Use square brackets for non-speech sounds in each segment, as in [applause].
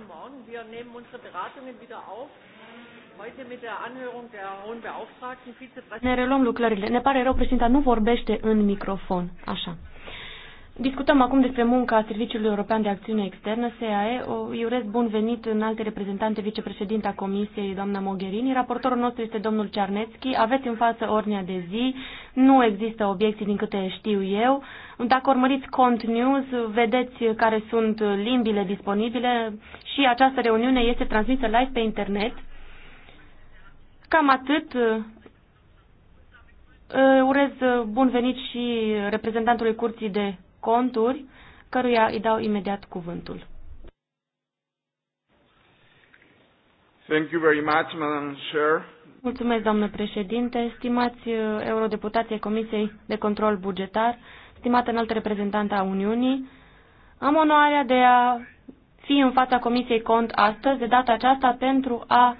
guten Morgen. Wir nehmen unsere Beratungen wieder auf. Heute mit der Anhörung der Hohen Beauftragten, Vizepräsidentin. Ne reluăm lucrările. Ne pare rău, președinta nu vorbește în microfon. Așa. Discutăm acum despre munca Serviciului European de Acțiune Externă, SAE. O, iurez bun venit în alte reprezentante, vicepreședinta Comisiei, doamna Mogherini. Raportorul nostru este domnul Cearnețchi. Aveți în față ordinea de zi. Nu există obiecții din câte știu eu. Dacă urmăriți Cont News, vedeți care sunt limbile disponibile și această reuniune este transmisă live pe internet. Cam atât. Urez bun venit și reprezentantului Curții de Conturi, căruia îi dau imediat cuvântul. Thank you very much, Madam Chair. Mulțumesc, doamnă președinte, stimați uh, eurodeputații Comisiei de Control Bugetar, stimată înaltă reprezentantă a Uniunii, am onoarea de a fi în fața Comisiei Cont astăzi, de data aceasta, pentru a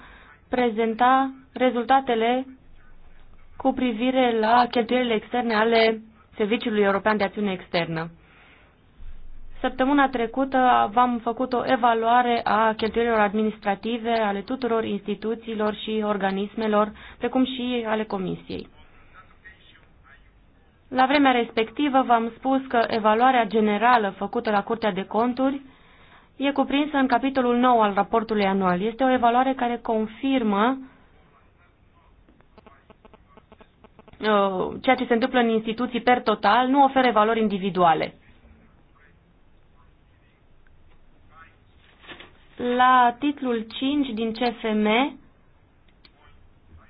prezenta rezultatele cu privire la cheltuielile externe ale Serviciului European de Acțiune Externă. Săptămâna trecută v-am făcut o evaluare a cheltuielilor administrative ale tuturor instituțiilor și organismelor, precum și ale Comisiei. La vremea respectivă v-am spus că evaluarea generală făcută la Curtea de Conturi e cuprinsă în capitolul 9 al raportului anual. Este o evaluare care confirmă uh, ceea ce se întâmplă în instituții per total, nu oferă valori individuale. la titlul 5 din CFM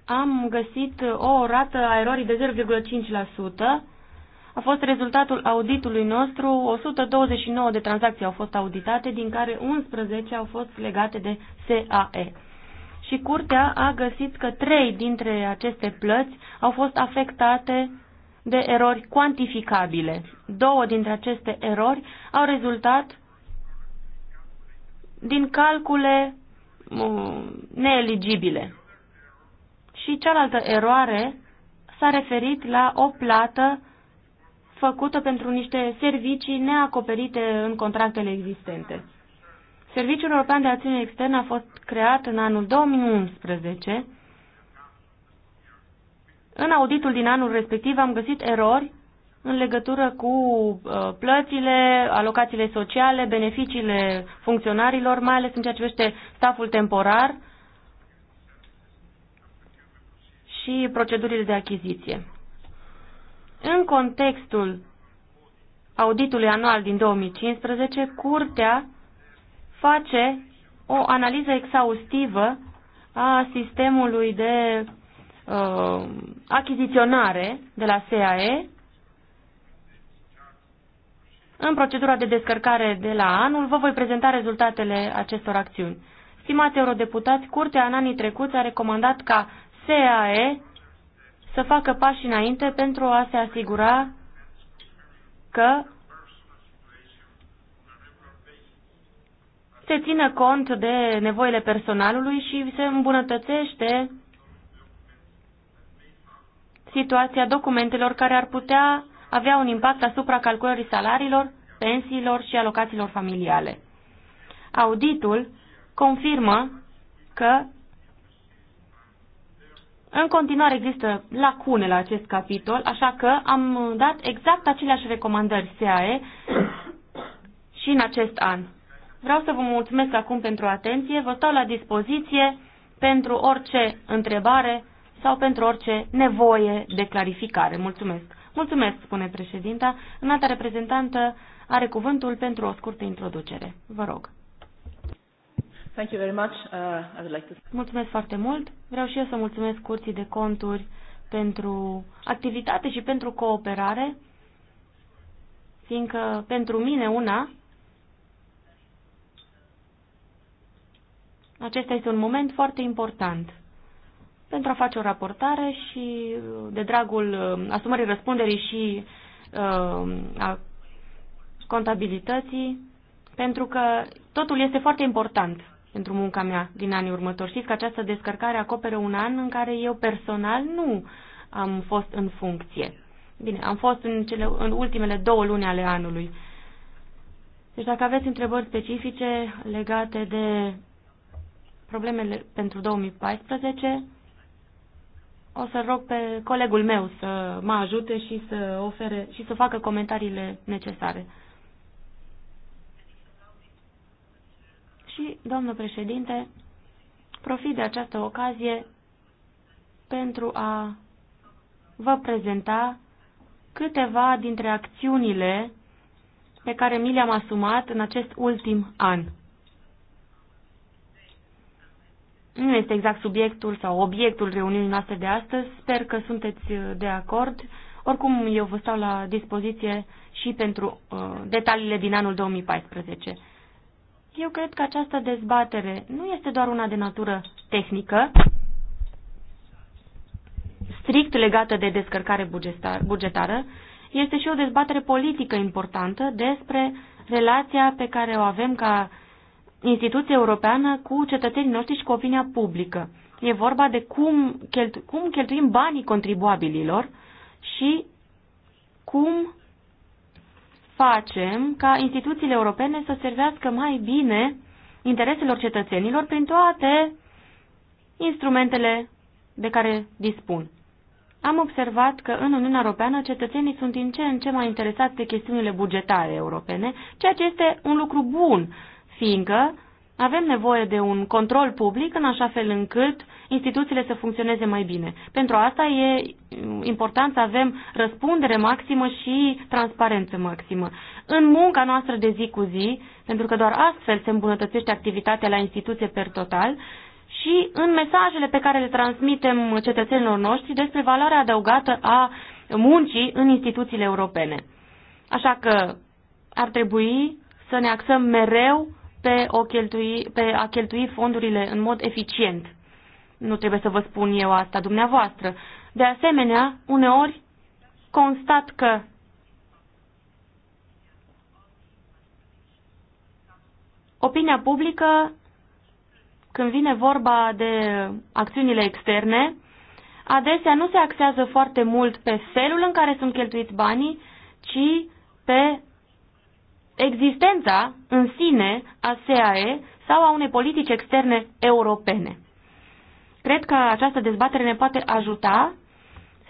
am găsit o rată a erorii de 0,5%. A fost rezultatul auditului nostru. 129 de tranzacții au fost auditate, din care 11 au fost legate de SAE. Și curtea a găsit că 3 dintre aceste plăți au fost afectate de erori cuantificabile. Două dintre aceste erori au rezultat din calcule neeligibile. Și cealaltă eroare s-a referit la o plată făcută pentru niște servicii neacoperite în contractele existente. Serviciul European de Acțiune Externă a fost creat în anul 2011. În auditul din anul respectiv am găsit erori în legătură cu uh, plățile, alocațiile sociale, beneficiile funcționarilor, mai ales în ceea ce privește staful temporar și procedurile de achiziție. În contextul auditului anual din 2015, Curtea face o analiză exhaustivă a sistemului de uh, achiziționare de la SAE în procedura de descărcare de la anul vă voi prezenta rezultatele acestor acțiuni. Stimați eurodeputați, Curtea în anii trecuți a recomandat ca SAE să facă pași înainte pentru a se asigura că se țină cont de nevoile personalului și se îmbunătățește situația documentelor care ar putea avea un impact asupra calculării salariilor, pensiilor și alocațiilor familiale. Auditul confirmă că în continuare există lacune la acest capitol, așa că am dat exact aceleași recomandări SEAE și în acest an. Vreau să vă mulțumesc acum pentru atenție, vă stau la dispoziție pentru orice întrebare sau pentru orice nevoie de clarificare. Mulțumesc! Mulțumesc, spune președinta. Înalta reprezentantă are cuvântul pentru o scurtă introducere. Vă rog. Thank you very much. Uh, I would like to... Mulțumesc foarte mult. Vreau și eu să mulțumesc Curții de Conturi pentru activitate și pentru cooperare, fiindcă pentru mine una, acesta este un moment foarte important pentru a face o raportare și de dragul asumării răspunderii și uh, a contabilității, pentru că totul este foarte important pentru munca mea din anii următori. Știți că această descărcare acoperă un an în care eu personal nu am fost în funcție. Bine, am fost în, cele, în ultimele două luni ale anului. Deci dacă aveți întrebări specifice legate de problemele pentru 2014, o să rog pe colegul meu să mă ajute și să ofere și să facă comentariile necesare. Și, domnul președinte, profit de această ocazie pentru a vă prezenta câteva dintre acțiunile pe care mi le-am asumat în acest ultim an. Nu este exact subiectul sau obiectul reuniunii noastre de astăzi. Sper că sunteți uh, de acord. Oricum, eu vă stau la dispoziție și pentru uh, detaliile din anul 2014. Eu cred că această dezbatere nu este doar una de natură tehnică, strict legată de descărcare bugetară, este și o dezbatere politică importantă despre relația pe care o avem ca instituție europeană cu cetățenii noștri și cu opinia publică. E vorba de cum, cheltu- cum cheltuim banii contribuabililor și cum facem ca instituțiile europene să servească mai bine intereselor cetățenilor prin toate instrumentele de care dispun. Am observat că în Uniunea Europeană cetățenii sunt din ce în ce mai interesați de chestiunile bugetare europene, ceea ce este un lucru bun, fiindcă avem nevoie de un control public în așa fel încât instituțiile să funcționeze mai bine. Pentru asta e important să avem răspundere maximă și transparență maximă. În munca noastră de zi cu zi, pentru că doar astfel se îmbunătățește activitatea la instituție per total, și în mesajele pe care le transmitem cetățenilor noștri despre valoarea adăugată a muncii în instituțiile europene. Așa că ar trebui să ne axăm mereu pe, o cheltui, pe a cheltui fondurile în mod eficient. Nu trebuie să vă spun eu asta dumneavoastră. De asemenea, uneori constat că opinia publică, când vine vorba de acțiunile externe, adesea nu se axează foarte mult pe felul în care sunt cheltuiți banii, ci pe existența în sine a SAE sau a unei politici externe europene. Cred că această dezbatere ne poate ajuta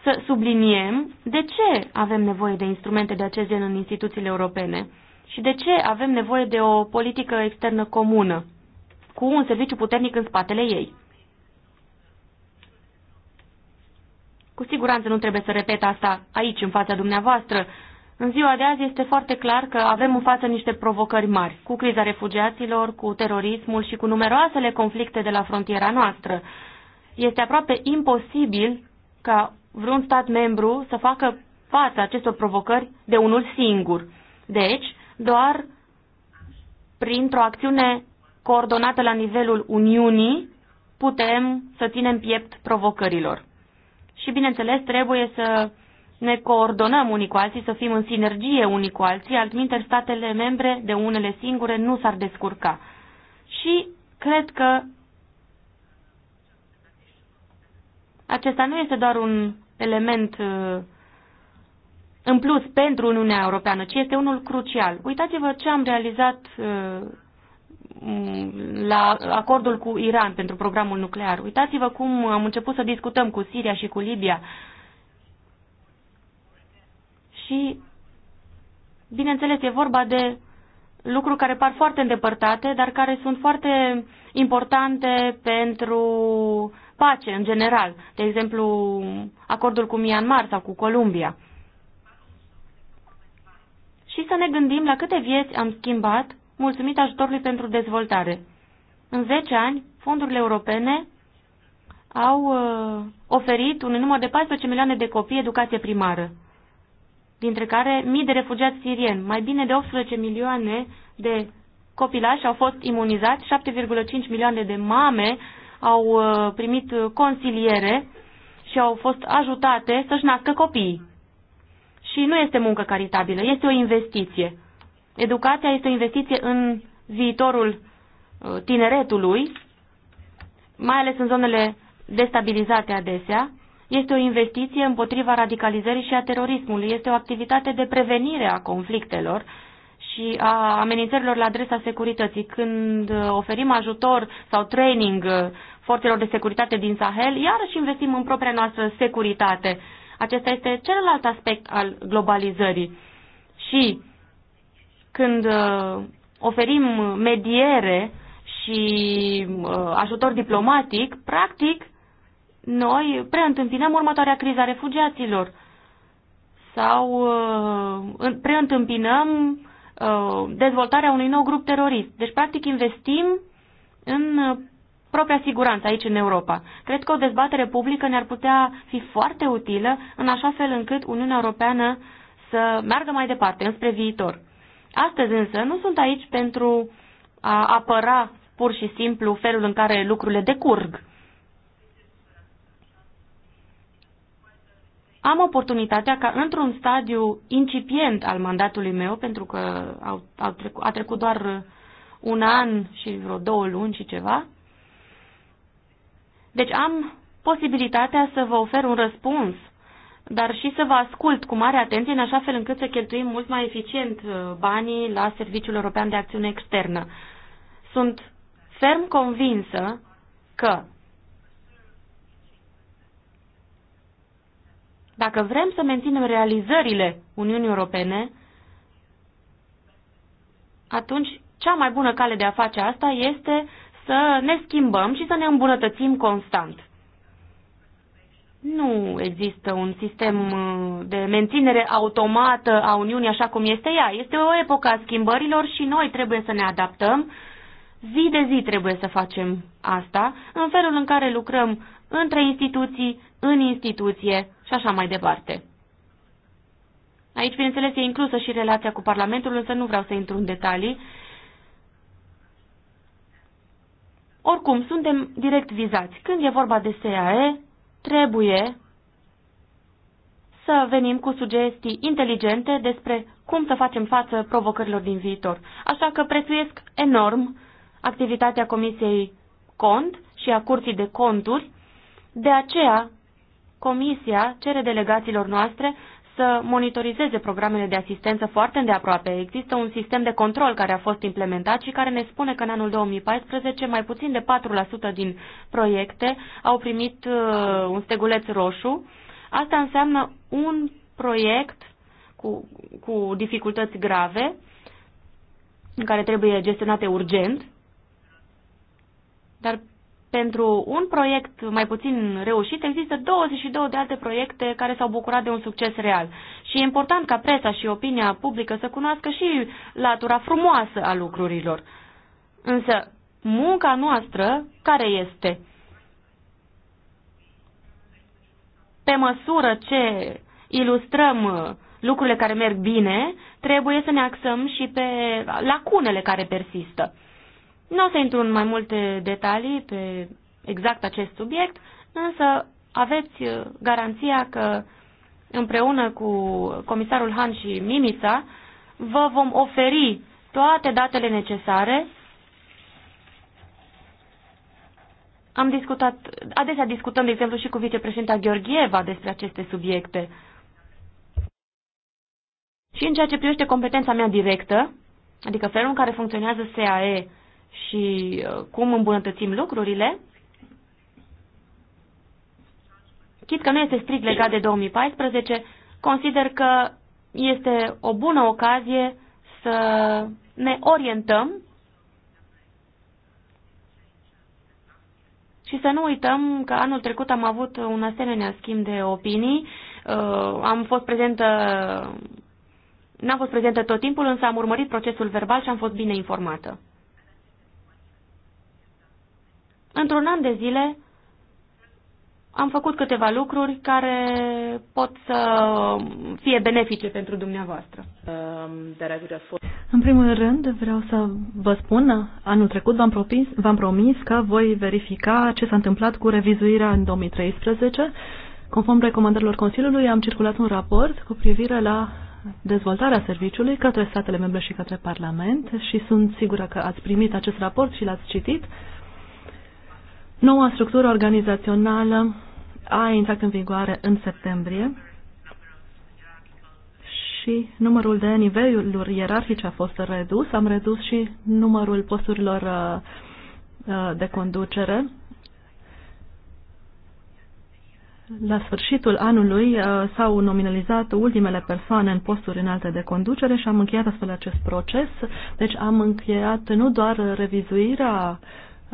să subliniem de ce avem nevoie de instrumente de acest gen în instituțiile europene și de ce avem nevoie de o politică externă comună, cu un serviciu puternic în spatele ei. Cu siguranță nu trebuie să repet asta aici, în fața dumneavoastră, în ziua de azi este foarte clar că avem în față niște provocări mari, cu criza refugiaților, cu terorismul și cu numeroasele conflicte de la frontiera noastră. Este aproape imposibil ca vreun stat membru să facă față acestor provocări de unul singur. Deci, doar printr-o acțiune coordonată la nivelul Uniunii putem să ținem piept provocărilor. Și, bineînțeles, trebuie să ne coordonăm unii cu alții, să fim în sinergie unii cu alții, altminteri statele membre de unele singure nu s-ar descurca. Și cred că acesta nu este doar un element uh, în plus pentru Uniunea Europeană, ci este unul crucial. Uitați-vă ce am realizat uh, la acordul cu Iran pentru programul nuclear. Uitați-vă cum am început să discutăm cu Siria și cu Libia și, bineînțeles, e vorba de lucruri care par foarte îndepărtate, dar care sunt foarte importante pentru pace în general, de exemplu acordul cu Myanmar sau cu Columbia. Și să ne gândim la câte vieți am schimbat mulțumit ajutorului pentru dezvoltare. În 10 ani, fondurile europene au uh, oferit un număr de 14 milioane de copii educație primară dintre care mii de refugiați sirieni. Mai bine de 18 milioane de copilași au fost imunizați, 7,5 milioane de mame au uh, primit uh, consiliere și au fost ajutate să-și nască copiii. Și nu este muncă caritabilă, este o investiție. Educația este o investiție în viitorul uh, tineretului, mai ales în zonele destabilizate adesea, este o investiție împotriva radicalizării și a terorismului. Este o activitate de prevenire a conflictelor și a amenințărilor la adresa securității. Când uh, oferim ajutor sau training uh, forțelor de securitate din Sahel, iarăși investim în propria noastră securitate. Acesta este celălalt aspect al globalizării. Și când uh, oferim mediere și ajutor diplomatic, practic noi preîntâmpinăm următoarea criză a refugiaților sau uh, preîntâmpinăm uh, dezvoltarea unui nou grup terorist. Deci, practic, investim în uh, propria siguranță aici în Europa. Cred că o dezbatere publică ne-ar putea fi foarte utilă în așa fel încât Uniunea Europeană să meargă mai departe, înspre viitor. Astăzi însă nu sunt aici pentru a apăra pur și simplu felul în care lucrurile decurg. am oportunitatea ca într-un stadiu incipient al mandatului meu, pentru că au, au trecut, a trecut doar un da. an și vreo două luni și ceva, deci am posibilitatea să vă ofer un răspuns, dar și să vă ascult cu mare atenție, în așa fel încât să cheltuim mult mai eficient uh, banii la Serviciul European de Acțiune Externă. Sunt ferm convinsă că Dacă vrem să menținem realizările Uniunii Europene, atunci cea mai bună cale de a face asta este să ne schimbăm și să ne îmbunătățim constant. Nu există un sistem uh, de menținere automată a Uniunii așa cum este ea. Este o epocă a schimbărilor și noi trebuie să ne adaptăm. Zi de zi trebuie să facem asta, în felul în care lucrăm între instituții, în instituție și așa mai departe. Aici, bineînțeles, e inclusă și relația cu Parlamentul, însă nu vreau să intru în detalii. Oricum, suntem direct vizați. Când e vorba de SAE, trebuie să venim cu sugestii inteligente despre cum să facem față provocărilor din viitor. Așa că prețuiesc enorm activitatea Comisiei Cont și a Curții de Conturi de aceea, Comisia cere delegațiilor noastre să monitorizeze programele de asistență foarte îndeaproape. Există un sistem de control care a fost implementat și care ne spune că în anul 2014 mai puțin de 4% din proiecte au primit uh, un steguleț roșu. Asta înseamnă un proiect cu, cu dificultăți grave în care trebuie gestionate urgent, dar pentru un proiect mai puțin reușit, există 22 de alte proiecte care s-au bucurat de un succes real. Și e important ca presa și opinia publică să cunoască și latura frumoasă a lucrurilor. Însă, munca noastră care este? Pe măsură ce ilustrăm lucrurile care merg bine, trebuie să ne axăm și pe lacunele care persistă. Nu o să intru în mai multe detalii pe exact acest subiect, însă aveți uh, garanția că împreună cu comisarul Han și Mimisa vă vom oferi toate datele necesare. Am discutat, adesea discutăm, de exemplu, și cu vicepreședinta Gheorgheva despre aceste subiecte. Și în ceea ce privește competența mea directă, adică felul în care funcționează SAE și uh, cum îmbunătățim lucrurile, chit că nu este strict legat de 2014, consider că este o bună ocazie să ne orientăm și să nu uităm că anul trecut am avut un asemenea schimb de opinii. Uh, am fost prezentă N-am fost prezentă tot timpul, însă am urmărit procesul verbal și am fost bine informată. Într-un an de zile am făcut câteva lucruri care pot să fie benefice pentru dumneavoastră. Um, în primul rând, vreau să vă spun, anul trecut v-am promis, promis că voi verifica ce s-a întâmplat cu revizuirea în 2013. Conform recomandărilor Consiliului, am circulat un raport cu privire la dezvoltarea serviciului către statele membre și către Parlament și sunt sigură că ați primit acest raport și l-ați citit. Noua structură organizațională a intrat în vigoare în septembrie și numărul de niveluri ierarhice a fost redus. Am redus și numărul posturilor uh, uh, de conducere. La sfârșitul anului uh, s-au nominalizat ultimele persoane în posturi înalte de conducere și am încheiat astfel acest proces. Deci am încheiat nu doar revizuirea uh,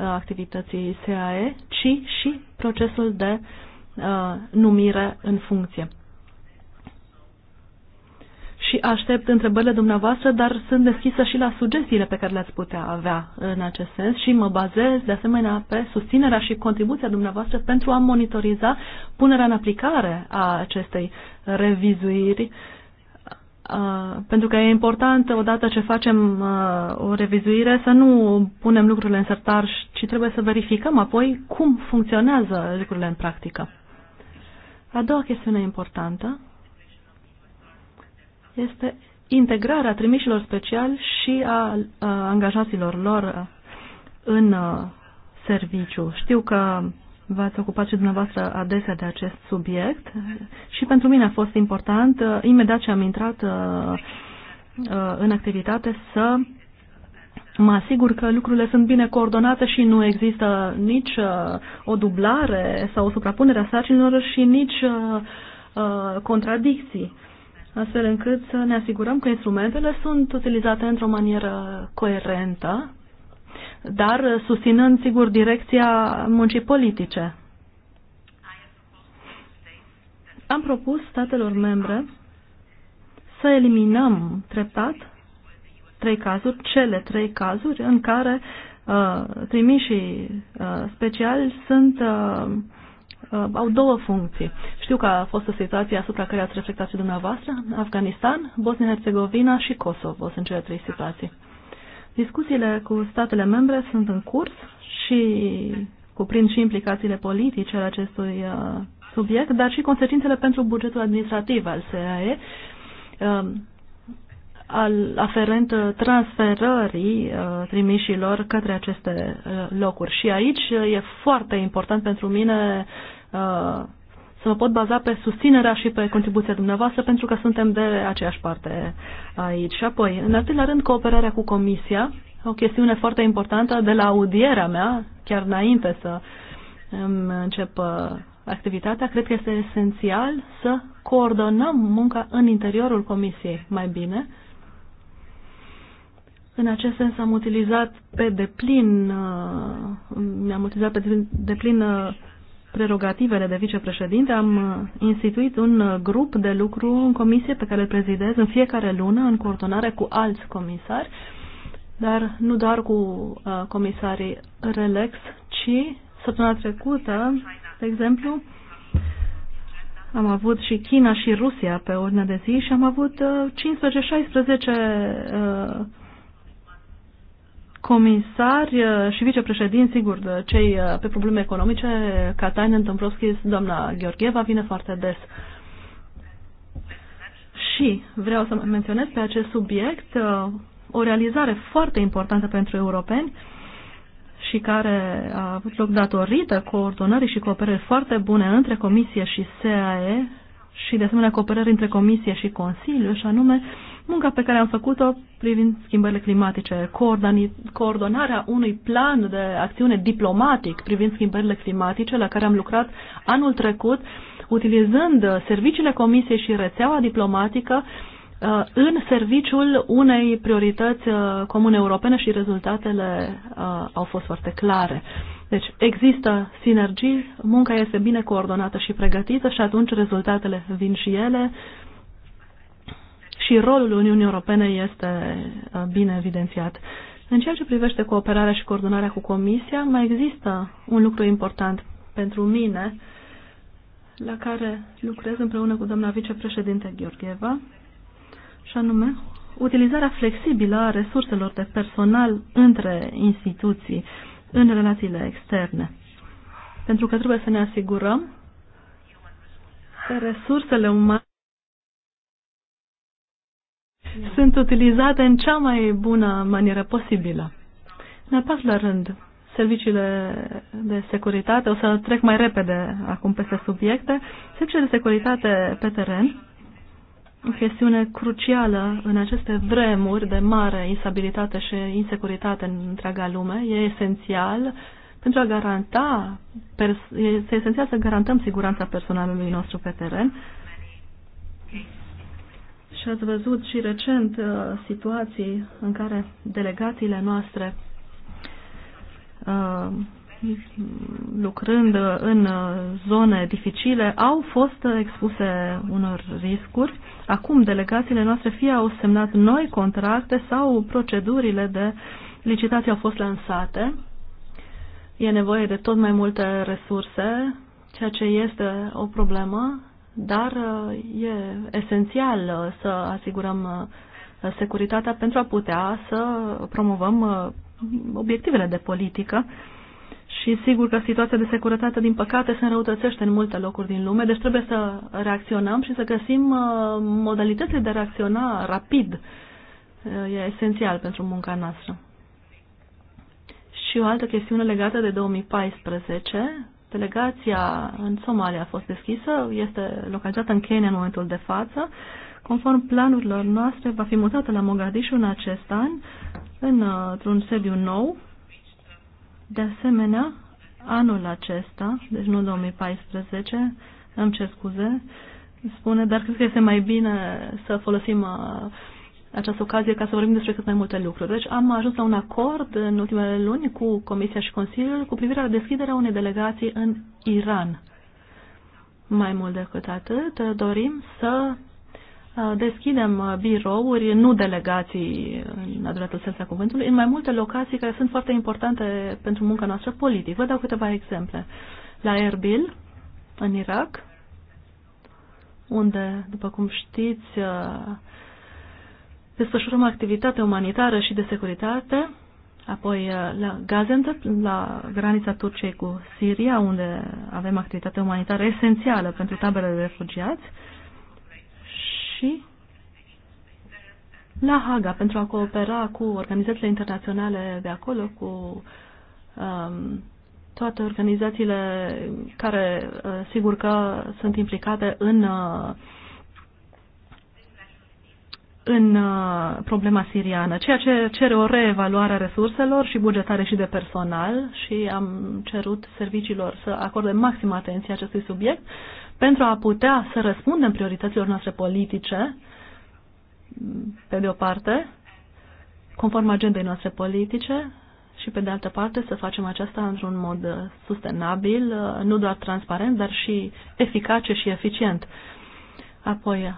activității SAE, ci și procesul de uh, numire în funcție. Și aștept întrebările dumneavoastră, dar sunt deschisă și la sugestiile pe care le-ați putea avea în acest sens și mă bazez de asemenea pe susținerea și contribuția dumneavoastră pentru a monitoriza punerea în aplicare a acestei revizuiri uh, pentru că e important, odată ce facem o revizuire, să nu punem lucrurile în sertar, ci trebuie să verificăm apoi cum funcționează lucrurile în practică. A doua chestiune importantă este integrarea trimișilor speciali și a, a angajaților lor în a, serviciu. Știu că v-ați ocupat și dumneavoastră adesea de acest subiect și pentru mine a fost important, uh, imediat ce am intrat uh, uh, în activitate, să mă asigur că lucrurile sunt bine coordonate și nu există nici o dublare sau o suprapunere a sarcinilor și nici contradicții, astfel încât să ne asigurăm că instrumentele sunt utilizate într-o manieră coerentă dar susținând, sigur, direcția muncii politice. Am propus statelor membre să eliminăm treptat trei cazuri, cele trei cazuri în care uh, trimișii uh, speciali sunt, uh, uh, au două funcții. Știu că a fost o situație asupra care ați reflectat și dumneavoastră, Afganistan, Bosnia-Herzegovina și Kosovo sunt cele trei situații. Discuțiile cu statele membre sunt în curs și cuprind și implicațiile politice ale acestui uh, subiect, dar și consecințele pentru bugetul administrativ al SAE, um, al aferent transferării uh, trimișilor către aceste uh, locuri. Și aici e foarte important pentru mine să mă pot baza pe susținerea și pe contribuția dumneavoastră, pentru că suntem de aceeași parte aici. Și apoi, în al treilea rând, cooperarea cu Comisia, o chestiune foarte importantă de la audierea mea, chiar înainte să încep uh, activitatea, cred că este esențial să coordonăm munca în interiorul Comisiei mai bine. În acest sens am utilizat pe deplin, uh, am utilizat pe deplin uh, prerogativele de vicepreședinte, am uh, instituit un uh, grup de lucru în comisie pe care îl prezidez în fiecare lună, în coordonare cu alți comisari, dar nu doar cu uh, comisarii Relex, ci săptămâna trecută, de exemplu, am avut și China și Rusia pe ordine de zi și am avut uh, 15-16 uh, comisari uh, și vicepreședinți, sigur, cei uh, pe probleme economice, Katainen, Dombrovskis, doamna Gheorgheva, vine foarte des. Și vreau să menționez pe acest subiect uh, o realizare foarte importantă pentru europeni și care a avut loc datorită coordonării și cooperării foarte bune între Comisie și SAE și de asemenea cooperării între Comisie și Consiliu și anume uh, munca pe care am făcut-o privind schimbările climatice, coordonarea unui plan de acțiune diplomatic privind schimbările climatice la care am lucrat anul trecut, utilizând serviciile Comisiei și rețeaua diplomatică uh, în serviciul unei priorități uh, comune europene și rezultatele uh, au fost foarte clare. Deci există sinergii, munca este bine coordonată și pregătită și atunci rezultatele vin și ele și rolul Uniunii Europene este uh, bine evidențiat. În ceea ce privește cooperarea și coordonarea cu Comisia, mai există un lucru important pentru mine, la care lucrez împreună cu doamna vicepreședinte Gheorgheva, și anume utilizarea flexibilă a resurselor de personal între instituții în relațiile externe. Pentru că trebuie să ne asigurăm că resursele umane sunt utilizate în cea mai bună manieră posibilă. În al patrulea rând, serviciile de securitate, o să trec mai repede acum peste subiecte, serviciile de securitate pe teren, o chestiune crucială în aceste vremuri de mare instabilitate și insecuritate în întreaga lume, e esențial pentru a garanta, este esențial să garantăm siguranța personalului nostru pe teren și ați văzut și recent uh, situații în care delegațiile noastre uh, lucrând în uh, zone dificile, au fost expuse unor riscuri. Acum delegațiile noastre fie au semnat noi contracte sau procedurile de licitație au fost lansate. E nevoie de tot mai multe resurse, ceea ce este o problemă dar uh, e esențial uh, să asigurăm uh, securitatea pentru a putea să promovăm obiectivele de politică și sigur că situația de securitate, din păcate, se înrăutățește în multe locuri din lume, deci trebuie să reacționăm și să găsim modalitățile de a reacționa rapid. E esențial pentru munca noastră. Și o altă chestiune legată de 2014, Delegația în Somalia a fost deschisă, este localizată în Kenya în momentul de față. Conform planurilor noastre, va fi mutată la Mogadishu în acest an, într-un sediu nou. De asemenea, anul acesta, deci nu 2014, îmi cer scuze, spune, dar cred că este mai bine să folosim uh, această ocazie ca să vorbim despre cât mai multe lucruri. Deci am ajuns la un acord în ultimele luni cu Comisia și Consiliul cu privire la deschiderea unei delegații în Iran. Mai mult decât atât, dorim să uh, deschidem uh, birouri, nu delegații în adevăratul sens a cuvântului, în mai multe locații care sunt foarte importante pentru munca noastră politică. Vă dau câteva exemple. La Erbil, în Irak, unde, după cum știți, uh, desfășurăm activitate umanitară și de securitate, apoi uh, la Gaziantep, la granița Turciei cu Siria, unde avem activitate umanitară esențială pentru taberele de refugiați și la Haga pentru a coopera cu organizațiile internaționale de acolo, cu um, toate organizațiile care, uh, sigur că, sunt implicate în uh, în uh, problema siriană, ceea ce cere o reevaluare a resurselor și bugetare și de personal și am cerut serviciilor să acorde maximă atenție acestui subiect pentru a putea să răspundem priorităților noastre politice, pe de o parte, conform agendei noastre politice și pe de altă parte să facem aceasta într-un mod uh, sustenabil, uh, nu doar transparent, dar și eficace și eficient. Apoi,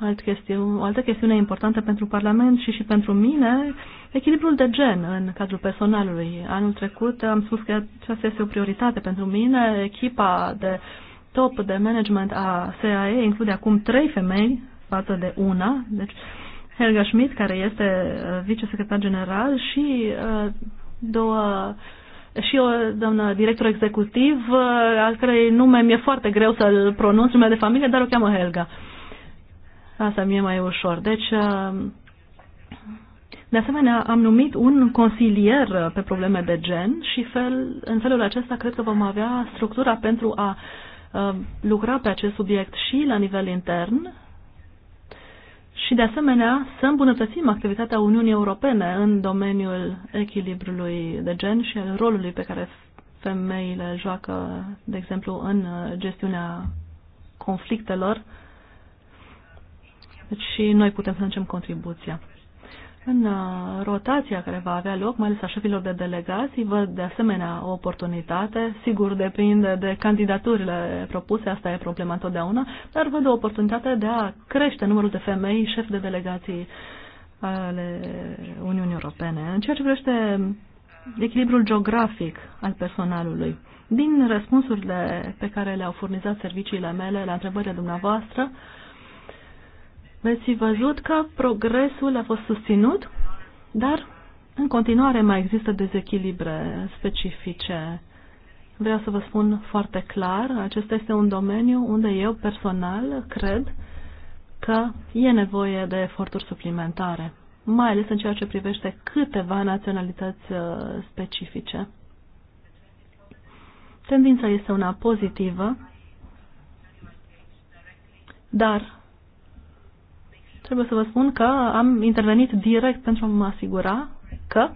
alt chestiune, o altă chestiune importantă pentru Parlament și și pentru mine, echilibrul de gen în cadrul personalului. Anul trecut am spus că aceasta este o prioritate pentru mine. Echipa de top de management a CAE include acum trei femei față de una. Deci Helga Schmidt, care este uh, vicesecretar general și uh, două și o doamnă director executiv, uh, al cărei nume mi-e foarte greu să-l pronunț, numele de familie, dar o cheamă Helga. Uh, Asta mi-e mai ușor. Deci, uh, de asemenea, am numit un consilier pe probleme de gen și fel, în felul acesta cred că vom avea structura pentru a uh, lucra pe acest subiect și la nivel intern și, de asemenea, să îmbunătățim activitatea Uniunii Europene în domeniul echilibrului de gen și al rolului pe care femeile joacă, de exemplu, în uh, gestiunea conflictelor deci și noi putem să încem contribuția. În uh, rotația care va avea loc, mai ales a șefilor de delegații, văd de asemenea o oportunitate. Sigur, depinde de candidaturile propuse, asta e problema întotdeauna, dar văd o oportunitate de a crește numărul de femei șef de delegații ale Uniunii Europene. În ceea ce privește echilibrul geografic al personalului, din răspunsurile pe care le-au furnizat serviciile mele la întrebările dumneavoastră, veți fi văzut că progresul a fost susținut, dar în continuare mai există dezechilibre specifice. Vreau să vă spun foarte clar, acesta este un domeniu unde eu personal cred că e nevoie de eforturi suplimentare, mai ales în ceea ce privește câteva naționalități uh, specifice. Tendința este una pozitivă, dar trebuie să vă spun că am intervenit direct pentru a mă asigura că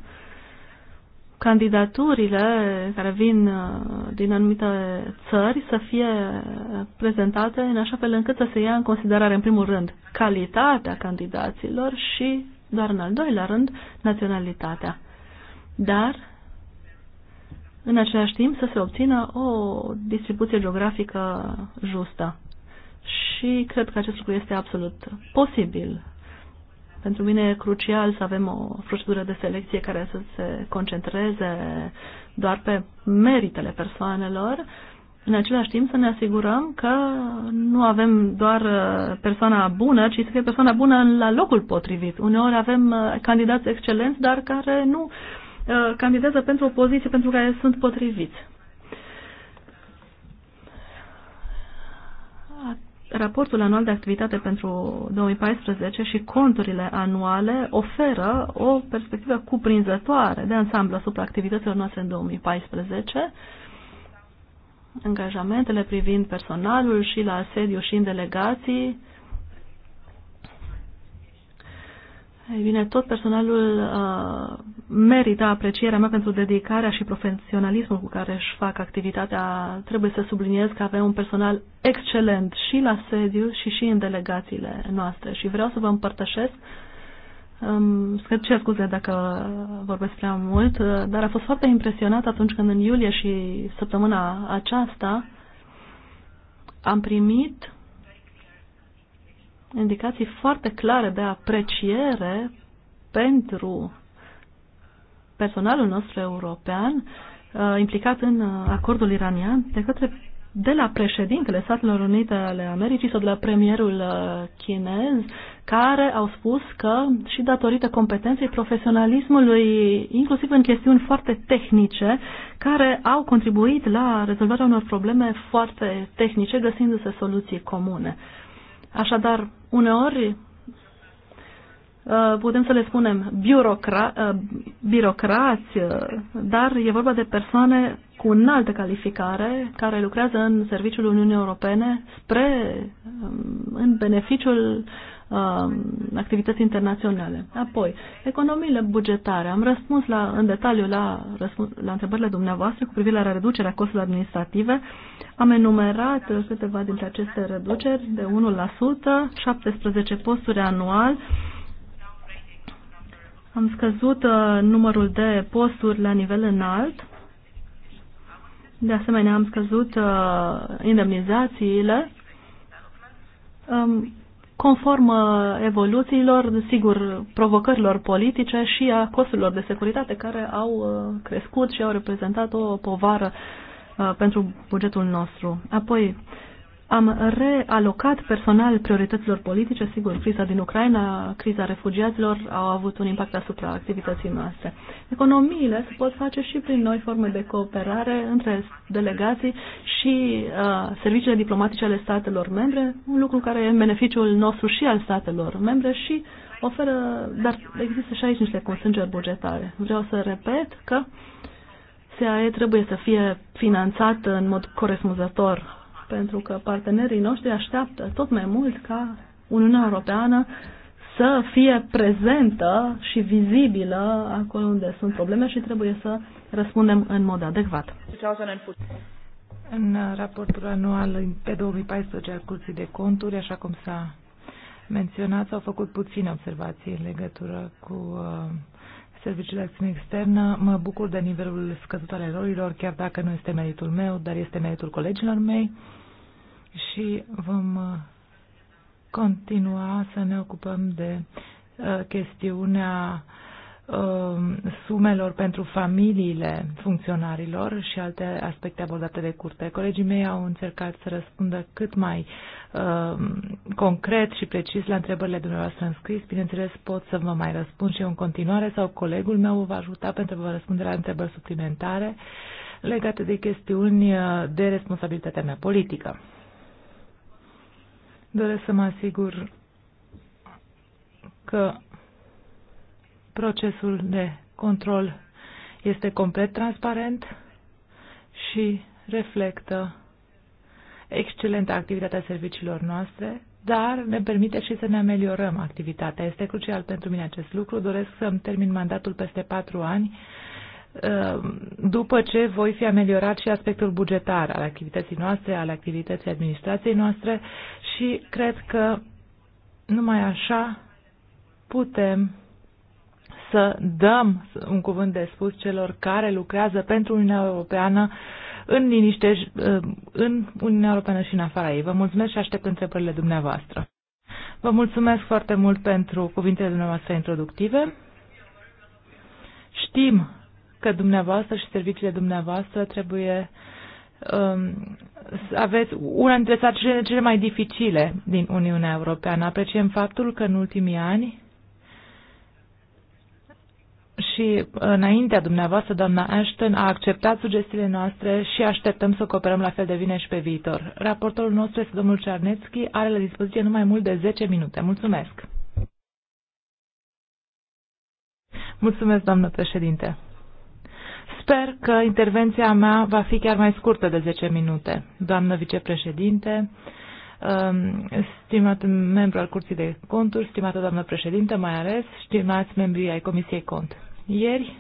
candidaturile care vin uh, din anumite țări să fie uh, prezentate în așa fel încât să se ia în considerare, în primul rând, calitatea candidaților și, doar în al doilea rând, naționalitatea. Dar, în același timp, să se obțină o distribuție geografică justă și cred că acest lucru este absolut posibil. Pentru mine e crucial să avem o procedură de selecție care să se concentreze doar pe meritele persoanelor, în același timp să ne asigurăm că nu avem doar uh, persoana bună, ci să fie persoana bună la locul potrivit. Uneori avem uh, candidați excelenți, dar care nu uh, candidează pentru o poziție pentru care sunt potriviți. raportul anual de activitate pentru 2014 și conturile anuale oferă o perspectivă cuprinzătoare de ansamblu asupra activităților noastre în 2014, angajamentele privind personalul și la sediu și în delegații, Ei bine, tot personalul uh, merită aprecierea mea pentru dedicarea și profesionalismul cu care își fac activitatea. Trebuie să subliniez că avem un personal excelent și la sediu și și în delegațiile noastre și vreau să vă împărtășesc Um, ce scuze dacă vorbesc prea mult, uh, dar a fost foarte impresionat atunci când în iulie și săptămâna aceasta am primit indicații foarte clare de apreciere pentru personalul nostru european uh, implicat în uh, acordul iranian de către de la președintele Statelor Unite ale Americii sau de la premierul uh, chinez, care au spus că și datorită competenței profesionalismului, inclusiv în chestiuni foarte tehnice, care au contribuit la rezolvarea unor probleme foarte tehnice, găsindu-se soluții comune. Așadar, uneori uh, putem să le spunem birocra, uh, birocrați, uh, dar e vorba de persoane cu înaltă calificare care lucrează în serviciul Uniunii Europene spre, um, în beneficiul Um, activități internaționale. Apoi, economiile bugetare. Am răspuns la, în detaliu la, la întrebările dumneavoastră cu privire la reducerea costurilor administrative. Am enumerat câteva dintre aceste reduceri de 1%, 17 posturi anual. Am scăzut uh, numărul de posturi la nivel înalt. De asemenea, am scăzut uh, indemnizațiile. Um, conform uh, evoluțiilor, sigur, provocărilor politice și a costurilor de securitate care au uh, crescut și au reprezentat o povară uh, pentru bugetul nostru. Apoi, am realocat personal priorităților politice, sigur, criza din Ucraina, criza refugiaților au avut un impact asupra activității noastre. Economiile se pot face și prin noi forme de cooperare între delegații și uh, serviciile diplomatice ale statelor membre, un lucru care e în beneficiul nostru și al statelor membre și oferă, dar există și aici niște constrângeri bugetare. Vreau să repet că SAE trebuie să fie finanțat în mod corespunzător pentru că partenerii noștri așteaptă tot mai mult ca Uniunea Europeană să fie prezentă și vizibilă acolo unde sunt probleme și trebuie să răspundem în mod adecvat. În raportul anual pe 2014 al Curții de Conturi, așa cum s-a menționat, s-au făcut puține observații în legătură cu uh, Serviciul de Acțiune Externă. Mă bucur de nivelul scăzut al erorilor, chiar dacă nu este meritul meu, dar este meritul colegilor mei și vom uh, continua să ne ocupăm de uh, chestiunea um, sumelor pentru familiile funcționarilor și alte aspecte abordate de curte. Colegii mei au încercat să răspundă cât mai uh, concret și precis la întrebările dumneavoastră în scris. Bineînțeles, pot să vă mai răspund și eu în continuare sau colegul meu vă ajuta pentru a vă răspunde la întrebări suplimentare legate de chestiuni uh, de responsabilitatea mea politică. Doresc să mă asigur că procesul de control este complet transparent și reflectă excelentă activitatea serviciilor noastre, dar ne permite și să ne ameliorăm activitatea. Este crucial pentru mine acest lucru. Doresc să-mi termin mandatul peste patru ani Ehm, după ce voi fi ameliorat și aspectul bugetar al activității noastre, al activității administrației noastre și cred că numai așa putem să dăm un cuvânt de spus celor care lucrează pentru Uniunea Europeană în liniște, ehm, în Uniunea Europeană și în afara ei. Vă mulțumesc și aștept întrebările dumneavoastră. Vă mulțumesc foarte mult pentru cuvintele dumneavoastră introductive. Știm că dumneavoastră și serviciile dumneavoastră trebuie um, aveți una dintre sarcinile cele mai dificile din Uniunea Europeană. Apreciem faptul că în ultimii ani și înaintea dumneavoastră, doamna Ashton, a acceptat sugestiile noastre și așteptăm să cooperăm la fel de bine și pe viitor. Raportorul nostru este domnul Cernețchi, are la dispoziție numai mult de 10 minute. Mulțumesc! Mulțumesc, doamnă președinte! Sper că intervenția mea va fi chiar mai scurtă de 10 minute. Doamnă vicepreședinte, um, stimat membru al Curții de Conturi, stimată doamnă președinte, mai ales, stimați membrii ai Comisiei Cont. Ieri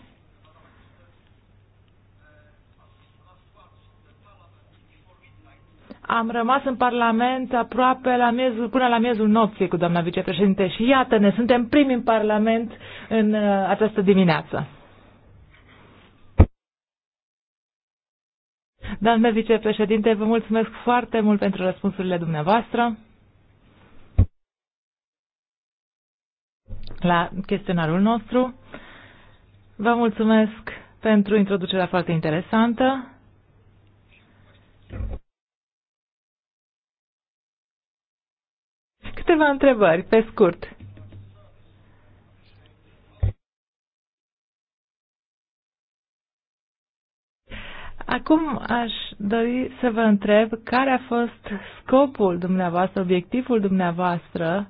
am rămas în Parlament aproape la miezul, până la miezul nopții cu doamna vicepreședinte și iată-ne, suntem primi în Parlament în uh, această dimineață. Doamne vicepreședinte, vă mulțumesc foarte mult pentru răspunsurile dumneavoastră. la chestionarul nostru. Vă mulțumesc pentru introducerea foarte interesantă. Câteva întrebări, pe scurt. Acum aș dori să vă întreb care a fost scopul dumneavoastră, obiectivul dumneavoastră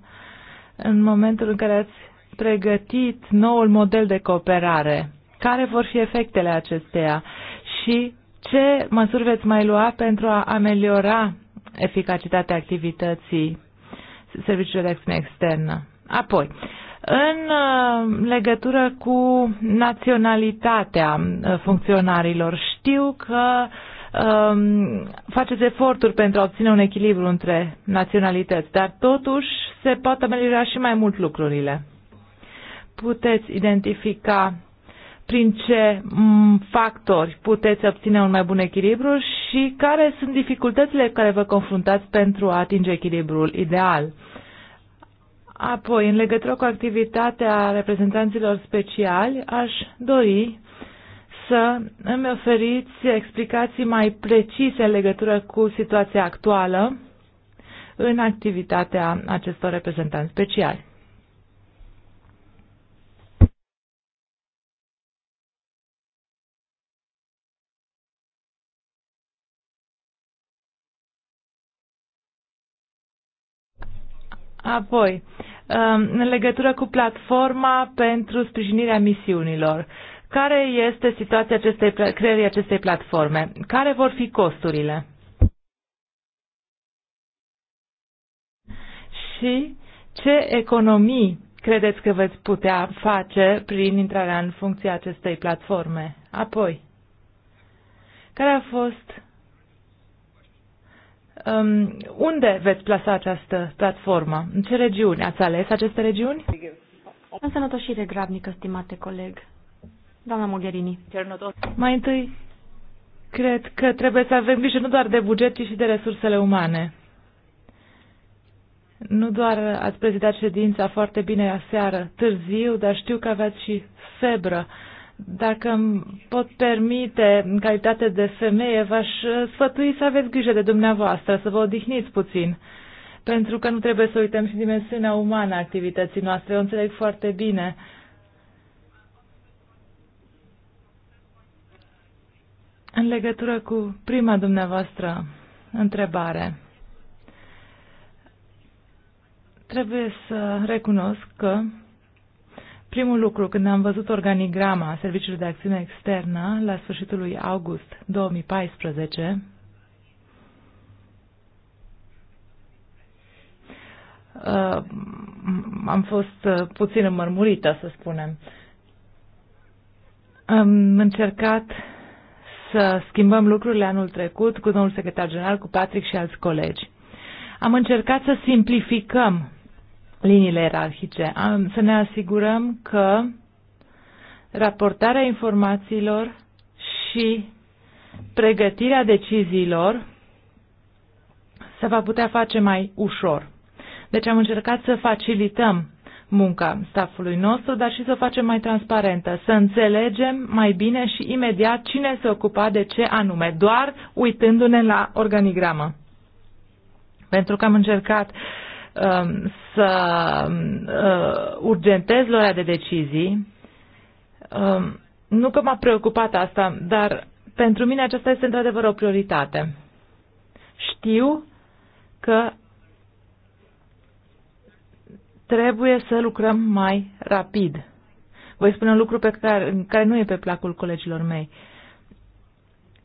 în momentul în care ați pregătit noul model de cooperare. Care vor fi efectele acesteia și ce măsuri veți mai lua pentru a ameliora eficacitatea activității serviciului de externă? Apoi, în uh, legătură cu naționalitatea uh, funcționarilor, știu că um, faceți eforturi pentru a obține un echilibru între naționalități, dar totuși se pot ameliora și mai mult lucrurile. Puteți identifica prin ce mm, factori puteți obține un mai bun echilibru și care sunt dificultățile care vă confruntați pentru a atinge echilibrul ideal. Apoi, în legătură cu activitatea reprezentanților speciali, aș dori să îmi oferiți explicații mai precise în legătură cu situația actuală în activitatea acestor reprezentanți speciali. Apoi, um, în legătură cu platforma pentru sprijinirea misiunilor, care este situația acestei, creierii acestei platforme? Care vor fi costurile? Și ce economii credeți că veți putea face prin intrarea în funcție acestei platforme? Apoi, care a fost Um, unde veți plasa această platformă? În ce regiuni? Ați ales aceste regiuni? În sănătoșire grabnică, stimate coleg. Doamna Mogherini. Mai întâi, cred că trebuie să avem grijă nu doar de buget, ci și de resursele umane. Nu doar ați prezidat ședința foarte bine aseară, târziu, dar știu că aveați și febră. Uh, dacă îmi pot permite, în calitate de femeie, v-aș sfătui să aveți grijă de dumneavoastră, să vă odihniți puțin, pentru că nu trebuie să uităm și dimensiunea umană a activității noastre. Eu înțeleg foarte bine În legătură cu prima dumneavoastră întrebare, trebuie să recunosc că Primul lucru, când am văzut organigrama Serviciului de Acțiune Externă la sfârșitul lui august 2014, uh, am fost uh, puțin mărmurită, să spunem. Am încercat să schimbăm lucrurile anul trecut cu domnul secretar general, cu Patrick și alți colegi. Am încercat să simplificăm liniile ierarhice. Să ne asigurăm că raportarea informațiilor și pregătirea deciziilor se va putea face mai ușor. Deci am încercat să facilităm munca staffului nostru, dar și să o facem mai transparentă, să înțelegem mai bine și imediat cine se ocupa de ce anume, doar uitându-ne la organigramă. Pentru că am încercat uh, Um, să um, uh, urgentez luarea de decizii. Um, nu că m-a preocupat asta, dar pentru mine aceasta este într-adevăr o prioritate. Știu că trebuie să lucrăm mai rapid. Voi spune un lucru pe care, care nu e pe placul colegilor mei. Uh,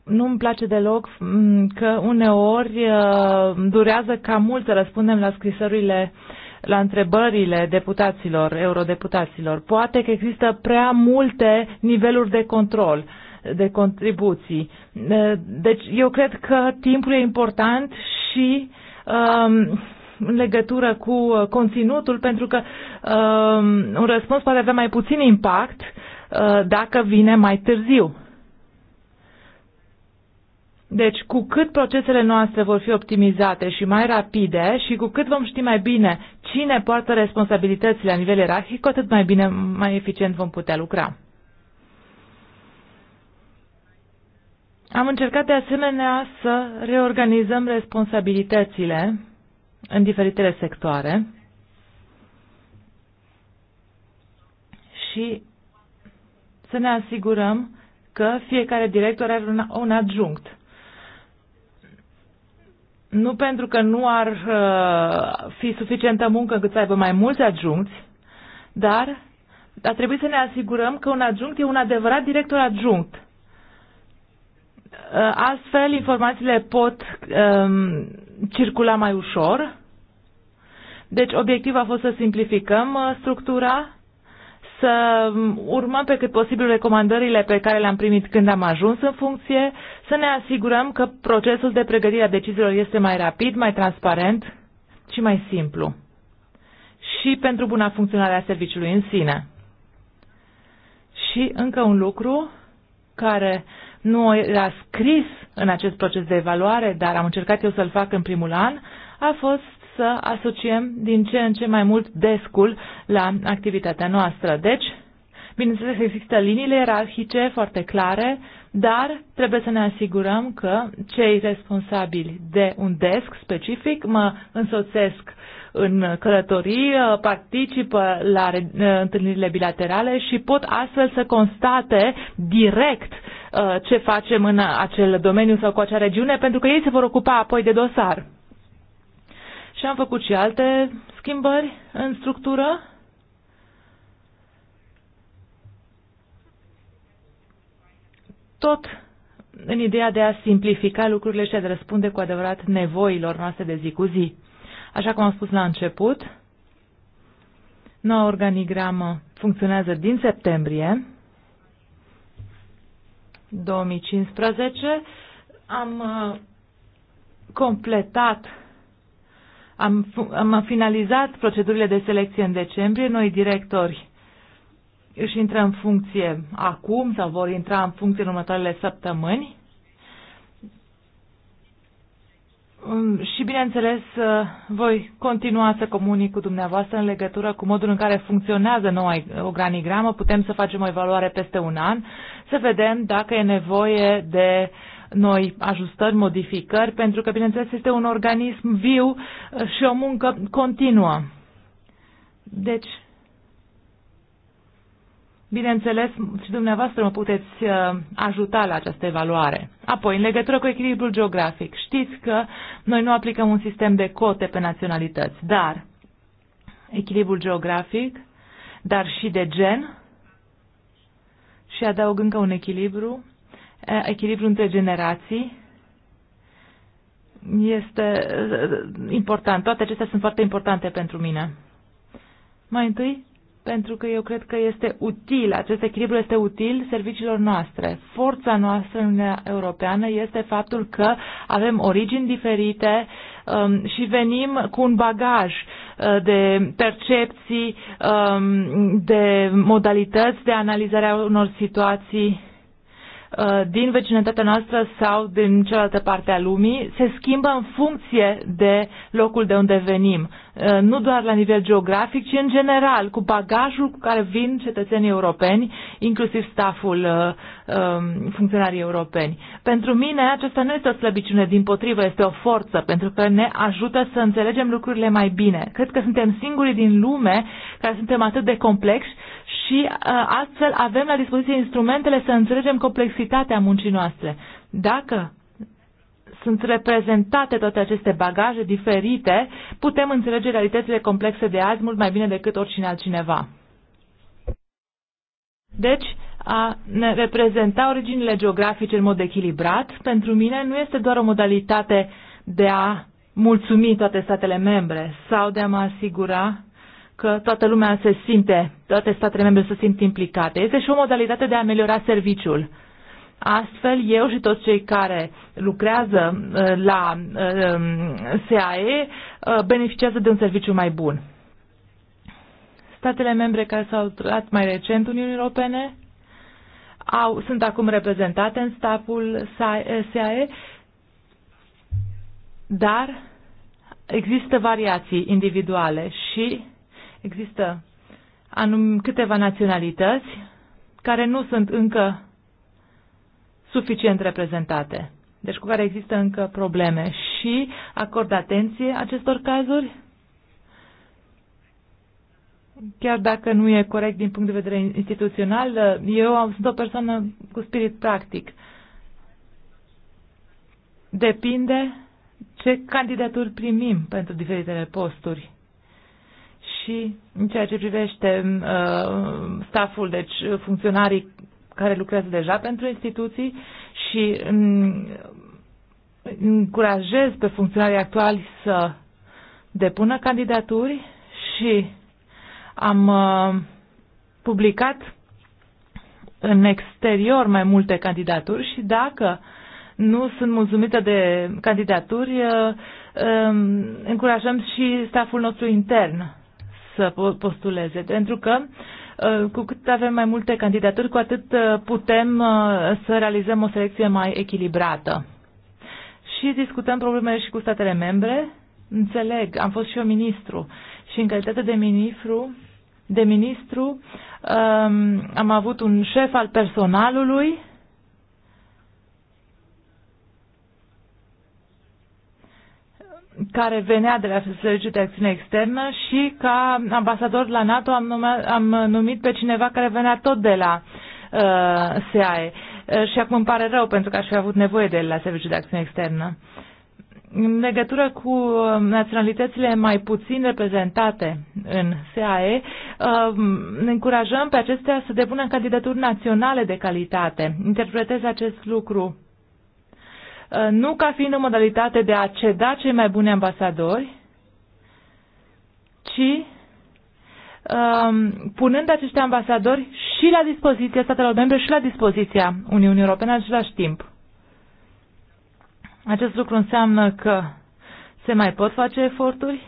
nu-mi place deloc mm, că uneori uh, durează cam mult să răspundem la scrisorile, la întrebările deputaților, eurodeputaților. Poate că există prea multe niveluri de control de contribuții. Uh, deci eu cred că timpul e important și um, în legătură cu uh, conținutul, pentru că um, un răspuns poate avea mai puțin impact uh, dacă vine mai târziu. Deci, cu cât procesele noastre vor fi optimizate și mai rapide și cu cât vom ști mai bine cine poartă responsabilitățile la nivel ierarhic, cu atât mai bine, mai eficient vom putea lucra. Am încercat de asemenea să reorganizăm responsabilitățile în diferitele sectoare și să ne asigurăm că fiecare director are un adjunct nu pentru că nu ar uh, fi suficientă muncă încât să aibă mai mulți adjuncți, dar ar trebui să ne asigurăm că un adjunct e un adevărat director adjunct. Uh, astfel, informațiile pot uh, circula mai ușor. Deci, obiectivul a fost să simplificăm uh, structura să urmăm pe cât posibil recomandările pe care le-am primit când am ajuns în funcție, să ne asigurăm că procesul de pregătire a deciziilor este mai rapid, mai transparent și mai simplu. Și pentru buna funcționare a serviciului în sine. Și încă un lucru care nu era scris în acest proces de evaluare, dar am încercat eu să-l fac în primul an, a fost să asociem din ce în ce mai mult descul la activitatea noastră. Deci, bineînțeles, există liniile ierarhice foarte clare, dar trebuie să ne asigurăm că cei responsabili de un desk specific mă însoțesc în călătorii, participă la uh, întâlnirile bilaterale și pot astfel să constate direct uh, ce facem în acel domeniu sau cu acea regiune, pentru că ei se vor ocupa apoi de dosar. Și am făcut și alte schimbări în structură. Tot în ideea de a simplifica lucrurile și a de răspunde cu adevărat nevoilor noastre de zi cu zi. Așa cum am spus la început, noua organigramă funcționează din septembrie 2015. Am uh, completat am, am finalizat procedurile de selecție în decembrie. Noi directori își intră în funcție acum sau vor intra în funcție în următoarele săptămâni. Um, și, bineînțeles, uh, voi continua să comunic cu dumneavoastră în legătură cu modul în care funcționează noua organigramă. Putem să facem o evaluare peste un an, să vedem dacă e nevoie de uh, noi ajustări, modificări, pentru că, bineînțeles, este un organism viu uh, și o muncă continuă. Deci, bineînțeles, și dumneavoastră mă puteți uh, ajuta la această evaluare. Apoi, în legătură cu echilibrul geografic, știți că noi nu aplicăm un sistem de cote pe naționalități, dar echilibrul geografic, dar și de gen, și adaug încă un echilibru echilibru între generații este important. Toate acestea sunt foarte importante pentru mine. Mai întâi, pentru că eu cred că este util, acest echilibru este util serviciilor noastre. Forța noastră în Uniunea Europeană este faptul că avem origini diferite um, și venim cu un bagaj uh, de percepții, um, de modalități de analizare a unor situații Uh, din vecinătatea noastră sau din cealaltă parte a lumii se schimbă în funcție de locul de unde venim. Uh, nu doar la nivel geografic, ci în general, cu bagajul cu care vin cetățenii europeni, inclusiv staful uh, um, funcționarii europeni. Pentru mine aceasta nu este o slăbiciune, din potrivă, este o forță, pentru că ne ajută să înțelegem lucrurile mai bine. Cred că suntem singurii din lume care suntem atât de complexi și uh, astfel avem la dispoziție instrumentele să înțelegem complexitatea muncii noastre. Dacă sunt reprezentate toate aceste bagaje diferite, putem înțelege realitățile complexe de azi mult mai bine decât oricine altcineva. Deci, a ne reprezenta originile geografice în mod echilibrat, pentru mine nu este doar o modalitate de a mulțumi toate statele membre sau de a mă asigura că toată lumea se simte, toate statele membre se simt implicate. Este și o modalitate de a ameliora serviciul. Astfel, eu și toți cei care lucrează uh, la uh, SAE uh, beneficiază de un serviciu mai bun. Statele membre care s-au alăturat mai recent Uniunii Europene au, sunt acum reprezentate în staful SAE, dar există variații individuale și Există anum, câteva naționalități care nu sunt încă suficient reprezentate, deci cu care există încă probleme și acord atenție acestor cazuri, chiar dacă nu e corect din punct de vedere instituțional, eu am, sunt o persoană cu spirit practic. Depinde ce candidaturi primim pentru diferitele posturi și în ceea ce privește uh, staful, deci funcționarii care lucrează deja pentru instituții și um, încurajez pe funcționarii actuali să depună candidaturi și am uh, publicat în exterior mai multe candidaturi și dacă nu sunt mulțumită de candidaturi, uh, um, încurajăm și staful nostru intern să postuleze, pentru că uh, cu cât avem mai multe candidaturi, cu atât uh, putem uh, să realizăm o selecție mai echilibrată. Și discutăm problemele și cu statele membre. Înțeleg, am fost și eu ministru și în calitate de ministru, de ministru um, am avut un șef al personalului care venea de la Serviciul de Acțiune Externă și ca ambasador la NATO am, numit, am numit pe cineva care venea tot de la uh, SEAE. Uh, și acum îmi pare rău pentru că aș fi avut nevoie de el la Serviciul de Acțiune Externă. În legătură cu uh, naționalitățile mai puțin reprezentate în SAE, uh, ne încurajăm pe acestea să depună candidaturi naționale de calitate. Interpretez acest lucru Uh, nu ca fiind o modalitate de a ceda cei mai buni ambasadori, ci um, punând acești ambasadori și la dispoziția statelor membre și la dispoziția Uniunii Europene în același timp. Acest lucru înseamnă că se mai pot face eforturi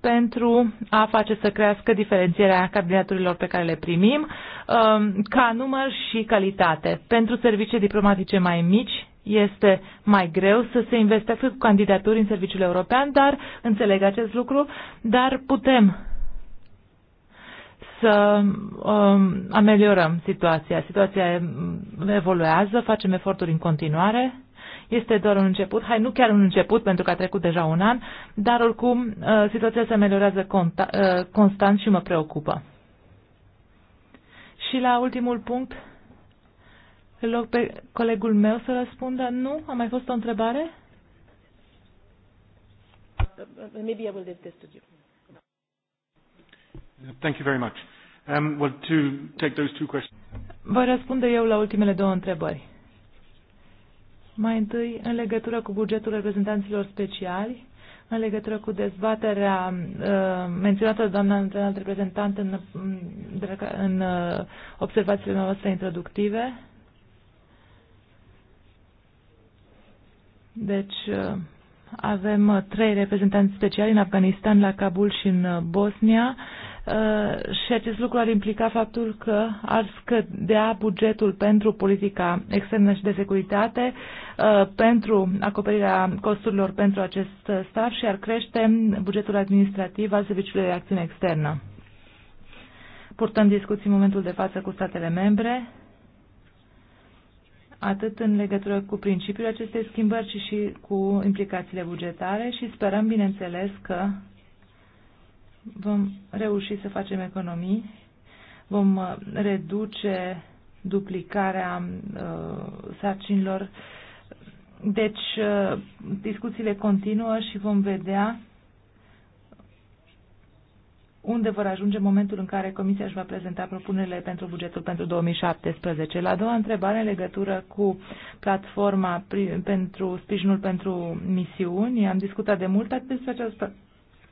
pentru a face să crească diferențierea candidaturilor pe care le primim um, ca număr și calitate. Pentru servicii diplomatice mai mici este mai greu să se investească cu candidaturi în serviciul european, dar înțeleg acest lucru, dar putem să um, ameliorăm situația. Situația evoluează, facem eforturi în continuare. Este doar un început, hai nu chiar un început pentru că a trecut deja un an, dar oricum uh, situația se ameliorează uh, constant și mă preocupă. Și la ultimul punct, îl loc pe colegul meu să răspundă. Nu? A mai fost o întrebare? Maybe I will leave this to you. Thank you very much. Um, well, to take those two questions. Voi răspunde eu la ultimele două întrebări. Mai întâi, în legătură cu bugetul reprezentanților speciali, în legătură cu dezbaterea uh, menționată de doamna întreprezentant reprezentant în, în, uh, observațiile noastre introductive, Deci uh, avem uh, trei reprezentanți speciali în Afganistan, la Kabul și în uh, Bosnia și acest lucru ar implica faptul că ar scădea bugetul pentru politica externă și de securitate, pentru acoperirea costurilor pentru acest staff și ar crește bugetul administrativ al Serviciului de Acțiune Externă. Purtăm discuții în momentul de față cu statele membre atât în legătură cu principiul acestei schimbări, ci și cu implicațiile bugetare și sperăm, bineînțeles, că vom reuși să facem economii, vom uh, reduce duplicarea uh, sarcinilor. Deci, uh, discuțiile continuă și vom vedea unde vor ajunge momentul în care Comisia își va prezenta propunerile pentru bugetul pentru 2017. La a doua întrebare, în legătură cu platforma pentru sprijinul pentru misiuni, am discutat de mult atât despre această,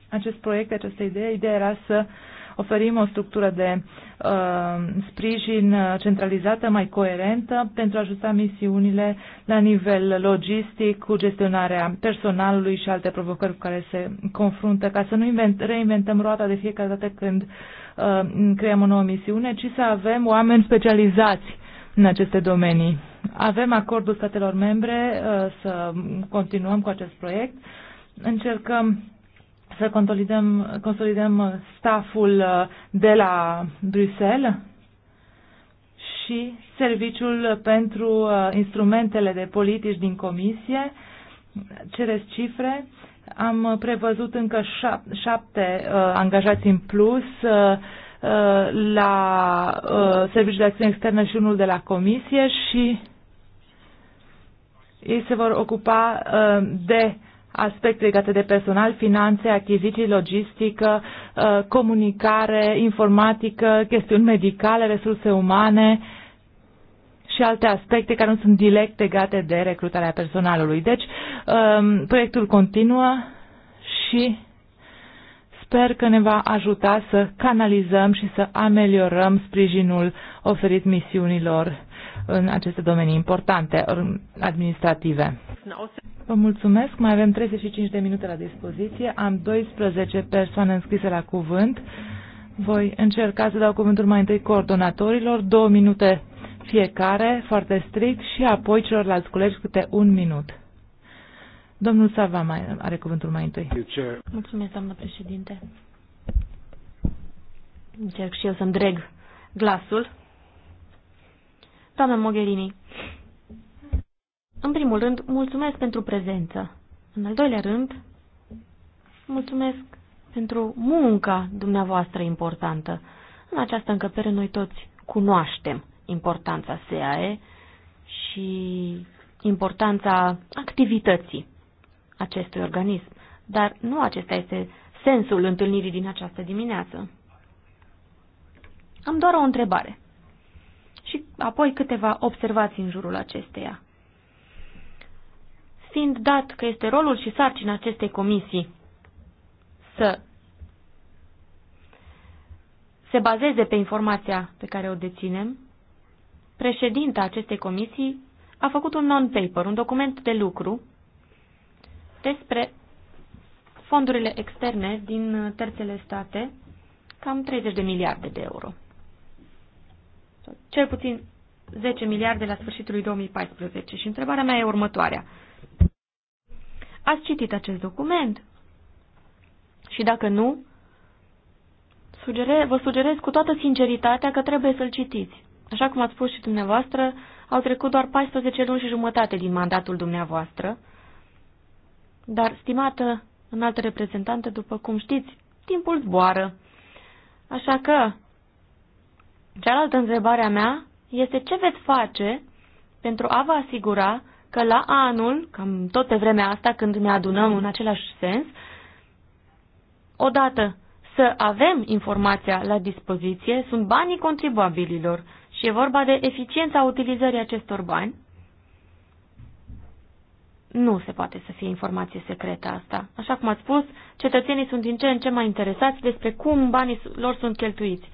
acest proiect, această idee. Ideea era să uh, oferim o structură de uh, sprijin uh, centralizată, mai coerentă, pentru a ajusta misiunile la nivel logistic, cu gestionarea personalului și alte provocări cu care se confruntă, ca să nu invent, reinventăm roata de fiecare dată când uh, creăm o nouă misiune, ci să avem oameni specializați în aceste domenii. Avem acordul statelor membre uh, să continuăm cu acest proiect. Încercăm să consolidăm, consolidăm staful uh, de la Bruxelles și serviciul pentru uh, instrumentele de politici din comisie. Cereți cifre. Am prevăzut încă șapte uh, angajați în plus la Serviciul de Acțiune Externă și unul de la Comisie și ei se vor ocupa de uh, aspecte legate de personal, finanțe, achiziții, logistică, uh, comunicare, informatică, chestiuni medicale, resurse umane și alte aspecte care nu sunt direct legate de recrutarea personalului. Deci, um, proiectul continuă și sper că ne va ajuta să canalizăm și să ameliorăm sprijinul oferit misiunilor în aceste domenii importante um, administrative. Vă mulțumesc. Mai avem 35 de minute la dispoziție. Am 12 persoane înscrise la cuvânt. Voi încerca să dau cuvântul mai întâi coordonatorilor, două minute fiecare, foarte strict, și apoi celorlalți colegi câte un minut. Domnul Sava mai are cuvântul mai întâi. Mulțumesc, doamnă președinte. Încerc și eu să-mi dreg glasul. Doamna Mogherini, în primul rând, mulțumesc pentru prezență. În al doilea rând, mulțumesc pentru munca dumneavoastră importantă. În această încăpere noi toți cunoaștem importanța SEAE și importanța activității acestui organism. Dar nu acesta este sensul întâlnirii din această dimineață. Am doar o întrebare și apoi câteva observații în jurul acesteia fiind dat că este rolul și sarcina acestei comisii să se bazeze pe informația pe care o deținem, președinta acestei comisii a făcut un non-paper, un document de lucru despre fondurile externe din terțele state, cam 30 de miliarde de euro. Cel puțin 10 miliarde la sfârșitul lui 2014. Și întrebarea mea e următoarea. Ați citit acest document? Și dacă nu, sugere, vă sugerez cu toată sinceritatea că trebuie să-l citiți. Așa cum ați spus și dumneavoastră, au trecut doar 14 luni și jumătate din mandatul dumneavoastră. Dar, stimată înaltă reprezentantă, după cum știți, timpul zboară. Așa că, cealaltă întrebare a mea este ce veți face pentru a vă asigura că la anul, cam tot pe vremea asta când ne adunăm în același sens, odată să avem informația la dispoziție sunt banii contribuabililor și e vorba de eficiența utilizării acestor bani. Nu se poate să fie informație secretă asta. Așa cum ați spus, cetățenii sunt din ce în ce mai interesați despre cum banii lor sunt cheltuiți.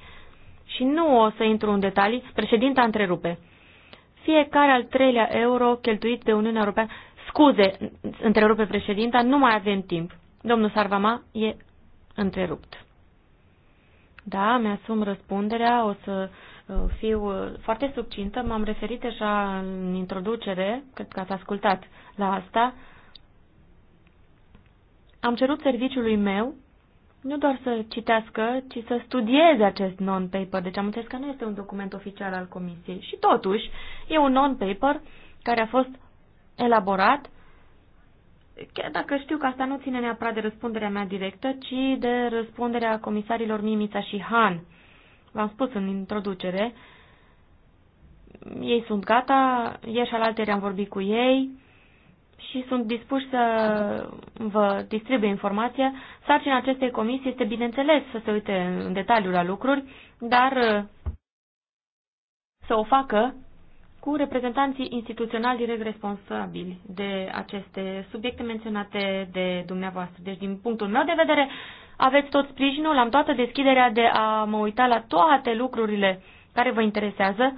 Și nu o să intru în detalii, președinta întrerupe fiecare al treilea euro cheltuit de Uniunea Europeană. Scuze, întrerupe președinta, nu mai avem timp. Domnul Sarvama e întrerupt. Da, mi-asum răspunderea, o să uh, fiu uh, foarte subcintă. M-am referit deja în introducere, cred că ați ascultat la asta. Am cerut serviciului meu nu doar să citească, ci să studieze acest non-paper. Deci am înțeles că nu este un document oficial al Comisiei. Și totuși, e un non-paper care a fost elaborat, chiar dacă știu că asta nu ține neapărat de răspunderea mea directă, ci de răspunderea comisarilor Mimița și Han. V-am spus în introducere, ei sunt gata, ieși și alaltele am vorbit cu ei, și sunt dispuși să vă distribuie informația. Sarcina acestei comisii este, bineînțeles, să se uite în detaliu la lucruri, dar uh, să o facă cu reprezentanții instituționali direct responsabili de aceste subiecte menționate de dumneavoastră. Deci, din punctul meu de vedere, aveți tot sprijinul, am toată deschiderea de a mă uita la toate lucrurile care vă interesează,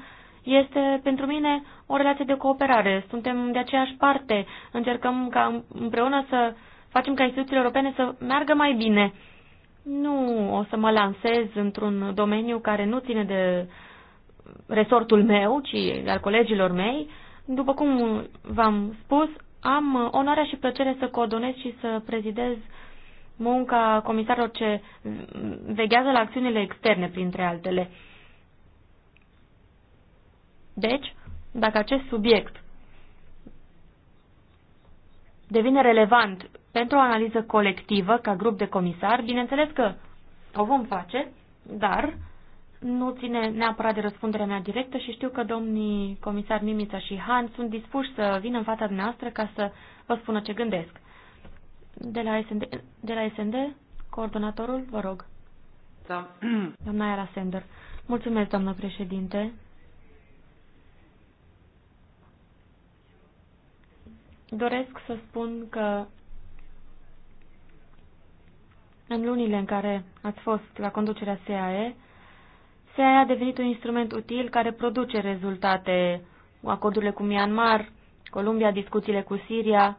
este pentru mine o relație de cooperare. Suntem de aceeași parte, încercăm ca împreună să facem ca instituțiile europene să meargă mai bine. Nu o să mă lansez într-un domeniu care nu ține de resortul meu, ci al colegilor mei. După cum v-am spus, am onoarea și plăcere să coordonez și să prezidez munca comisarilor ce veghează la acțiunile externe, printre altele. Deci, dacă acest subiect devine relevant pentru o analiză colectivă ca grup de comisar, bineînțeles că o vom face, dar nu ține neapărat de răspunderea mea directă și știu că domnii comisar Mimița și Han sunt dispuși să vină în fața dumneavoastră ca să vă spună ce gândesc. De la SND, de la SND coordonatorul, vă rog. Da. Doamna Iara Sender. Mulțumesc, doamnă președinte. Doresc să spun că în lunile în care ați fost la conducerea SAE, SAE a devenit un instrument util care produce rezultate, acordurile cu Myanmar, Columbia, discuțiile cu Siria,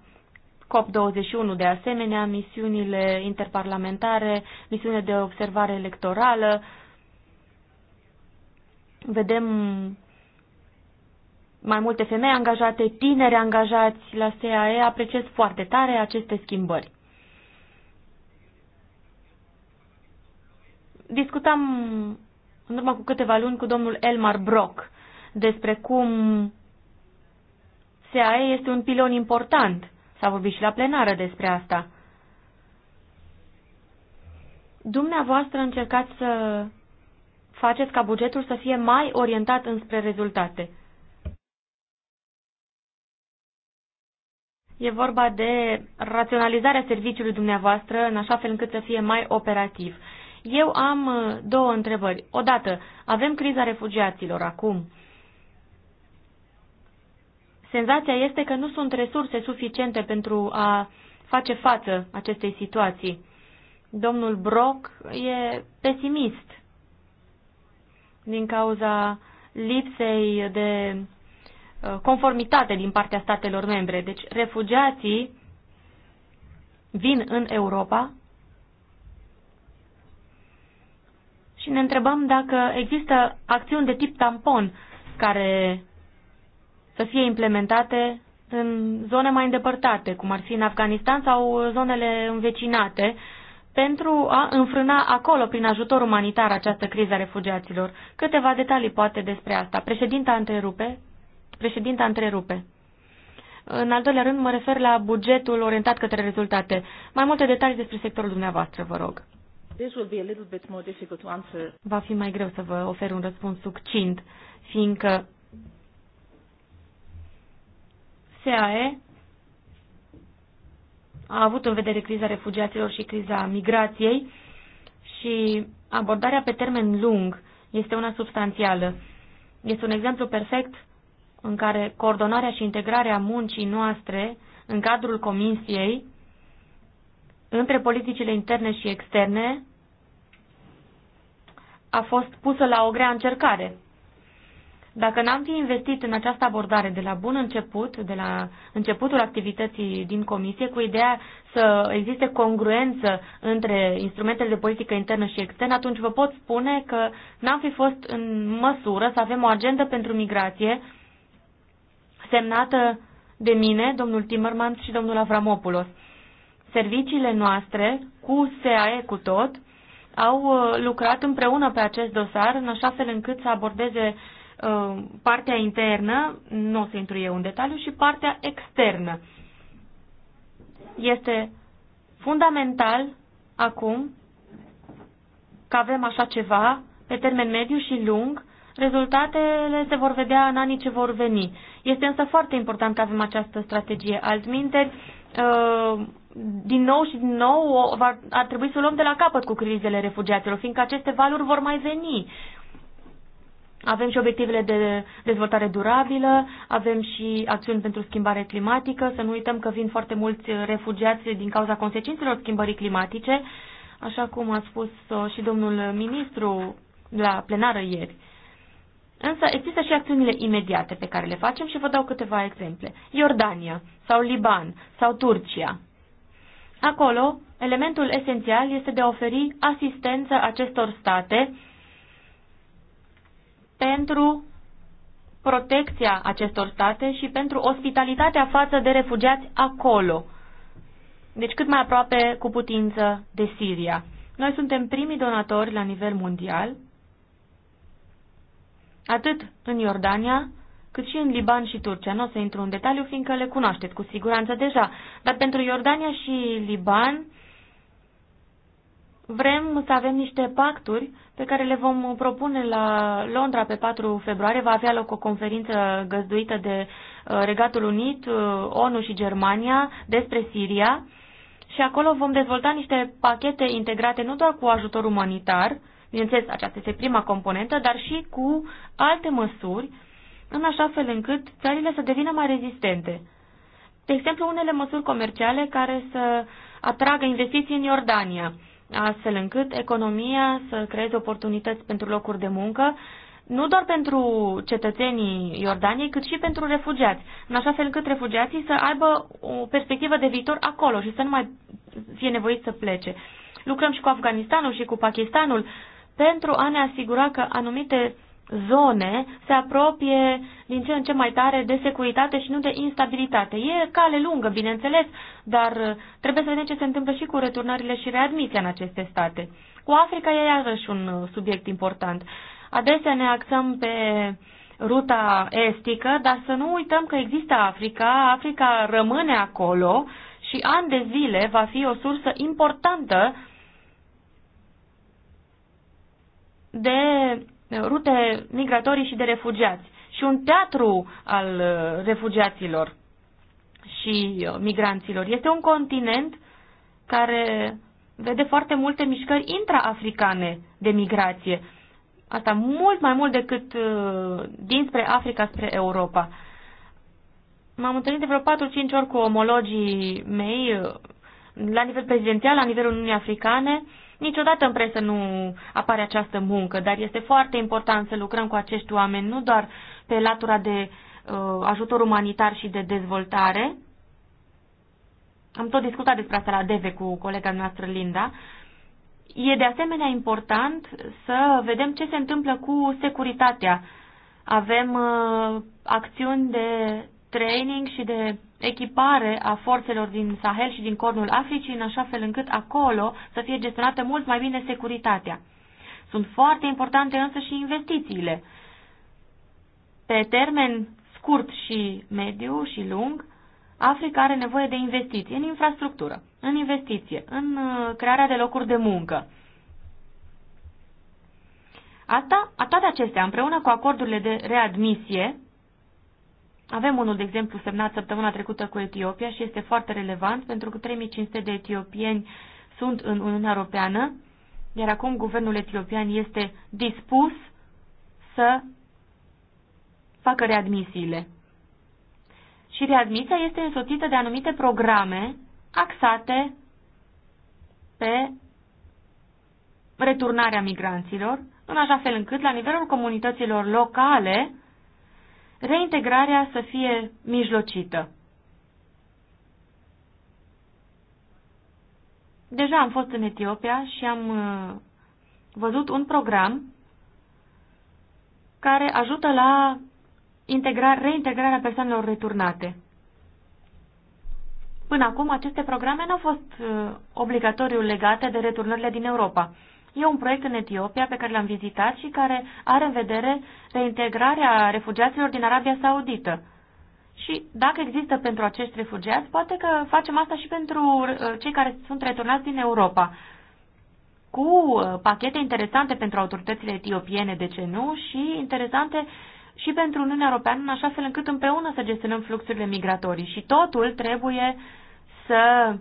COP21 de asemenea, misiunile interparlamentare, misiunile de observare electorală. Vedem mai multe femei angajate, tineri angajați la SAE, apreciez foarte tare aceste schimbări. Discutam în urmă cu câteva luni cu domnul Elmar Brock despre cum SAE este un pilon important. S-a vorbit și la plenară despre asta. Dumneavoastră încercați să faceți ca bugetul să fie mai orientat înspre rezultate. E vorba de raționalizarea serviciului dumneavoastră în așa fel încât să fie mai operativ. Eu am uh, două întrebări. Odată, avem criza refugiaților acum. Senzația este că nu sunt resurse suficiente pentru a face față acestei situații. Domnul Brock e pesimist din cauza lipsei de Uh, conformitate din partea statelor membre. Deci refugiații vin în Europa și ne întrebăm dacă există acțiuni de tip tampon care să fie implementate în zone mai îndepărtate, cum ar fi în Afganistan sau zonele învecinate, pentru a înfrâna acolo, prin ajutor umanitar, această criză a refugiaților. Câteva detalii poate despre asta. Președinta întrerupe. Președinta întrerupe. În al doilea rând, mă refer la bugetul orientat către rezultate. Mai multe detalii despre sectorul dumneavoastră, vă rog. Va fi mai greu să vă ofer un răspuns succint, fiindcă SAE a avut în vedere criza refugiaților și criza migrației și abordarea pe termen lung este una substanțială. Este un exemplu perfect în care coordonarea și integrarea muncii noastre în cadrul Comisiei între politicile interne și externe a fost pusă la o grea încercare. Dacă n-am fi investit în această abordare de la bun început, de la începutul activității din comisie, cu ideea să existe congruență între instrumentele de politică internă și externă, atunci vă pot spune că n-am fi fost în măsură să avem o agendă pentru migrație semnată de mine, domnul Timmerman și domnul Avramopoulos. Serviciile noastre, cu SAE cu tot, au uh, lucrat împreună pe acest dosar în așa fel încât să abordeze uh, partea internă, nu o să intru eu în detaliu, și partea externă. Este fundamental acum că avem așa ceva pe termen mediu și lung, rezultatele se vor vedea în anii ce vor veni. Este însă foarte important că avem această strategie. Altminteri, uh, din nou și din nou ar trebui să o luăm de la capăt cu crizele refugiaților, fiindcă aceste valuri vor mai veni. Avem și obiectivele de dezvoltare durabilă, avem și acțiuni pentru schimbare climatică, să nu uităm că vin foarte mulți refugiați din cauza consecințelor schimbării climatice, așa cum a spus și domnul ministru la plenară ieri. Însă există și acțiunile imediate pe care le facem și vă dau câteva exemple. Iordania sau Liban sau Turcia. Acolo, elementul esențial este de a oferi asistență acestor state pentru protecția acestor state și pentru ospitalitatea față de refugiați acolo. Deci cât mai aproape cu putință de Siria. Noi suntem primii donatori la nivel mondial atât în Iordania, cât și în Liban și Turcia. Nu o să intru în detaliu, fiindcă le cunoașteți cu siguranță deja. Dar pentru Iordania și Liban vrem să avem niște pacturi pe care le vom propune la Londra pe 4 februarie. Va avea loc o conferință găzduită de uh, Regatul Unit, uh, ONU și Germania despre Siria. Și acolo vom dezvolta niște pachete integrate nu doar cu ajutor umanitar, Bineînțeles, aceasta este prima componentă, dar și cu alte măsuri, în așa fel încât țările să devină mai rezistente. De exemplu, unele măsuri comerciale care să atragă investiții în Iordania, astfel încât economia să creeze oportunități pentru locuri de muncă, nu doar pentru cetățenii Iordaniei, cât și pentru refugiați, în așa fel încât refugiații să aibă o perspectivă de viitor acolo și să nu mai fie nevoiți să plece. Lucrăm și cu Afganistanul și cu Pakistanul pentru a ne asigura că anumite zone se apropie din ce în ce mai tare de securitate și nu de instabilitate. E cale lungă, bineînțeles, dar trebuie să vedem ce se întâmplă și cu returnările și readmisia în aceste state. Cu Africa e iarăși un subiect important. Adesea ne axăm pe ruta estică, dar să nu uităm că există Africa, Africa rămâne acolo și ani de zile va fi o sursă importantă de rute migratorii și de refugiați și un teatru al uh, refugiaților și uh, migranților. Este un continent care vede foarte multe mișcări intraafricane de migrație. Asta mult mai mult decât uh, dinspre Africa spre Europa. M-am întâlnit de vreo 4-5 ori cu omologii mei la nivel prezidențial, la nivelul Uniunii Africane, uh, Niciodată în presă nu apare această muncă, dar este foarte important să lucrăm cu acești oameni, nu doar pe latura de uh, ajutor umanitar și de dezvoltare. Am tot discutat despre asta la DEVE cu colega noastră Linda. E de asemenea important să vedem ce se întâmplă cu securitatea. Avem uh, acțiuni de training și de echipare a forțelor din Sahel și din Cornul Africii, în așa fel încât acolo să fie gestionată mult mai bine securitatea. Sunt foarte importante însă și investițiile. Pe termen scurt și mediu și lung, Africa are nevoie de investiții în infrastructură, în investiție, în uh, crearea de locuri de muncă. Asta, toate acestea, împreună cu acordurile de readmisie, avem unul, de exemplu, semnat săptămâna trecută cu Etiopia și este foarte relevant pentru că 3500 de etiopieni sunt în Uniunea Europeană, iar acum guvernul etiopian este dispus să facă readmisiile. Și readmisia este însoțită de anumite programe axate pe returnarea migranților, în așa fel încât, la nivelul comunităților locale, reintegrarea să fie mijlocită. Deja am fost în Etiopia și am uh, văzut un program care ajută la integra- reintegrarea persoanelor returnate. Până acum, aceste programe nu au fost uh, obligatoriu legate de returnările din Europa. E un proiect în Etiopia pe care l-am vizitat și care are în vedere reintegrarea refugiaților din Arabia Saudită. Și dacă există pentru acești refugiați, poate că facem asta și pentru uh, cei care sunt returnați din Europa. Cu uh, pachete interesante pentru autoritățile etiopiene, de ce nu, și interesante și pentru Uniunea Europeană, în așa fel încât împreună să gestionăm fluxurile migratorii. Și totul trebuie să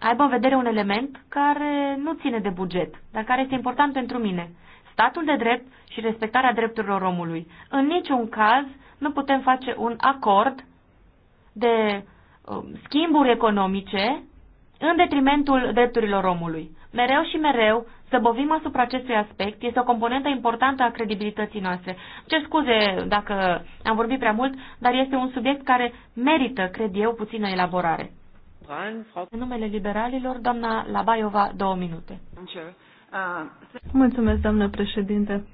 aibă în vedere un element care nu ține de buget, dar care este important pentru mine. Statul de drept și respectarea drepturilor omului. În niciun caz nu putem face un acord de um, schimburi economice în detrimentul drepturilor omului. Mereu și mereu să bovim asupra acestui aspect este o componentă importantă a credibilității noastre. Ce scuze dacă am vorbit prea mult, dar este un subiect care merită, cred eu, puțină elaborare. În numele liberalilor, doamna Labaiova, două minute. Mulțumesc, doamnă președinte.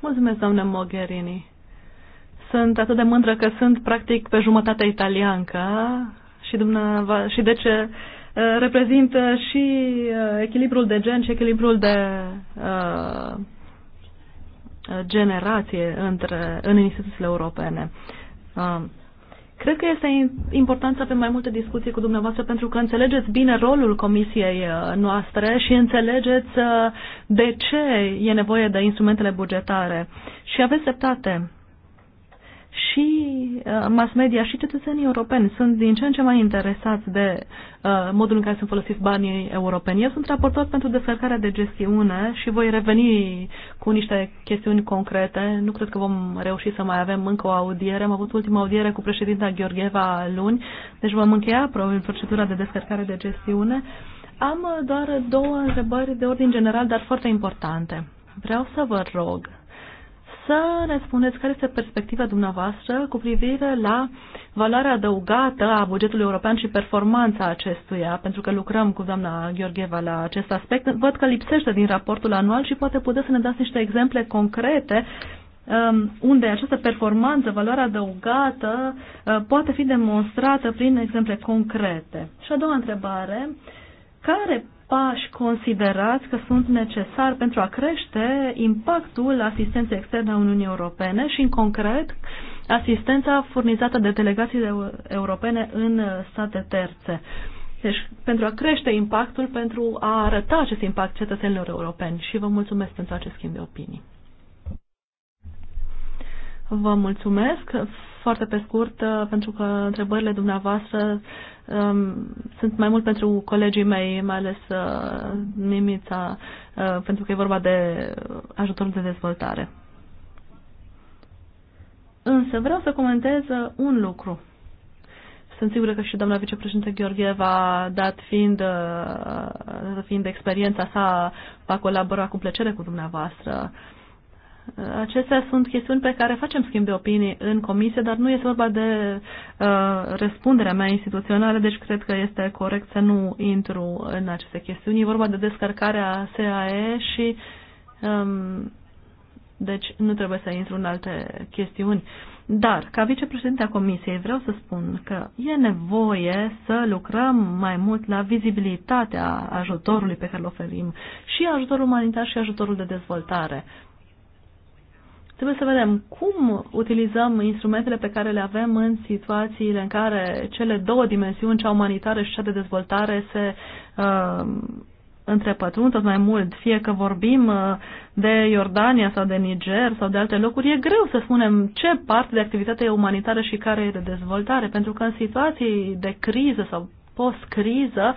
Mulțumesc, doamnă Mogherini. Sunt atât de mândră că sunt practic pe jumătate italiancă și, și deci, uh, uh, și ce reprezintă și echilibrul de gen și echilibrul de uh, generație între, în instituțiile europene. Uh, Cred că este important să avem mai multe discuții cu dumneavoastră pentru că înțelegeți bine rolul comisiei uh, noastre și înțelegeți uh, de ce e nevoie de instrumentele bugetare. Și aveți dreptate și uh, mass media și cetățenii europeni sunt din ce în ce mai interesați de uh, modul în care sunt folosiți banii europeni. Eu sunt raportor pentru descărcarea de gestiune și voi reveni cu niște chestiuni concrete. Nu cred că vom reuși să mai avem încă o audiere. Am avut ultima audiere cu președinta Gheorgheva luni, deci vom încheia probabil procedura de descărcare de gestiune. Am uh, doar două întrebări de ordin general, dar foarte importante. Vreau să vă rog să ne spuneți care este perspectiva dumneavoastră cu privire la valoarea adăugată a bugetului european și performanța acestuia, pentru că lucrăm cu doamna Gheorgheva la acest aspect. Văd că lipsește din raportul anual și poate puteți să ne dați niște exemple concrete um, unde această performanță, valoarea adăugată, uh, poate fi demonstrată prin exemple concrete. Și a doua întrebare, care pași considerați că sunt necesari pentru a crește impactul asistenței externe a Uniunii Europene și, în concret, asistența furnizată de delegațiile europene în state terțe. Deci, pentru a crește impactul, pentru a arăta acest impact cetățenilor europeni. Și vă mulțumesc pentru acest schimb de opinii. Vă mulțumesc foarte pe scurt pentru că întrebările dumneavoastră Um, sunt mai mult pentru colegii mei, mai ales Nimița, uh, uh, pentru că e vorba de ajutorul de dezvoltare. Însă vreau să comentez uh, un lucru. Sunt sigură că și doamna vicepreședinte Gheorgheva, dat fiind, fiind experiența sa, va colabora cu plăcere cu dumneavoastră Acestea sunt chestiuni pe care facem schimb de opinii în comisie, dar nu este vorba de uh, răspunderea mea instituțională, deci cred că este corect să nu intru în aceste chestiuni. E vorba de descărcarea SAE și um, deci nu trebuie să intru în alte chestiuni. Dar, ca vicepreședinte a comisiei, vreau să spun că e nevoie să lucrăm mai mult la vizibilitatea ajutorului pe care îl oferim și ajutorul umanitar și ajutorul de dezvoltare. Trebuie să vedem cum utilizăm instrumentele pe care le avem în situațiile în care cele două dimensiuni, cea umanitară și cea de dezvoltare, se uh, întrepătrund tot mai mult, fie că vorbim uh, de Iordania sau de Niger sau de alte locuri, e greu să spunem ce parte de activitate e umanitară și care e de dezvoltare, pentru că în situații de criză sau post-criză,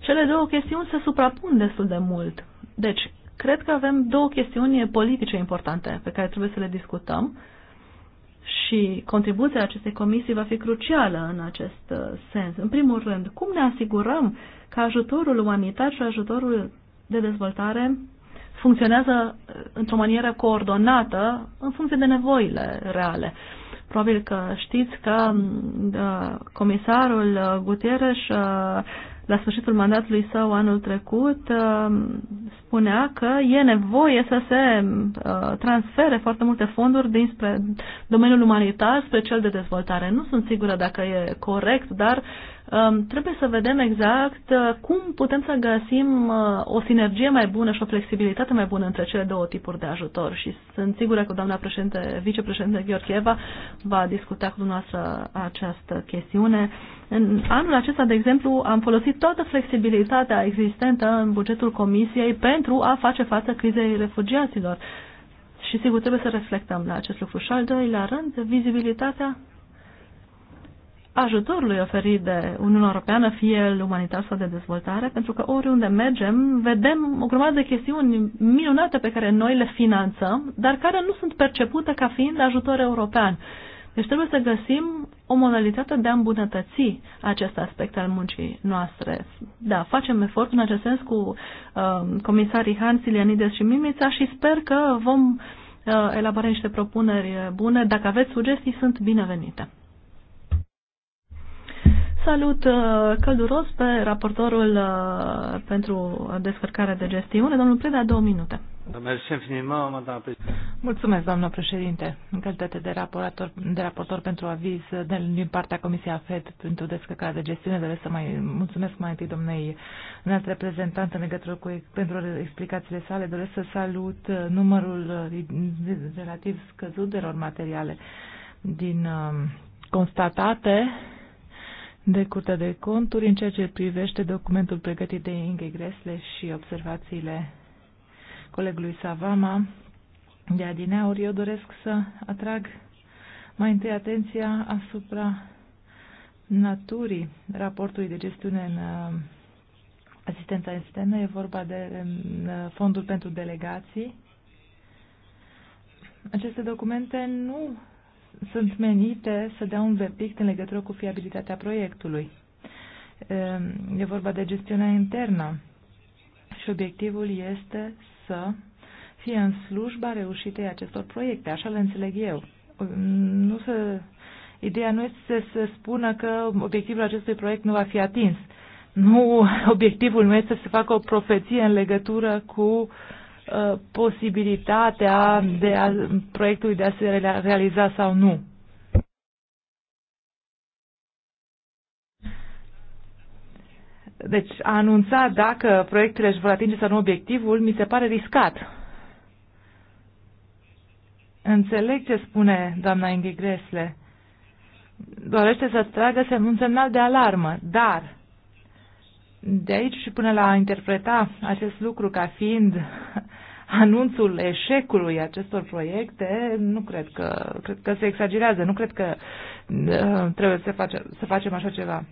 cele două chestiuni se suprapun destul de mult. Deci, Cred că avem două chestiuni politice importante pe care trebuie să le discutăm și contribuția acestei comisii va fi crucială în acest uh, sens. În primul rând, cum ne asigurăm că ajutorul umanitar și ajutorul de dezvoltare funcționează uh, într-o manieră coordonată în funcție de nevoile reale. Probabil că știți că mm, uh, comisarul Gutierrez la sfârșitul mandatului său anul trecut, uh, spunea că e nevoie să se uh, transfere foarte multe fonduri dinspre domeniul umanitar spre cel de dezvoltare. Nu sunt sigură dacă e corect, dar Um, trebuie să vedem exact uh, cum putem să găsim uh, o sinergie mai bună și o flexibilitate mai bună între cele două tipuri de ajutor și sunt sigură că doamna președinte, vicepreședinte Gheorcheva va discuta cu dumneavoastră această chestiune. În anul acesta, de exemplu, am folosit toată flexibilitatea existentă în bugetul Comisiei pentru a face față crizei refugiaților. Și sigur trebuie să reflectăm la acest lucru. Și al doilea rând, vizibilitatea ajutorului oferit de Uniunea Europeană, fie el umanitar sau de dezvoltare, pentru că oriunde mergem, vedem o grămadă de chestiuni minunate pe care noi le finanțăm, dar care nu sunt percepute ca fiind ajutor european. Deci trebuie să găsim o modalitate de a îmbunătăți acest aspect al muncii noastre. Da, facem efort în acest sens cu uh, comisarii Hans, Ilianides și Mimița și sper că vom uh, elabora niște propuneri bune. Dacă aveți sugestii, sunt binevenite. Salut uh, călduros pe raportorul uh, pentru descărcarea de gestiune, domnul Preda, două minute. Mulțumesc, doamnă președinte, în calitate de raportor, de raportor pentru aviz din partea Comisiei AFED pentru descărcarea de gestiune. Doresc să mai mulțumesc mai întâi domnei înalt reprezentant în legătură cu, pentru explicațiile sale. Doresc să salut uh, numărul relativ scăzut de materiale din constatate de Curtea de Conturi în ceea ce privește documentul pregătit de Inge Gresle și observațiile colegului Savama de Adineauri, eu doresc să atrag mai întâi atenția asupra naturii raportului de gestiune în uh, asistența externă. E vorba de um, uh, fondul pentru delegații. Aceste documente nu sunt menite să dea un verdict în legătură cu fiabilitatea proiectului. Ehm, e vorba de gestiunea internă și obiectivul este să fie în slujba reușitei acestor proiecte, așa le înțeleg eu. Nu se, ideea nu este să se spună că obiectivul acestui proiect nu va fi atins. Nu, [laughs] obiectivul meu este să se facă o profeție în legătură cu uh, Uh, posibilitatea de a, proiectului de a se realiza sau nu. Deci a anunța dacă proiectele își vor atinge sau nu obiectivul mi se pare riscat. Înțeleg ce spune doamna Inghe Gresle. Dorește să tragă un semnal de alarmă, dar de aici și până la a interpreta acest lucru ca fiind [laughs] anunțul eșecului acestor proiecte, nu cred că, cred că se exagerează, nu cred că uh, trebuie să, face, să facem așa ceva.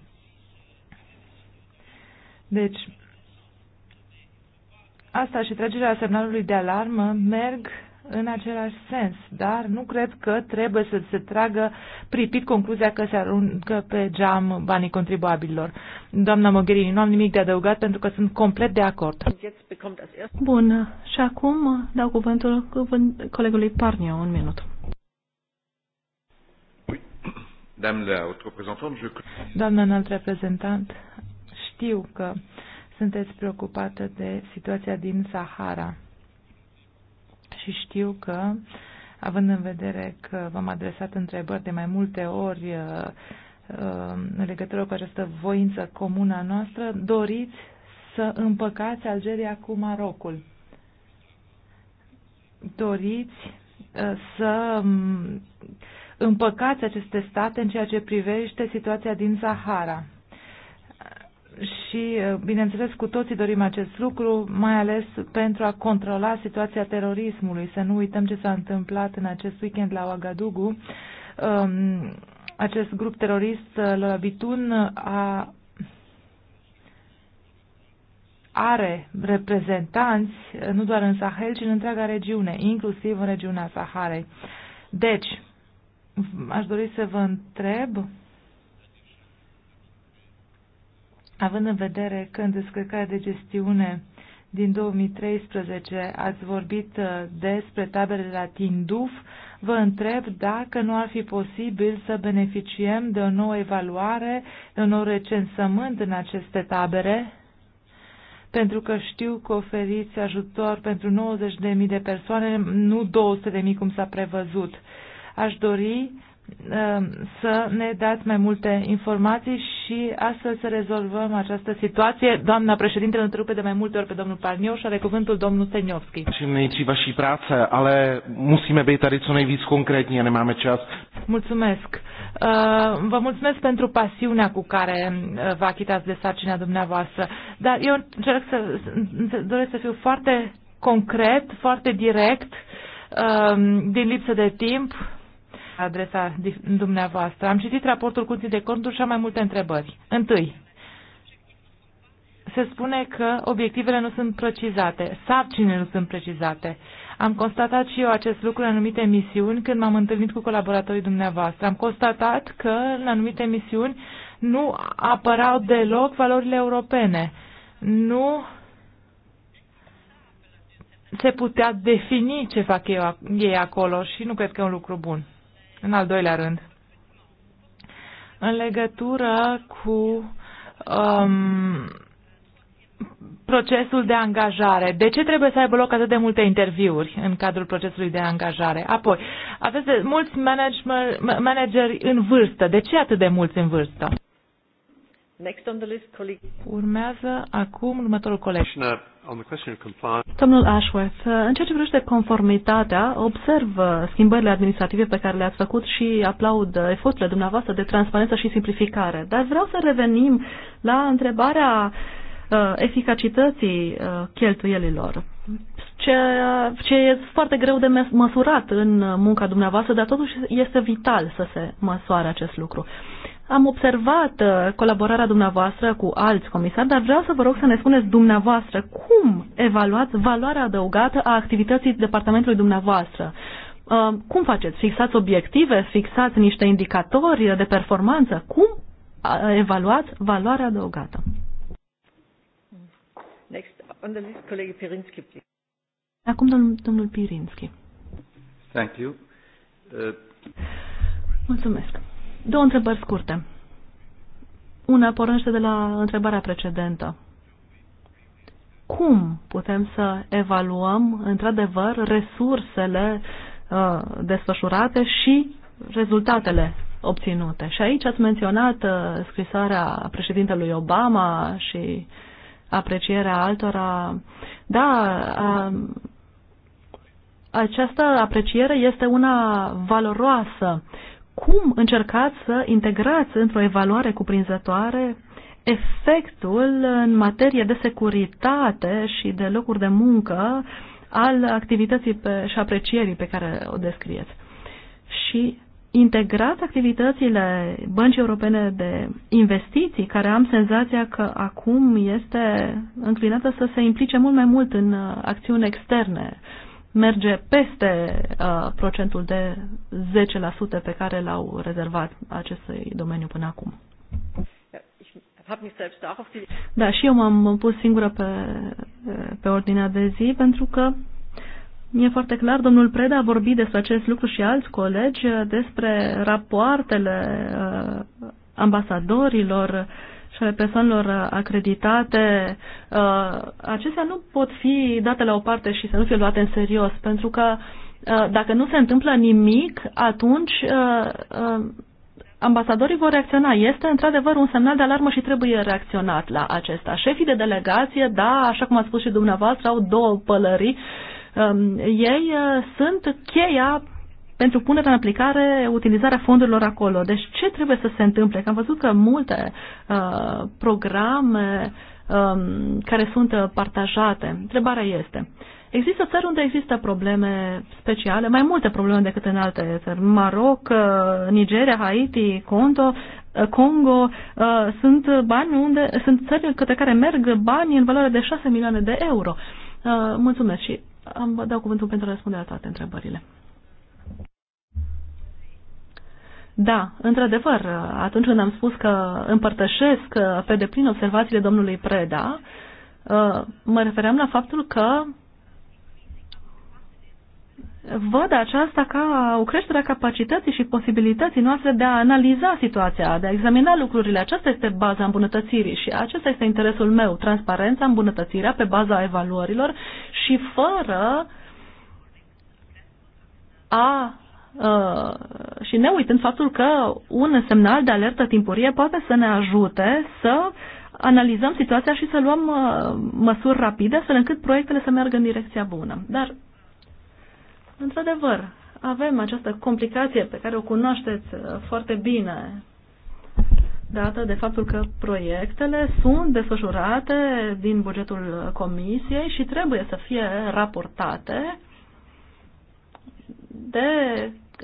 Deci, asta și tragerea semnalului de alarmă merg în același sens, dar nu cred că trebuie să se tragă pripit concluzia că se aruncă pe geam banii contribuabililor. Doamna Mogherini, nu am nimic de adăugat pentru că sunt complet de acord. Bun, și acum dau cuvântul colegului Parnia, un minut. Doamna înalt reprezentant, știu că sunteți preocupată de situația din Sahara și știu că, având în vedere că v-am adresat întrebări de mai multe ori uh, uh, în legătură cu această voință comună a noastră, doriți să împăcați Algeria cu Marocul. Doriți uh, să mm, împăcați aceste state în ceea ce privește situația din Sahara și, uh, bineînțeles, cu toții dorim acest lucru, mai ales pentru a controla situația terorismului. Să nu uităm ce s-a întâmplat în acest weekend la Ouagadougou. Um, acest grup terorist, uh, Lola Bitun, a are reprezentanți uh, nu doar în Sahel, ci în întreaga regiune, inclusiv în regiunea Saharei. Deci, aș dori să vă întreb având în vedere că în descărcarea de gestiune din 2013 ați vorbit uh, despre taberele la Tinduf, vă întreb dacă nu ar fi posibil să beneficiem de o nouă evaluare, de un nou recensământ în aceste tabere, pentru că știu că oferiți ajutor pentru 90.000 de persoane, nu 200.000 cum s-a prevăzut. Aș dori Um, să ne dați mai multe informații și astfel să rezolvăm această situație. Doamna președinte, îl întrerupe de mai multe ori pe domnul Parniu și are cuvântul domnul Seniovski. Steniovski. Nejdřív și prață, ale musíme být tady co nejvíc konkrétní a nemáme čas. Mulțumesc. Uh, vă mulțumesc pentru pasiunea cu care uh, vă achitați de sarcina dumneavoastră, dar eu încerc să, doresc să fiu foarte concret, foarte direct, uh, din lipsă de timp, adresa dumneavoastră. Am citit raportul Curții de Conturi și am mai multe întrebări. Întâi, se spune că obiectivele nu sunt precizate, sarcinile nu sunt precizate. Am constatat și eu acest lucru în anumite misiuni când m-am întâlnit cu colaboratorii dumneavoastră. Am constatat că în anumite misiuni nu apărau deloc valorile europene. Nu se putea defini ce fac ei acolo și nu cred că e un lucru bun. În al doilea rând, în legătură cu um, procesul de angajare. De ce trebuie să aibă loc atât de multe interviuri în cadrul procesului de angajare? Apoi, aveți mulți manageri în vârstă. De ce atât de mulți în vârstă? Next on the list, colleague. Urmează acum următorul coleg. Domnul Ashworth, în ceea ce privește conformitatea, observ uh, schimbările administrative pe care le-ați făcut și aplaud uh, eforturile dumneavoastră de transparență și simplificare. Dar vreau să revenim la întrebarea uh, eficacității cheltuielilor ce, ce e foarte greu de măsurat în munca dumneavoastră, dar totuși este vital să se măsoare acest lucru. Am observat uh, colaborarea dumneavoastră cu alți comisari, dar vreau să vă rog să ne spuneți dumneavoastră cum evaluați valoarea adăugată a activității departamentului dumneavoastră. Uh, cum faceți? Fixați obiective? Fixați niște indicatori de performanță? Cum uh, evaluați valoarea adăugată? Next on the list, colegii Pirinski, please. Acum domnul, domnul Pirinski. Thank you. Uh... Mulțumesc. Două întrebări scurte. Una pornește de la întrebarea precedentă. Cum putem să evaluăm, într-adevăr, resursele uh, desfășurate și rezultatele obținute? Și aici ați menționat uh, scrisoarea președintelui Obama și aprecierea altora. Da, uh, această apreciere este una valoroasă. Uh, cum încercați să integrați într-o evaluare cuprinzătoare efectul în materie de securitate și de locuri de muncă al activității pe, și aprecierii pe care o descrieți. Și integrați activitățile Băncii Europene de Investiții, care am senzația că acum este înclinată să se implice mult mai mult în uh, acțiuni externe uh, merge peste uh, procentul de 10% pe care l-au rezervat acestui domeniu până acum. Da, și eu m-am pus singură pe, pe ordinea de zi pentru că mi-e foarte clar, domnul Preda a vorbit despre acest lucru și alți colegi, despre rapoartele uh, ambasadorilor uh, și ale persoanelor acreditate, uh, acestea nu pot fi date la o parte și să nu fie luate în serios, pentru că uh, dacă nu se întâmplă nimic, atunci uh, ambasadorii vor reacționa. Este într-adevăr un semnal de alarmă și trebuie reacționat la acesta. Șefii de delegație, da, așa cum a spus și dumneavoastră, au două pălării. Um, ei sunt cheia pentru punerea în aplicare, utilizarea fondurilor acolo. Deci ce trebuie să se întâmple? Că am văzut că multe uh, programe um, care sunt uh, partajate. Întrebarea este, există țări unde există probleme speciale, mai multe probleme decât în alte țări. Maroc, uh, Nigeria, Haiti, uh, Congo, Congo uh, sunt bani unde sunt țări către care merg bani în valoare de 6 milioane de euro. mulțumesc și am, vă dau cuvântul pentru a răspunde la toate întrebările. Da, într-adevăr, atunci când am spus că împărtășesc uh, pe deplin observațiile domnului Preda, uh, mă refeream la faptul că văd aceasta ca o creștere a capacității și posibilității noastre de a analiza situația, de a examina lucrurile. Aceasta este baza îmbunătățirii și acesta este interesul meu, transparența, îmbunătățirea pe baza evaluărilor și fără a Uh, și ne uitând faptul că un semnal de alertă timpurie poate să ne ajute să analizăm situația și să luăm uh, măsuri rapide astfel încât proiectele să meargă în direcția bună. Dar, într-adevăr, avem această complicație pe care o cunoașteți uh, foarte bine dată de faptul că proiectele sunt desfășurate din bugetul comisiei și trebuie să fie raportate de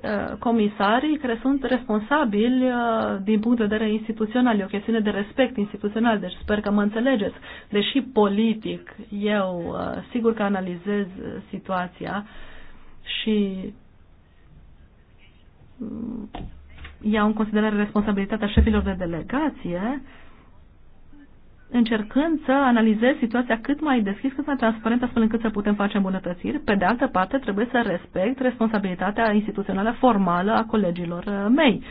Uh, comisarii care sunt responsabili uh, din punct de vedere instituțional. E o chestiune de respect instituțional, deci sper că mă înțelegeți. Deși politic, eu uh, sigur că analizez situația și mm, iau în considerare responsabilitatea șefilor de delegație, încercând să analizez situația cât mai deschis, cât mai transparent, astfel încât să putem face îmbunătățiri. Pe de altă parte, trebuie să respect responsabilitatea instituțională formală a colegilor uh, mei.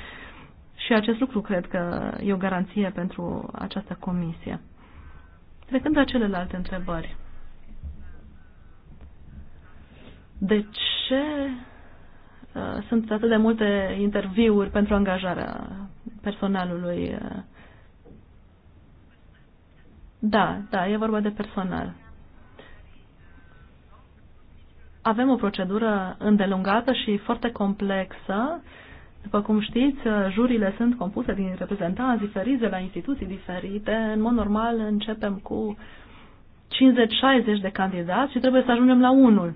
Și acest lucru cred că e o garanție pentru această comisie. Trecând la celelalte întrebări. De ce uh, sunt atât de multe interviuri pentru angajarea personalului uh, da, da, e vorba de personal. Avem o procedură îndelungată și foarte complexă. După cum știți, jurile sunt compuse din reprezentanți diferiți de la instituții diferite. În mod normal începem cu 50-60 de candidați și trebuie să ajungem la unul.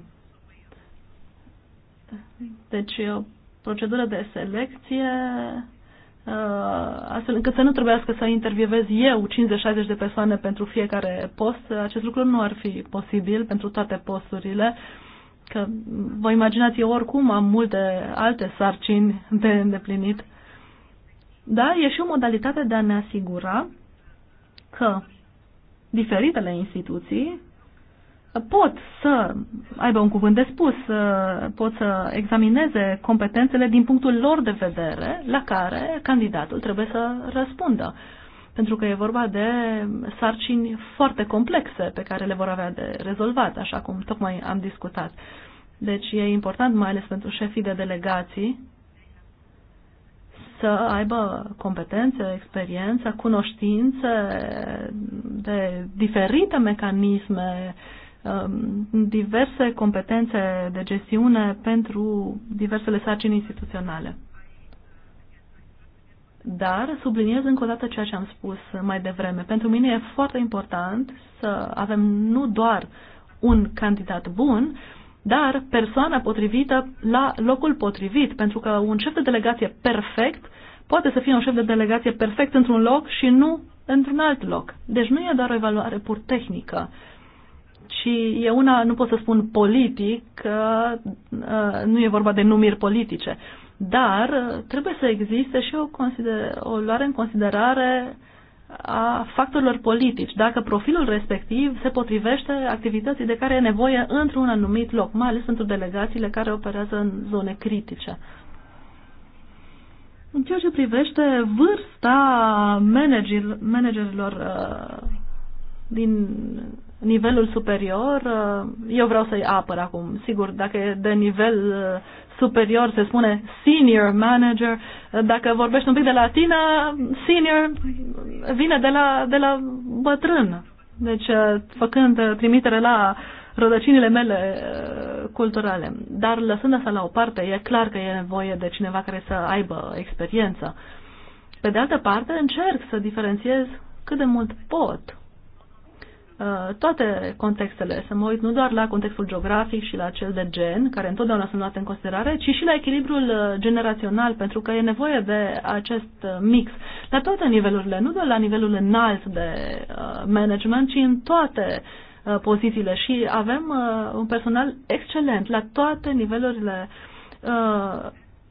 Deci e o procedură de selecție Uh, astfel încât să nu trebuiască să intervievez eu 50-60 de persoane pentru fiecare post. Acest lucru nu ar fi posibil pentru toate posturile, că vă imaginați, eu oricum am multe alte sarcini de îndeplinit. Da, e și o modalitate de a ne asigura că diferitele instituții pot să aibă un cuvânt de spus, pot să examineze competențele din punctul lor de vedere la care candidatul trebuie să răspundă. Pentru că e vorba de sarcini foarte complexe pe care le vor avea de rezolvat, așa cum tocmai am discutat. Deci e important, mai ales pentru șefii de delegații, să aibă competențe, experiență, cunoștințe de diferite mecanisme uh, Um, diverse competențe de gestiune pentru diversele sarcini instituționale. Dar subliniez încă o dată ceea ce am spus mai devreme. Pentru mine e foarte important să avem nu doar un candidat bun, dar persoana potrivită la locul potrivit, pentru că un șef de delegație perfect poate să fie un șef de delegație perfect într-un loc și nu într-un alt loc. Deci nu e doar o evaluare pur tehnică. Uh, și e una, nu pot să spun politic, că uh, nu e vorba de numiri politice, dar uh, trebuie să existe și o, consider, o luare în considerare a factorilor politici, dacă profilul respectiv se potrivește activității de care e nevoie într-un anumit loc, mai ales pentru delegațiile care operează în zone critice. În ceea ce privește vârsta managerilor uh, din nivelul superior, uh, eu vreau să-i apăr acum. Sigur, dacă e de nivel uh, superior, se spune senior manager. Uh, dacă vorbești un pic de latină, senior vine de la, de la bătrân. Deci, făcând trimitere la rădăcinile mele culturale. Dar lăsând asta la o parte, e clar că e nevoie de cineva care să aibă experiență. Pe de altă parte, încerc să diferențiez cât de mult pot Uh, toate contextele, să mă uit nu doar la contextul geografic și la cel de gen, care întotdeauna sunt luate în considerare, ci și la echilibrul uh, generațional, pentru că e nevoie de acest uh, mix la toate nivelurile, nu doar la nivelul înalt de management, ci în toate pozițiile și avem un personal excelent la toate nivelurile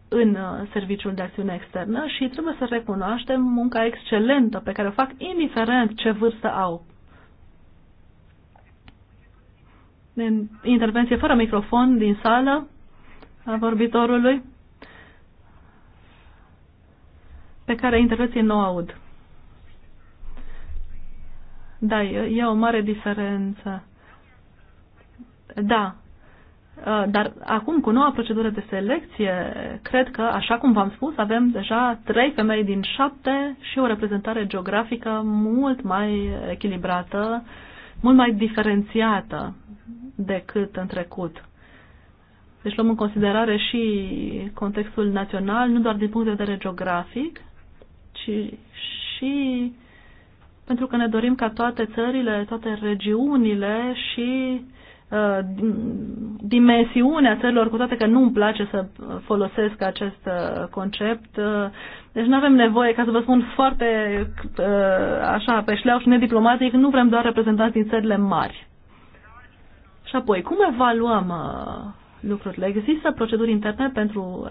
în serviciul de acțiune externă și trebuie să recunoaștem munca excelentă pe care o fac indiferent ce vârstă au din intervenție fără microfon din sală a vorbitorului pe care interpreții nu aud. Da, e o mare diferență. Da. Dar acum, cu noua procedură de selecție, cred că, așa cum v-am spus, avem deja trei femei din șapte și o reprezentare geografică mult mai echilibrată, mult mai diferențiată decât în trecut. Deci luăm în considerare și contextul național, nu doar din punct de vedere geografic, ci și pentru că ne dorim ca toate țările, toate regiunile și uh, dimensiunea țărilor, cu toate că nu îmi place să folosesc acest uh, concept. Uh, deci nu avem nevoie, ca să vă spun foarte așa pe șleau și nediplomatic, nu vrem doar reprezentanți din țările mari. Și apoi, cum evaluăm uh, lucrurile? Există proceduri interne pentru uh,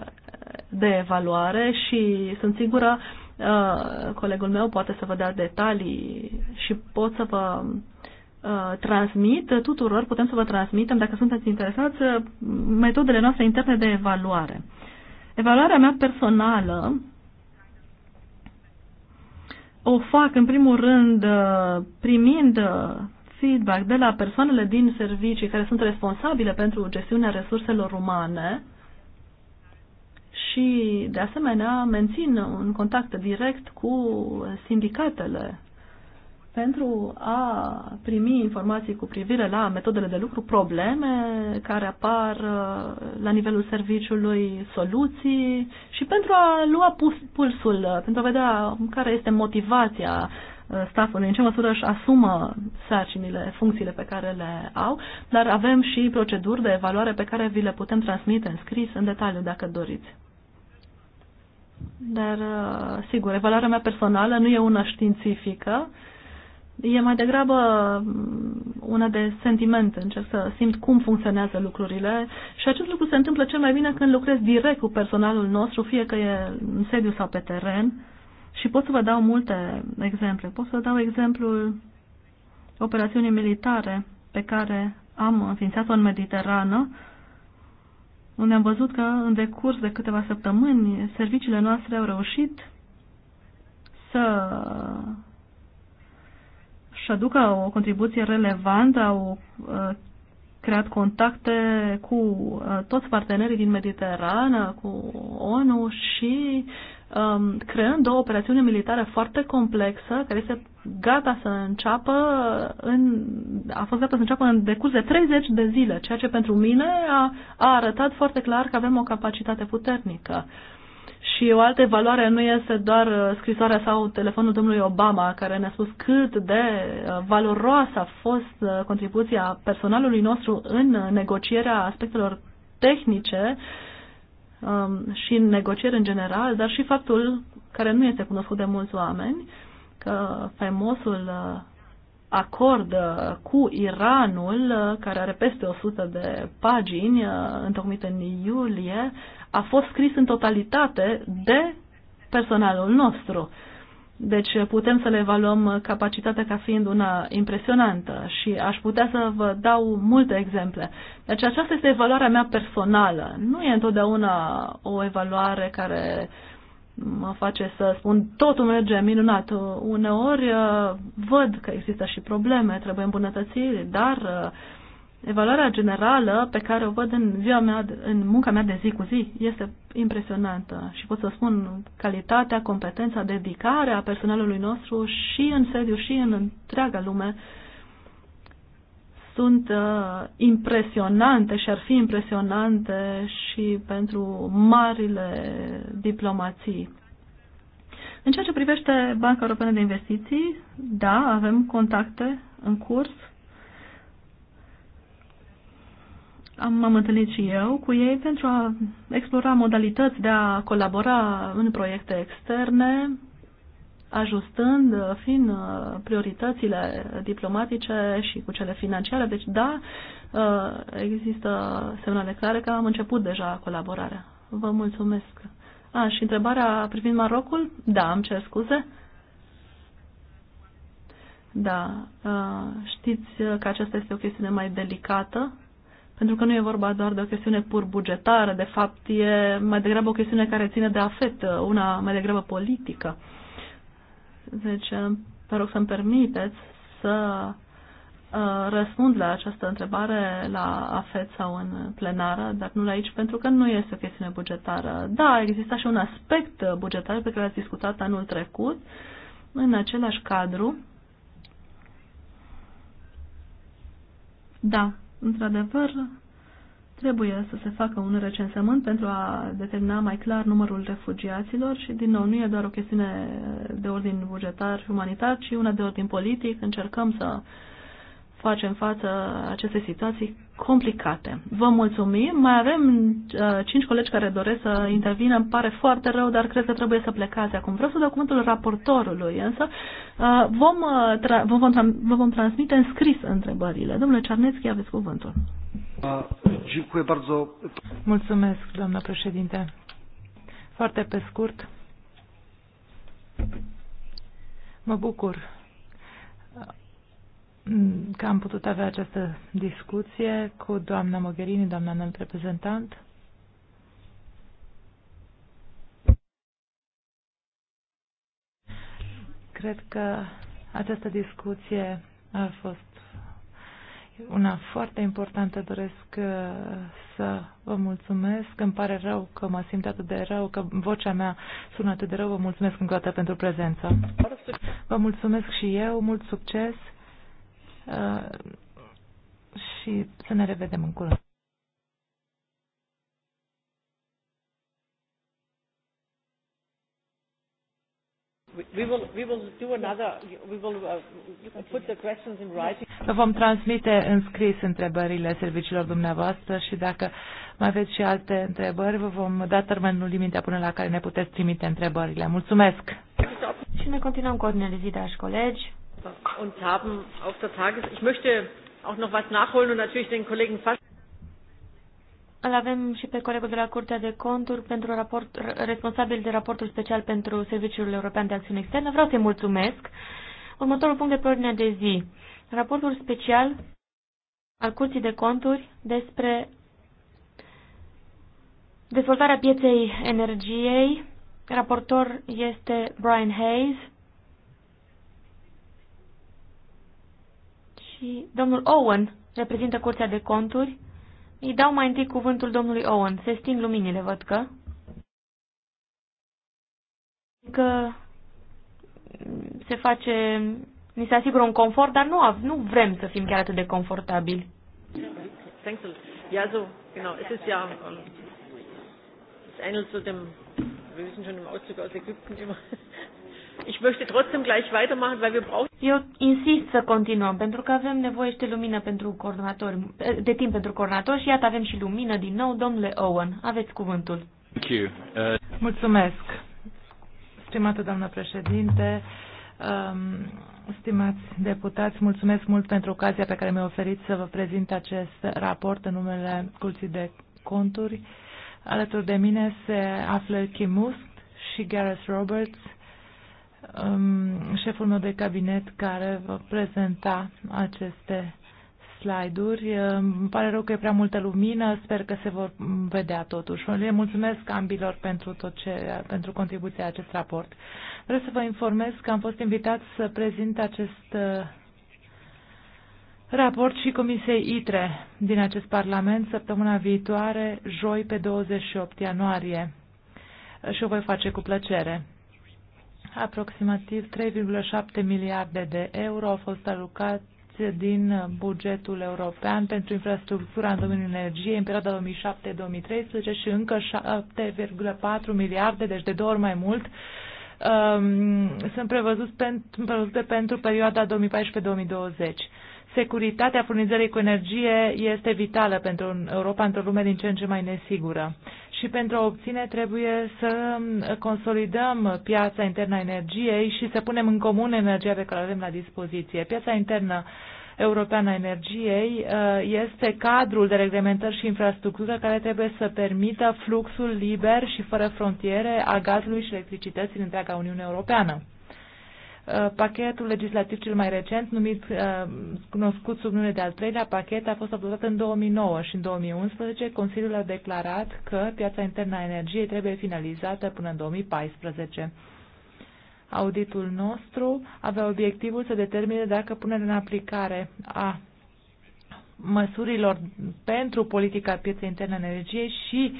de evaluare și sunt sigură uh, colegul meu poate să vă dea detalii și pot să vă transmit tuturor, putem să vă transmitem, dacă sunteți interesați, metodele noastre interne de evaluare. Evaluarea mea personală o fac în primul rând primind feedback de la persoanele din servicii care sunt responsabile pentru gestiunea resurselor umane și, de asemenea, mențin un contact direct cu sindicatele pentru a primi informații cu privire la metodele de lucru, probleme care apar uh, la nivelul serviciului, soluții și pentru a lua pulsul, uh, pentru a vedea care este motivația Uh, staffului, în ce măsură își asumă sarcinile, funcțiile pe care le au, dar avem și proceduri de evaluare pe care vi le putem transmite în scris, în detaliu, dacă doriți. Dar, uh, sigur, evaluarea mea personală nu e una științifică, e mai degrabă mm, una de sentiment, încerc să simt cum funcționează lucrurile și acest lucru se întâmplă cel mai bine când lucrez direct cu personalul nostru, fie că e în sediu sau pe teren. Și pot să vă dau multe exemple. Pot să vă dau exemplul operațiunii militare pe care am înființat-o în Mediterană, unde am văzut că în decurs de câteva săptămâni serviciile noastre au reușit să și aducă o contribuție relevantă, au uh, creat contacte cu uh, toți partenerii din Mediterană, cu ONU și um, creând o operațiune militară foarte complexă, care este gata să înceapă în, a fost gata să înceapă în decurs de 30 de zile, ceea ce pentru mine a, a arătat foarte clar că avem o capacitate puternică. Și o altă evaluare nu este doar uh, scrisoarea sau telefonul domnului Obama, care ne-a spus cât de uh, valoroasă a fost uh, contribuția personalului nostru în negocierea aspectelor tehnice uh, Um, și în negocieri în general, dar și faptul care nu este cunoscut de mulți oameni, că faimosul uh, acord uh, cu Iranul, uh, care are peste 100 de pagini, întocmit în iulie, a fost scris în totalitate de personalul nostru. Deci putem să le evaluăm capacitatea ca fiind una impresionantă și aș putea să vă dau multe exemple. Deci aceasta este evaluarea mea personală. Nu e întotdeauna o evaluare care mă face să spun totul merge minunat. Uneori uh, văd că există și probleme, trebuie îmbunătățiri, dar uh, evaluarea generală pe care o văd în ziua mea, în munca mea de zi cu zi, este impresionantă și pot să spun calitatea, competența, dedicarea personalului nostru și în sediu și în întreaga lume sunt uh, impresionante și ar fi impresionante și pentru marile diplomații. În ceea ce privește Banca Europeană de Investiții, da, avem contacte în curs m-am întâlnit și eu cu ei pentru a explora modalități de a colabora în proiecte externe, ajustând, fiind uh, prioritățile diplomatice și cu cele financiare. Deci, da, uh, există semnale clare că am început deja colaborarea. Vă mulțumesc. A, și întrebarea privind Marocul? Da, am cer scuze. Da, uh, știți că aceasta este o chestiune mai delicată pentru că nu e vorba doar de o chestiune pur bugetară, de fapt e mai degrabă o chestiune care ține de afet, una mai degrabă politică. Deci, uh, vă rog să-mi permiteți să uh, răspund la această întrebare la AFET sau în plenară, dar nu la aici, pentru că nu este o chestiune bugetară. Da, exista și un aspect bugetar pe care l-ați discutat anul trecut, în același cadru. Da, într-adevăr, trebuie să se facă un recensământ pentru a determina mai clar numărul refugiaților și, din nou, nu e doar o chestiune de ordin bugetar și umanitar, ci una de ordin politic. Încercăm să facem față acestei situații complicate. Vă mulțumim. Mai avem uh, cinci colegi care doresc să intervină. Îmi pare foarte rău, dar cred că trebuie să plecați acum. Vreau să dau cuvântul raportorului, însă uh, vom, uh, tra- vom, vom, tra- vă vom transmite în scris întrebările. Domnule Cernețchi, aveți cuvântul. Mulțumesc, doamnă președinte. Foarte pe scurt. Mă bucur Mm, că am putut avea această discuție cu doamna Mogherini, doamna înalt reprezentant. Cred că această discuție a fost una foarte importantă. Doresc uh, să vă mulțumesc. Îmi pare rău că mă simt atât de rău, că vocea mea sună atât de rău. Vă mulțumesc încă o dată pentru prezență. Vă mulțumesc și eu. Mult succes! Uh, și să ne revedem în curând. Uh, vă Vom transmite în scris întrebările serviciilor dumneavoastră și dacă mai aveți și alte întrebări, vă vom da termenul limită până la care ne puteți trimite întrebările. Mulțumesc! Și ne continuăm cu ordinele de zi, dragi colegi und haben auf der Tages... Ich möchte auch noch was nachholen und natürlich den Kollegen Fass... Îl avem și pe colegul de la Curtea de Conturi pentru raport, responsabil de raportul special pentru Serviciul European de Acțiune Externă. Vreau să-i mulțumesc. Următorul punct de pe ordinea de zi. Raportul special al Curții de Conturi despre dezvoltarea pieței energiei. Raportor este Brian Hayes. și domnul Owen reprezintă Curtea de Conturi. Îi dau mai întâi cuvântul domnului Owen. Se sting luminile, văd că. Că se face, ni se asigură un confort, dar nu, nu vrem să fim chiar atât de confortabili. Thanks Ja, so, genau. Es ist ja, ähm, es ähnelt so dem, wir wissen schon im Auszug aus Ägypten immer, Ich möchte trotzdem gleich weitermachen, weil wir brauchen. Eu insist să continuăm, pentru că avem nevoie și de lumină pentru coordonatori, de timp pentru coordonatori și iată avem și lumină din nou. Domnule Owen, aveți cuvântul. Thank you. Uh... Mulțumesc, stimată doamnă președinte, um, stimați deputați, mulțumesc mult pentru ocazia pe care mi-a oferit să vă prezint acest raport în numele Curții de Conturi. Alături de mine se află Kim Musk și Gareth Roberts, um, șeful meu de cabinet care va prezenta aceste slide-uri. Um, îmi pare rău că e prea multă lumină, sper că se vor vedea totuși. Le mulțumesc ambilor pentru, tot ce, pentru contribuția acest raport. Vreau să vă informez că am fost invitat să prezint acest uh, raport și Comisiei ITRE din acest Parlament săptămâna viitoare, joi pe 28 ianuarie. Și o voi face cu plăcere. Aproximativ 3,7 miliarde de euro au fost alocați din bugetul european pentru infrastructura în domeniul energiei în perioada 2007-2013 și încă 7,4 miliarde, deci de două ori mai mult, um, sunt prevăzute pentru, prevăzute pentru perioada 2014-2020. Securitatea furnizării cu energie este vitală pentru Europa într-o lume din ce în ce mai nesigură și pentru a obține trebuie să consolidăm piața internă a energiei și să punem în comun energia pe care o avem la dispoziție. Piața internă europeană a energiei uh, este cadrul de reglementări și infrastructură care trebuie să permită fluxul liber și fără frontiere a gazului și electricității în întreaga Uniune Europeană. Uh, pachetul legislativ cel mai recent, numit uh, cunoscut sub numele de al treilea pachet, a fost adoptat în 2009 și în 2011 Consiliul a declarat că piața internă a energiei trebuie finalizată până în 2014. Auditul nostru avea obiectivul să determine dacă punerea în aplicare a măsurilor pentru politica pieței interne a energiei și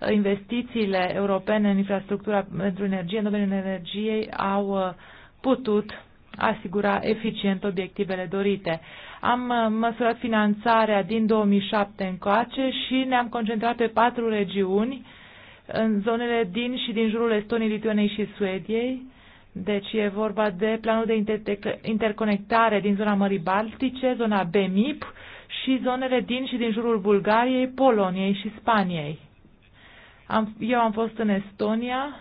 uh, investițiile europene în infrastructura pentru energie, în domeniul energiei, au putut asigura eficient obiectivele dorite. Am uh, măsurat finanțarea din 2007 încoace și ne-am concentrat pe patru regiuni, în zonele din și din jurul Estoniei, Lituanei și Suediei. Deci e vorba de planul de interconectare din zona Mării Baltice, zona BEMIP și zonele din și din jurul Bulgariei, Poloniei și Spaniei. Am, eu am fost în Estonia,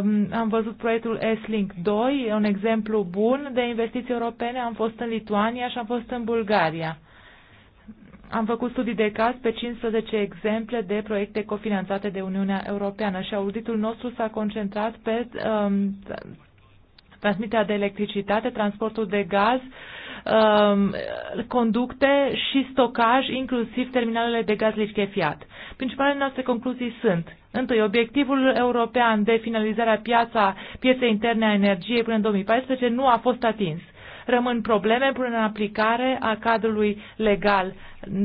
Um, am văzut proiectul S-Link 2, un exemplu bun de investiții europene. Am fost în Lituania și am fost în Bulgaria. Am făcut studii de caz pe 15 exemple de proiecte cofinanțate de Uniunea Europeană și auditul nostru s-a concentrat pe um, transmiterea de electricitate, transportul de gaz, um, conducte și stocaj, inclusiv terminalele de gaz lichefiat. Principalele noastre concluzii sunt Întâi, obiectivul european de finalizare a piața, pieței interne a energiei până în 2014 nu a fost atins. Rămân probleme până în aplicare a cadrului legal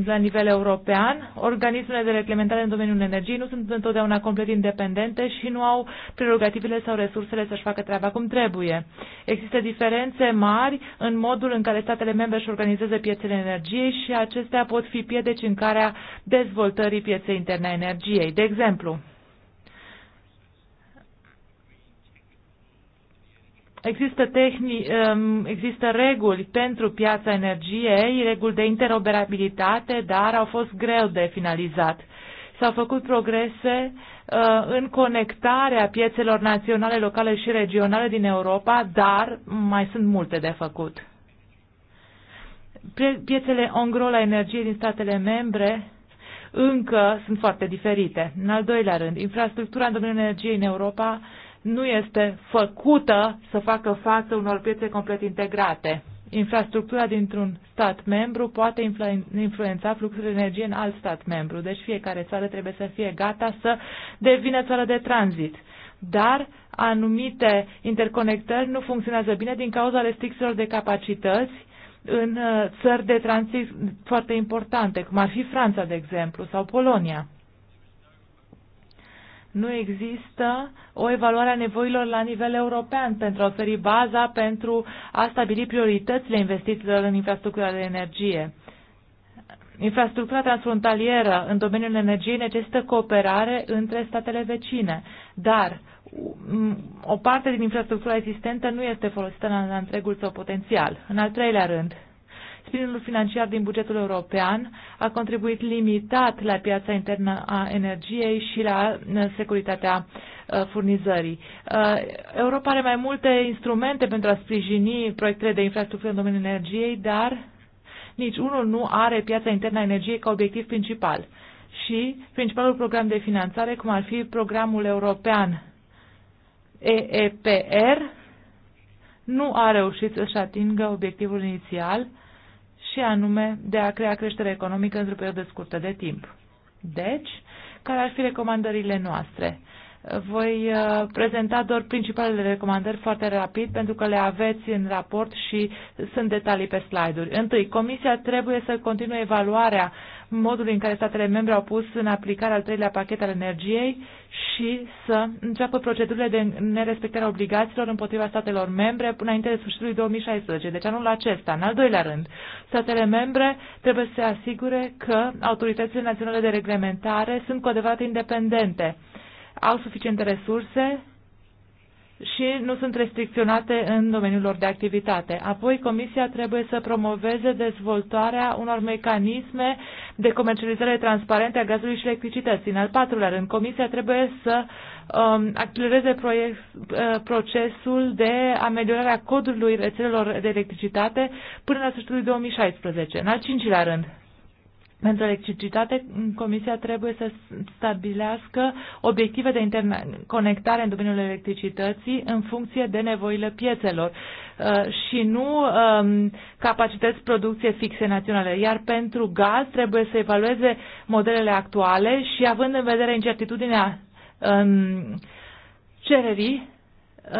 la nivel european. Organismele de reglementare în domeniul energiei nu sunt întotdeauna complet independente și nu au prerogativele sau resursele să-și facă treaba cum trebuie. Există diferențe mari în modul în care statele membre își organizează piețele energiei și acestea pot fi piedeci în calea dezvoltării pieței interne a energiei. De exemplu, Există, tehni, um, există reguli pentru piața energiei, reguli de interoperabilitate, dar au fost greu de finalizat. S-au făcut progrese uh, în conectarea piețelor naționale, locale și regionale din Europa, dar mai sunt multe de făcut. Piețele ongro la energie din statele membre încă sunt foarte diferite. În al doilea rând, infrastructura în domeniul energiei în Europa nu este făcută să facă față unor piețe complet integrate. Infrastructura dintr-un stat membru poate influența fluxul de energie în alt stat membru, deci fiecare țară trebuie să fie gata să devină țară de tranzit. Dar anumite interconectări nu funcționează bine din cauza restricțiilor de capacități în uh, țări de tranzit foarte importante, cum ar fi Franța, de exemplu, sau Polonia nu există o evaluare a nevoilor la nivel european pentru a oferi baza pentru a stabili prioritățile investițiilor în infrastructura de energie. Infrastructura transfrontalieră în domeniul energiei necesită cooperare între statele vecine, dar um, o parte din infrastructura existentă nu este folosită la întregul său potențial. În al treilea rând, sprijinul financiar din bugetul european a contribuit limitat la piața internă a energiei și la uh, securitatea uh, furnizării. Uh, Europa are mai multe instrumente pentru a sprijini proiectele de infrastructură în domeniul energiei, dar nici unul nu are piața internă a energiei ca obiectiv principal. Și principalul program de finanțare, cum ar fi programul european EEPR, nu a reușit să-și atingă obiectivul inițial și anume de a crea creștere economică într-o perioadă scurtă de timp. Deci, care ar fi recomandările noastre? Voi uh, prezenta doar principalele recomandări foarte rapid pentru că le aveți în raport și sunt detalii pe slide-uri. Întâi, Comisia trebuie să continue evaluarea modul în care statele membre au pus în aplicare al treilea pachet al energiei și să înceapă procedurile de nerespectare a obligațiilor împotriva statelor membre până înainte de sfârșitul 2016, deci anul acesta. În al doilea rând, statele membre trebuie să se asigure că autoritățile naționale de reglementare sunt cu adevărat independente, au suficiente resurse și nu sunt restricționate în domeniul lor de activitate. Apoi, Comisia trebuie să promoveze dezvoltarea unor mecanisme de comercializare transparente a gazului și electricității. În al patrulea rând, Comisia trebuie să um, accelereze proiect, uh, procesul de ameliorare a codului rețelelor de electricitate până la sfârșitul 2016. În al cincilea rând, pentru electricitate, Comisia trebuie să stabilească obiective de interconectare în domeniul electricității în funcție de nevoile piețelor uh, și nu um, capacități producție fixe naționale. Iar pentru gaz trebuie să evalueze modelele actuale și având în vedere incertitudinea um, cererii,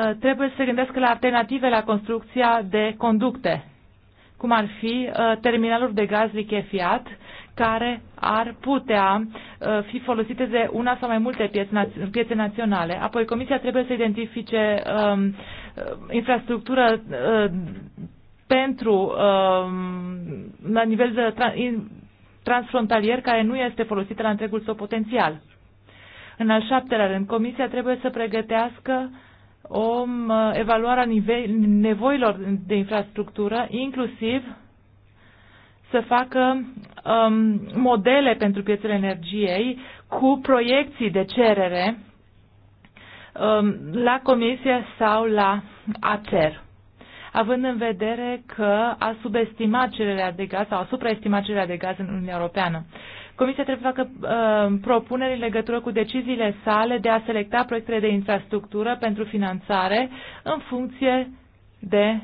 uh, trebuie să se gândească la alternative la construcția de conducte cum ar fi uh, terminaluri de gaz lichefiat care ar putea uh, fi folosite de una sau mai multe piețe naționale. Apoi, Comisia trebuie să identifice um, uh, infrastructură uh, pentru um, la nivel de tra transfrontalier care nu este folosită la întregul său potențial. În al șaptelea rând, Comisia trebuie să pregătească o uh, evaluare a nevoilor de infrastructură, inclusiv să facă um, modele pentru piețele energiei cu proiecții de cerere um, la Comisie sau la ACER având în vedere că a subestimat cererea de gaz sau a supraestimat cererea de gaz în Uniunea Europeană. Comisia trebuie să facă uh, propuneri în legătură cu deciziile sale de a selecta proiectele de infrastructură pentru finanțare în funcție de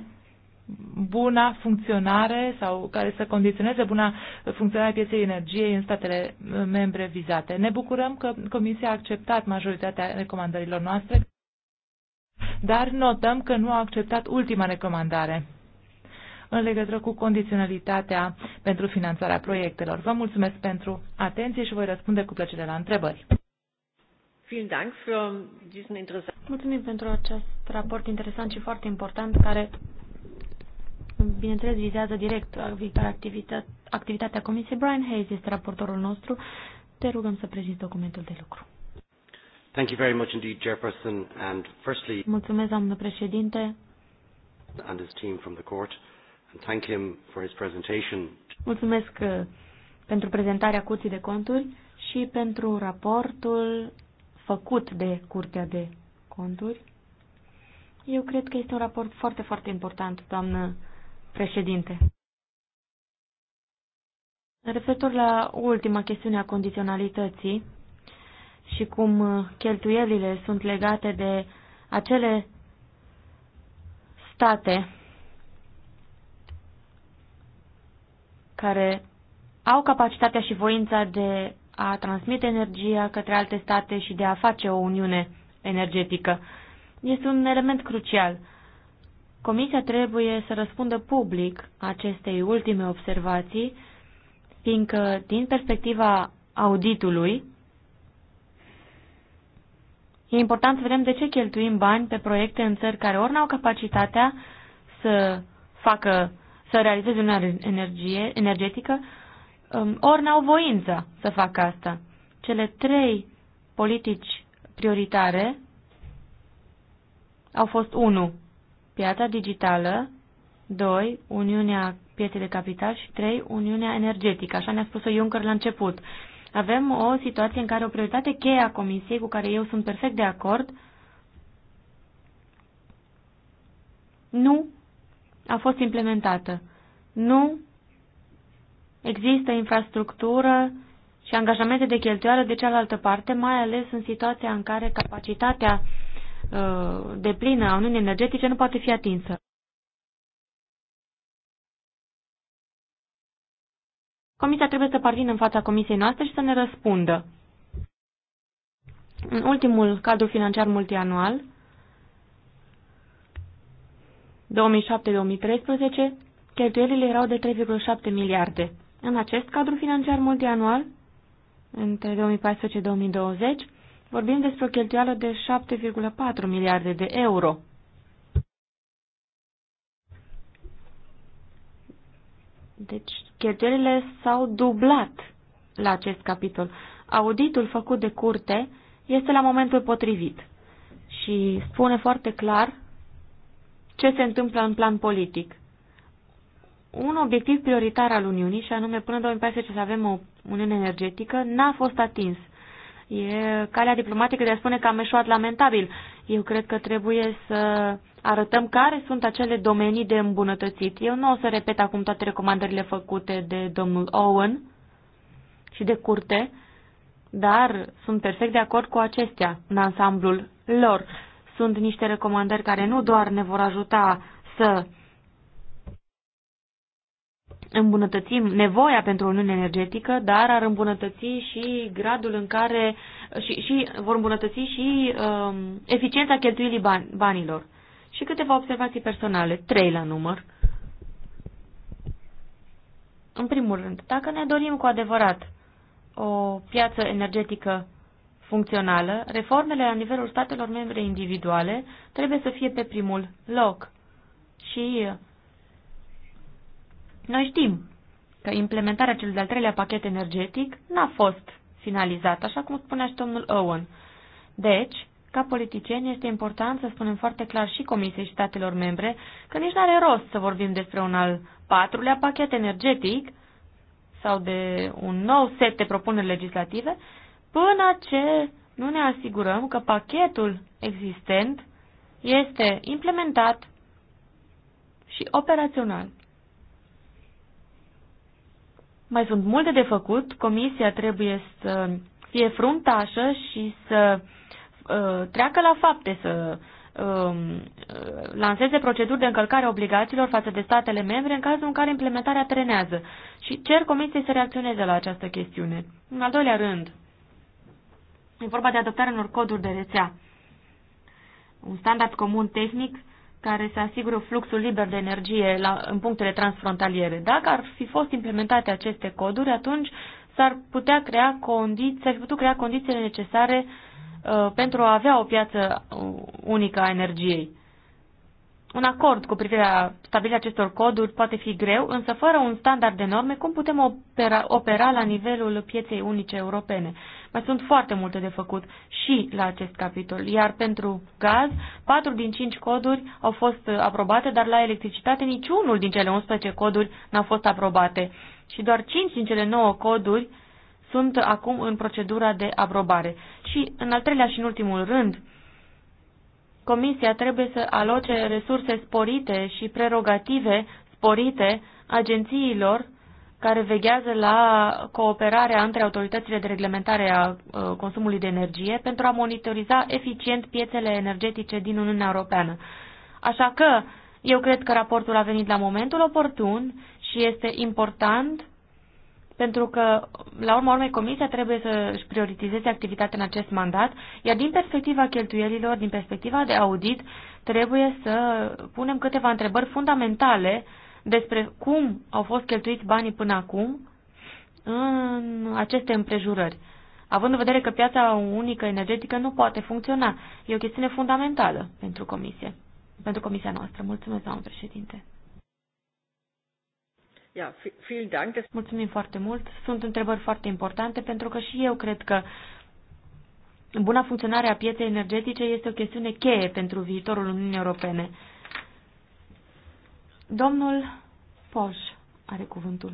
buna funcționare sau care să condiționeze buna funcționare pieței energiei în statele uh, membre vizate. Ne bucurăm că Comisia a acceptat majoritatea recomandărilor noastre, dar notăm că nu a acceptat ultima recomandare în legătură cu condiționalitatea pentru finanțarea proiectelor. Vă mulțumesc pentru atenție și voi răspunde cu plăcere la întrebări. Mulțumim pentru acest raport interesant și foarte important care bineînțeles, vizează direct activitatea Comisiei. Brian Hayes este raportorul nostru. Te rugăm să prezinți documentul de lucru. Thank you very much indeed, Jefferson, and firstly, Mulțumesc, doamnă președinte. And his team from the court, and thank him for his presentation. Mulțumesc uh, pentru prezentarea Curții de Conturi și pentru raportul făcut de Curtea de Conturi. Eu cred că este un raport foarte, foarte important, doamnă președinte. Referitor la ultima chestiune a condiționalității și cum cheltuielile sunt legate de acele state care au capacitatea și voința de a transmite energia către alte state și de a face o uniune energetică. Este un element crucial Comisia trebuie să răspundă public acestei ultime observații, fiindcă, din perspectiva auditului, e important să vedem de ce cheltuim bani pe proiecte în țări care ori n-au capacitatea să facă, să realizeze uniunea energie, energetică, um, ori n-au voința să facă asta. Cele trei politici prioritare au fost 1 piața digitală, 2. Uniunea pieței de capital și 3. Uniunea energetică. Așa ne-a spus-o Juncker la început. Avem o situație în care o prioritate cheie a Comisiei, cu care eu sunt perfect de acord, nu a fost implementată. Nu există infrastructură și angajamente de cheltuială de cealaltă parte, mai ales în situația în care capacitatea Uh, plină a Uniunii Energetice nu poate fi atinsă. Comisia trebuie să parvină în fața comisiei noastre și să ne răspundă. În ultimul cadru financiar multianual, 2007-2013, cheltuielile erau de 3,7 miliarde. În acest cadru financiar multianual, între 2014-2020, Vorbim despre o cheltuială de 7,4 miliarde de euro. Deci, cheltuielile s-au dublat la acest capitol. Auditul făcut de curte este la momentul potrivit și spune foarte clar ce se întâmplă în plan politic. Un obiectiv prioritar al Uniunii, și anume până 2014 să avem o Uniune energetică, n-a fost atins – E calea diplomatică de a spune că am eșuat lamentabil. Eu cred că trebuie să arătăm care sunt acele domenii de îmbunătățit. Eu nu o să repet acum toate recomandările făcute de domnul Owen și de curte, dar sunt perfect de acord cu acestea în ansamblul lor. Sunt niște recomandări care nu doar ne vor ajuta să îmbunătățim nevoia pentru o uniune energetică, dar ar îmbunătăți și gradul în care și, și vor îmbunătăți și um, eficiența cheltuielii ban, banilor. Și câteva observații personale, trei la număr. În primul rând, dacă ne dorim cu adevărat o piață energetică funcțională, reformele la nivelul statelor membre individuale trebuie să fie pe primul loc. Și noi știm că implementarea celui de-al treilea pachet energetic n-a fost finalizată, așa cum spunea și domnul Owen. Deci, ca politicieni, este important să spunem foarte clar și Comisiei și statelor membre că nici nu are rost să vorbim despre un al patrulea pachet energetic sau de un nou set de propuneri legislative până ce nu ne asigurăm că pachetul existent este implementat și operațional. Mai sunt multe de făcut. Comisia trebuie să fie fruntașă și să uh, treacă la fapte, să um, uh, lanseze proceduri de încălcare obligațiilor față de statele membre în cazul în care implementarea trenează și cer Comisiei să reacționeze la această chestiune. În al doilea rând, e vorba de adoptarea unor coduri de rețea. Un standard comun tehnic care să asigură fluxul liber de energie la, în punctele transfrontaliere. Dacă ar fi fost implementate aceste coduri, atunci s-ar putea crea condiții, s-ar fi putut crea condițiile necesare uh, pentru a avea o piață uh, unică a energiei. Un acord cu privire la stabilirea acestor coduri poate fi greu, însă fără un standard de norme, cum putem opera, opera la nivelul pieței unice europene? Mai sunt foarte multe de făcut și la acest capitol. Iar pentru gaz, 4 din 5 coduri au fost uh, aprobate, dar la electricitate niciunul din cele 11 coduri n-au fost aprobate. Și doar 5 din cele 9 coduri sunt acum în procedura de aprobare. Și în al treilea și în ultimul rând, Comisia trebuie să aloce resurse sporite și prerogative sporite agențiilor care veghează la cooperarea între autoritățile de reglementare a uh, consumului de energie pentru a monitoriza eficient piețele energetice din Uniunea Europeană. Așa că eu cred că raportul a venit la momentul oportun și este important pentru că, la urma urmei, Comisia trebuie să își prioritizeze activitatea în acest mandat, iar din perspectiva cheltuielilor, din perspectiva de audit, trebuie să punem câteva întrebări fundamentale uh, despre cum au fost cheltuiți banii până acum în aceste împrejurări, având în vedere că piața unică energetică nu poate funcționa. E o chestiune fundamentală pentru comisie, pentru comisia noastră. Mulțumesc, doamnă președinte. Mulțumim foarte mult. Sunt întrebări foarte importante pentru că și eu cred că buna funcționare a pieței energetice este o chestiune cheie pentru viitorul Uniunii Europene. Domnul Poș are cuvântul.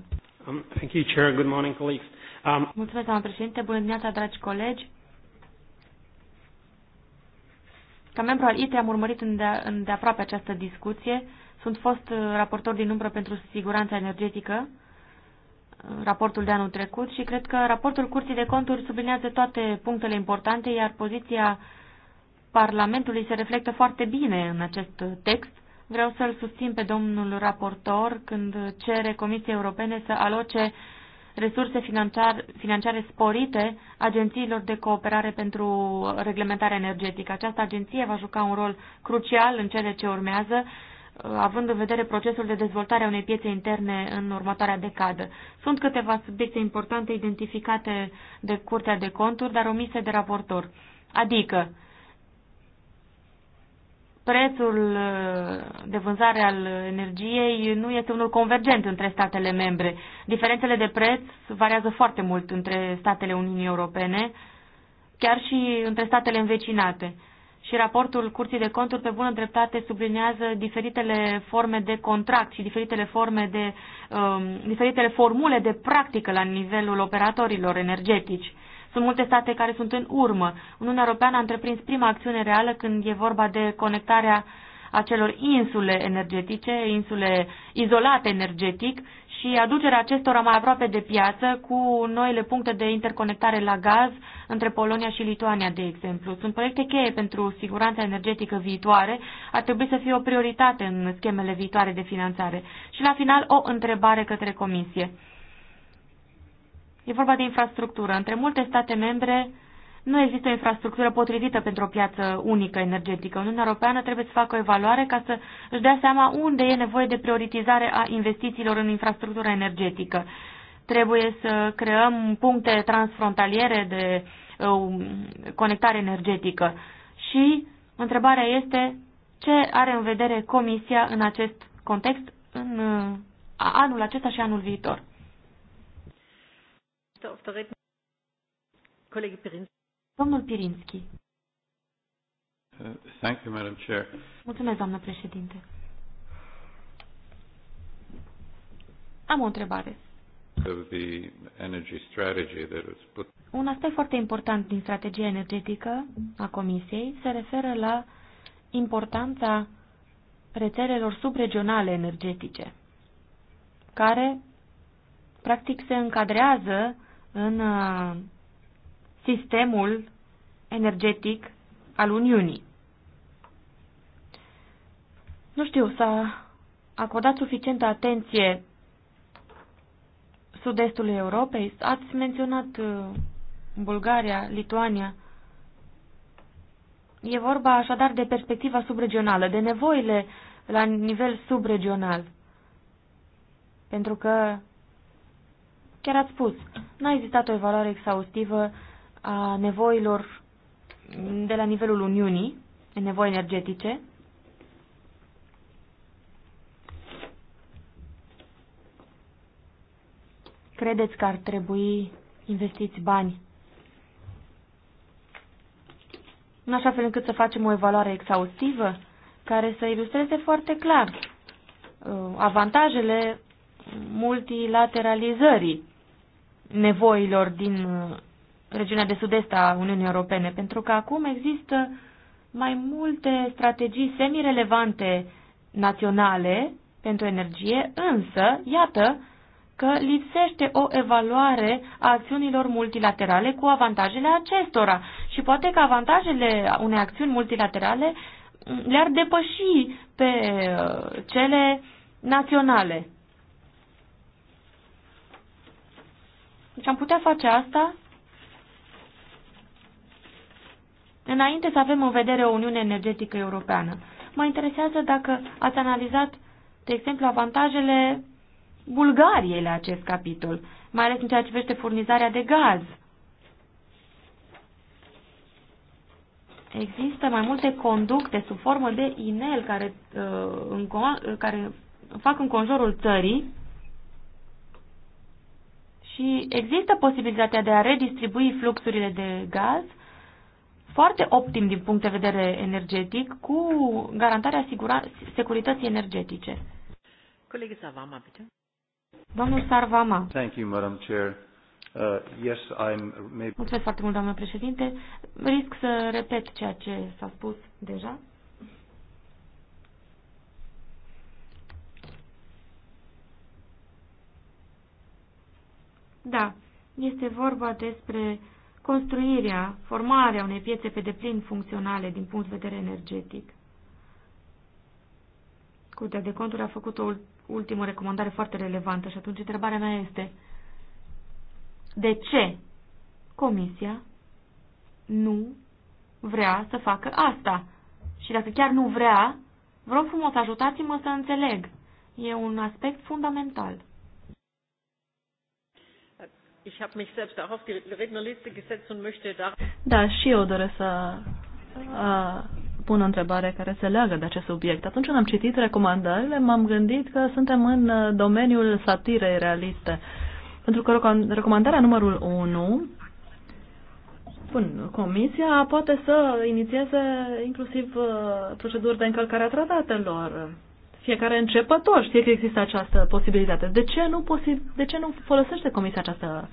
Um, thank you, Chair. Good morning, colleagues. Um... Mulțumesc, doamnă președinte. Bună dimineața, dragi colegi. Ca membru al ITRE am urmărit îndeaproape această discuție. Sunt fost uh, raportor din umbră pentru siguranța energetică, uh, raportul de anul trecut, și cred că raportul Curții de Conturi sublinează toate punctele importante, iar poziția Parlamentului se reflectă foarte bine în acest text. Vreau să-l susțin pe domnul raportor când cere Comisiei Europene să aloce resurse financiar, financiare sporite agențiilor de cooperare pentru reglementare energetică. Această agenție va juca un rol crucial în cele ce urmează, având în vedere procesul de dezvoltare a unei piețe interne în următoarea decadă. Sunt câteva subiecte importante identificate de Curtea de Conturi, dar omise de raportor. Adică, prețul uh, de vânzare al energiei nu este unul convergent între statele membre. Diferențele de preț variază foarte mult între statele Uniunii Europene, chiar și între statele învecinate. Și raportul Curții de Conturi, pe bună dreptate, sublinează diferitele forme de contract și diferitele, forme de, um, diferitele formule de practică la nivelul operatorilor energetici. Sunt multe state care sunt în urmă. Uniunea Europeană a întreprins prima acțiune reală când e vorba de conectarea acelor insule energetice, insule izolate energetic și aducerea acestora mai aproape de piață cu noile puncte de interconectare la gaz între Polonia și Lituania, de exemplu. Sunt proiecte cheie pentru siguranța energetică viitoare, ar trebui să fie o prioritate în schemele viitoare de finanțare. Și la final, o întrebare către Comisie. E vorba de infrastructură. Între multe state membre nu există o infrastructură potrivită pentru o piață unică energetică. Uniunea Europeană trebuie să facă o evaluare ca să își dea seama unde e nevoie de prioritizare a investițiilor în infrastructura energetică. Trebuie să creăm puncte transfrontaliere de uh, conectare energetică. Și întrebarea este ce are în vedere Comisia în acest context în uh, anul acesta și anul viitor auf der Redner. Kollege Pirinski. Domnul Pirinski. Uh, thank you, Madam Chair. Mulțumesc, doamnă președinte. Am o întrebare. The energy strategy that was put... Un aspect foarte important din strategia energetică a Comisiei se referă la importanța rețelelor subregionale energetice, care practic se încadrează în uh, sistemul energetic al Uniunii. Nu știu, s-a acordat suficientă atenție sud-estului Europei? Ați menționat uh, Bulgaria, Lituania. E vorba așadar de perspectiva subregională, de nevoile la nivel subregional. Pentru că Chiar ați spus, n-a existat o evaluare exhaustivă a nevoilor de la nivelul Uniunii, nevoi energetice. Credeți că ar trebui investiți bani în așa fel încât să facem o evaluare exhaustivă care să ilustreze foarte clar uh, avantajele multilateralizării nevoilor din uh, regiunea de sud-est a Uniunii Europene, pentru că acum există mai multe strategii semirelevante naționale pentru energie, însă, iată că lipsește o evaluare a acțiunilor multilaterale cu avantajele acestora și poate că avantajele unei acțiuni multilaterale le-ar depăși pe uh, cele naționale. Deci am putea face asta înainte să avem în vedere o Uniune Energetică Europeană. Mă interesează dacă ați analizat, de exemplu, avantajele Bulgariei la acest capitol, mai ales în ceea ce privește furnizarea de gaz. Există mai multe conducte sub formă de inel care, uh, înco- care fac înconjurul țării și există posibilitatea de a redistribui fluxurile de gaz foarte optim din punct de vedere energetic cu garantarea sigura- securității energetice. Colegii Savama, bitte. Domnul Sarvama. Thank you, Madam Chair. Uh, yes, I'm maybe... Mulțumesc foarte mult, doamnă președinte. Risc să repet ceea ce s-a spus deja. Da, este vorba despre construirea, formarea unei piețe pe deplin funcționale din punct de vedere energetic. Curtea de conturi a făcut o ultimă recomandare foarte relevantă și atunci întrebarea mea este de ce Comisia nu vrea să facă asta? Și dacă chiar nu vrea, vreau frumos, ajutați-mă să înțeleg. E un aspect fundamental. Ich habe mich selbst auch auf die Rednerliste gesetzt und möchte da... Da, și eu doresc să uh, pun o întrebare care se leagă de acest subiect. Atunci când am citit recomandările, m-am gândit că suntem în uh, domeniul satirei realiste. Pentru că recomandarea numărul 1 Bun, Comisia poate să inițieze inclusiv uh, proceduri de încălcare a tratatelor fiecare începător știe că există această posibilitate. De ce nu, posi- de ce nu folosește Comisia această,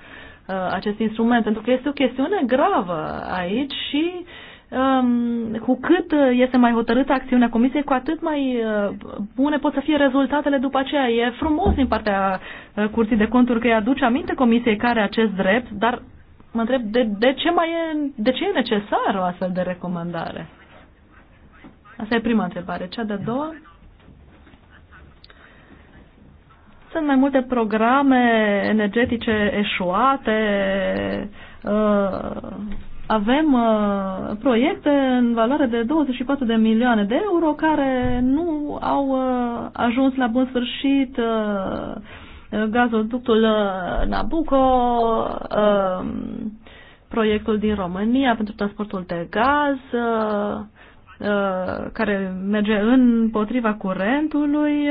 uh, acest instrument? Pentru că este o chestiune gravă aici și um, cu cât uh, este mai hotărâtă acțiunea Comisiei, cu atât mai uh, bune pot să fie rezultatele după aceea. E frumos din partea Curții de Conturi că îi aduce aminte Comisiei care acest drept, dar mă întreb de, de, ce mai e, de ce e necesară o astfel de recomandare? Asta e prima întrebare. Cea de-a doua? Sunt mai multe programe energetice eșuate, uh, avem uh, proiecte în valoare de 24 de milioane de euro care nu au uh, ajuns la bun sfârșit gazoductul Nabucco, proiectul din România pentru transportul de gaz, care merge împotriva curentului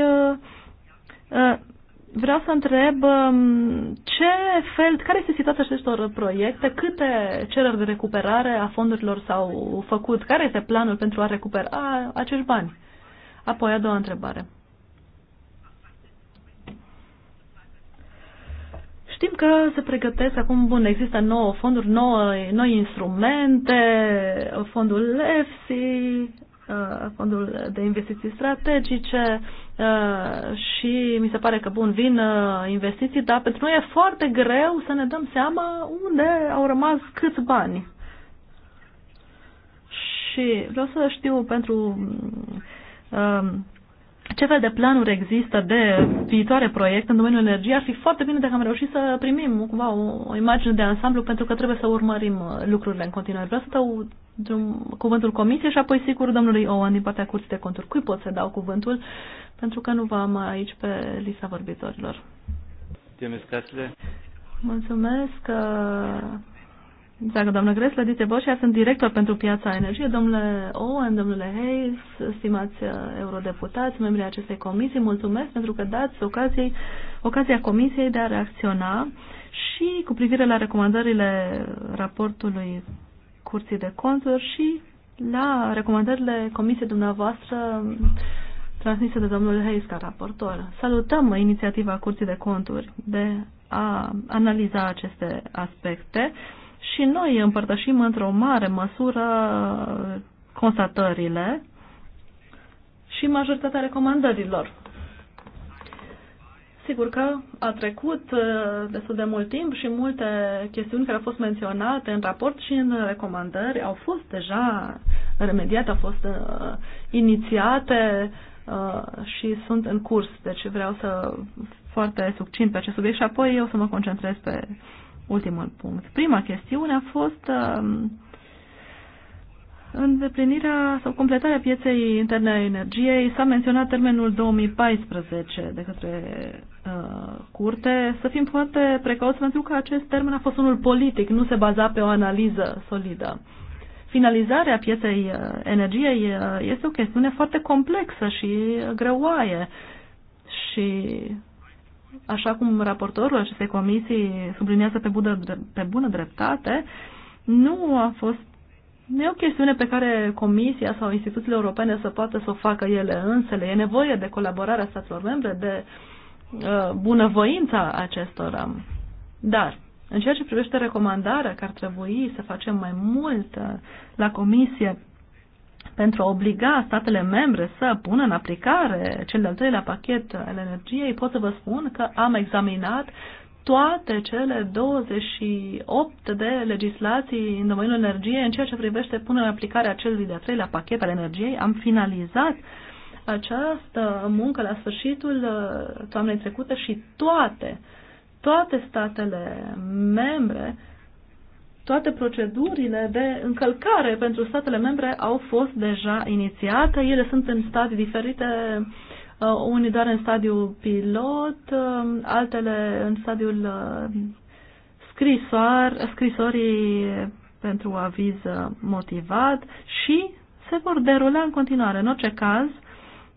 vreau să întreb um, ce fel, care este situația acestor proiecte, câte cereri de recuperare a fondurilor s-au făcut, care este planul pentru a recupera acești bani. Apoi a doua întrebare. Știm că se pregătesc acum, bun, există nouă fonduri, nouă, noi instrumente, fondul EFSI, uh, fondul de investiții strategice, Uh, și mi se pare că, bun, vin uh, investiții, dar pentru noi e foarte greu să ne dăm seama unde au rămas câți bani. Și vreau să știu pentru uh, ce fel de planuri există de viitoare proiecte în domeniul energiei, ar fi foarte bine dacă am reușit să primim cumva o, o imagine de ansamblu pentru că trebuie să urmărim uh, lucrurile în continuare. Vreau să dau cuvântul comisiei și apoi sigur domnului Owen din partea curții de conturi. Cui pot să dau cuvântul? Pentru că nu v am aici pe lista vorbitorilor. Mulțumesc. Dragă doamnă Gresla, Dite Boșia, sunt director pentru piața energie. Domnule Owen, domnule Hayes, stimați uh, eurodeputați, membrii acestei comisii, mulțumesc pentru că dați ocaziei, ocazia comisiei de a reacționa și cu privire la recomandările raportului Curții de Conturi și la recomandările comisiei dumneavoastră transmise de domnul Hayes ca raportor. Salutăm inițiativa Curții de Conturi de a analiza aceste aspecte și noi împărtășim într-o mare măsură constatările și majoritatea recomandărilor. Sigur că a trecut uh, destul de mult timp și multe chestiuni care au fost menționate în raport și în recomandări au fost deja remediate, au fost uh, inițiate uh, și sunt în curs. Deci vreau să foarte succint pe acest subiect și apoi eu să mă concentrez pe ultimul punct. Prima chestiune a fost um, îndeplinirea sau completarea pieței interne a energiei. S-a menționat termenul 2014 de către uh, curte. Să fim foarte precauți pentru că acest termen a fost unul politic, nu se baza pe o analiză solidă. Finalizarea pieței uh, energiei uh, este o chestiune foarte complexă și greoaie și așa cum raportorul acestei comisii subliniază pe, bună, pe bună dreptate, nu a fost nu e o chestiune pe care Comisia sau instituțiile europene să poată să o facă ele însele. E nevoie de colaborarea statelor membre, de uh, bunăvoința acestora. Dar, în ceea ce privește recomandarea că ar trebui să facem mai mult uh, la Comisie pentru a obliga statele membre să pună în aplicare cel de-al treilea pachet al energiei, pot să vă spun că am examinat toate cele 28 de legislații în domeniul energiei în ceea ce privește punerea în aplicare a celui de-al treilea pachet al energiei. Am finalizat această muncă la sfârșitul uh, toamnei trecute și toate, toate statele membre uh, toate procedurile de încălcare pentru statele membre au fost deja inițiate. Ele sunt în stadii diferite, uh, unii doar în stadiul pilot, uh, altele în stadiul uh, scrisoar, scrisorii pentru aviz motivat și se vor derula în continuare. În orice caz,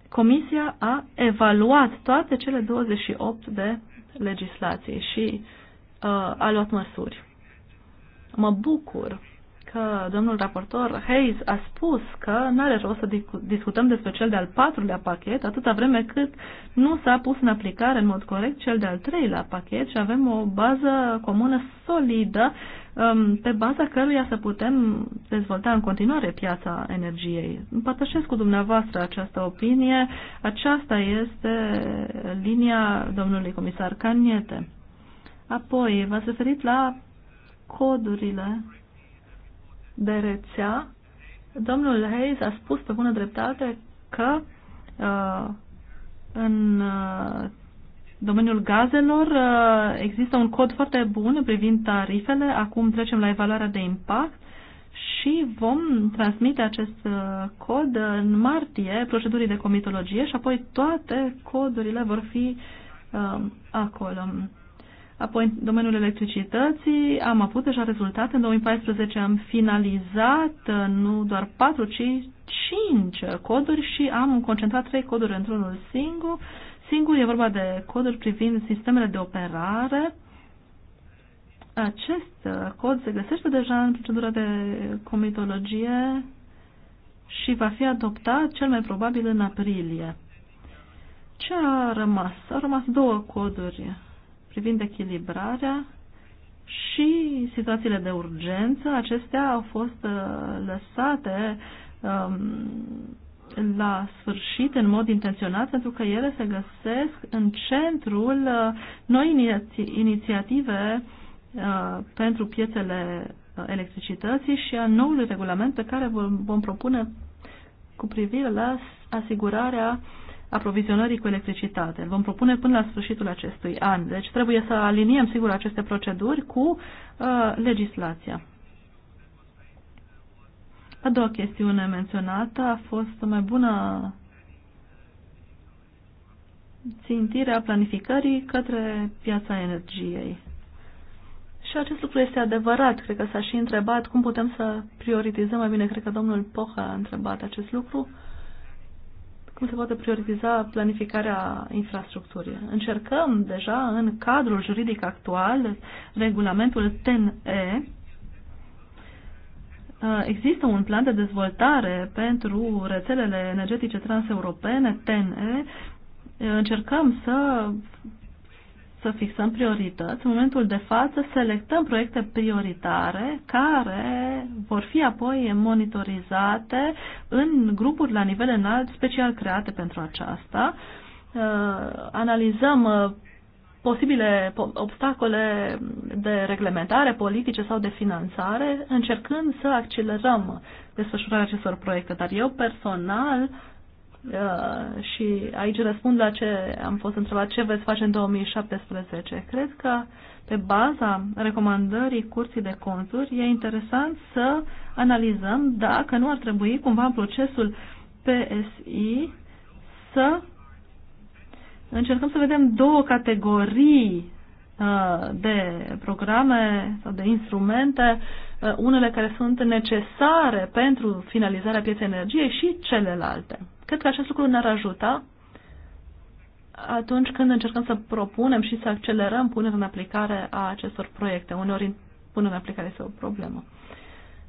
Comisia a evaluat toate cele 28 de legislații și uh, a luat măsuri. Mă bucur că domnul raportor Hayes a spus că nu are rost să discutăm despre cel de-al patrulea pachet atâta vreme cât nu s-a pus în aplicare în mod corect cel de-al treilea pachet și avem o bază comună solidă um, pe baza căruia să putem dezvolta în continuare piața energiei. Împărtășesc cu dumneavoastră această opinie. Aceasta este linia domnului comisar Caniete. Apoi, v-ați referit la codurile de rețea, domnul Hayes a spus pe bună dreptate că uh, în uh, domeniul gazelor uh, există un cod foarte bun privind tarifele. Acum trecem la evaluarea de impact și vom transmite acest uh, cod în martie procedurii de comitologie și apoi toate codurile vor fi uh, acolo. Apoi, în domeniul electricității am avut deja rezultate. În 2014 am finalizat uh, nu doar 4, ci 5 coduri și am concentrat 3 coduri într-unul singur. Singur e vorba de coduri privind sistemele de operare. Acest uh, cod se găsește deja în procedura de comitologie și va fi adoptat cel mai probabil în aprilie. Ce a rămas? Au rămas două coduri privind echilibrarea și situațiile de urgență, acestea au fost uh, lăsate um, la sfârșit în mod intenționat pentru că ele se găsesc în centrul uh, noi inițiative uh, pentru piețele electricității și a noului regulament pe care vom propune cu privire la asigurarea uh, aprovizionării cu electricitate. Îl vom propune până la sfârșitul acestui an. Deci trebuie să aliniem, sigur, aceste proceduri cu uh, legislația. A doua chestiune menționată a fost o mai bună țintire a planificării către piața energiei. Și acest lucru este adevărat. Cred că s-a și întrebat cum putem să prioritizăm mai bine. Cred că domnul Poha a întrebat acest lucru. Uh, cum se poate prioritiza planificarea infrastructurii. Încercăm deja în cadrul juridic actual, regulamentul TEN-E, Există un plan de dezvoltare pentru rețelele energetice transeuropene, TEN-E. Încercăm să să fixăm priorități. În momentul de față selectăm proiecte prioritare care vor fi apoi monitorizate în grupuri la nivel înalt special create pentru aceasta. Uh, analizăm uh, posibile obstacole de reglementare, politice sau de finanțare, încercând să accelerăm desfășurarea acestor proiecte. Dar eu personal uh, Uh, și aici răspund la ce am fost întrebat, ce veți face în 2017. Cred că pe baza recomandării Curții de Conturi e interesant să analizăm dacă nu ar trebui cumva în procesul PSI să încercăm să vedem două categorii uh, de programe sau de instrumente, uh, unele care sunt necesare pentru finalizarea pieței energiei și celelalte. Cred că acest lucru ne-ar ajuta atunci când încercăm să propunem și să accelerăm punerea în aplicare a acestor proiecte. Uneori punerea în aplicare este o problemă.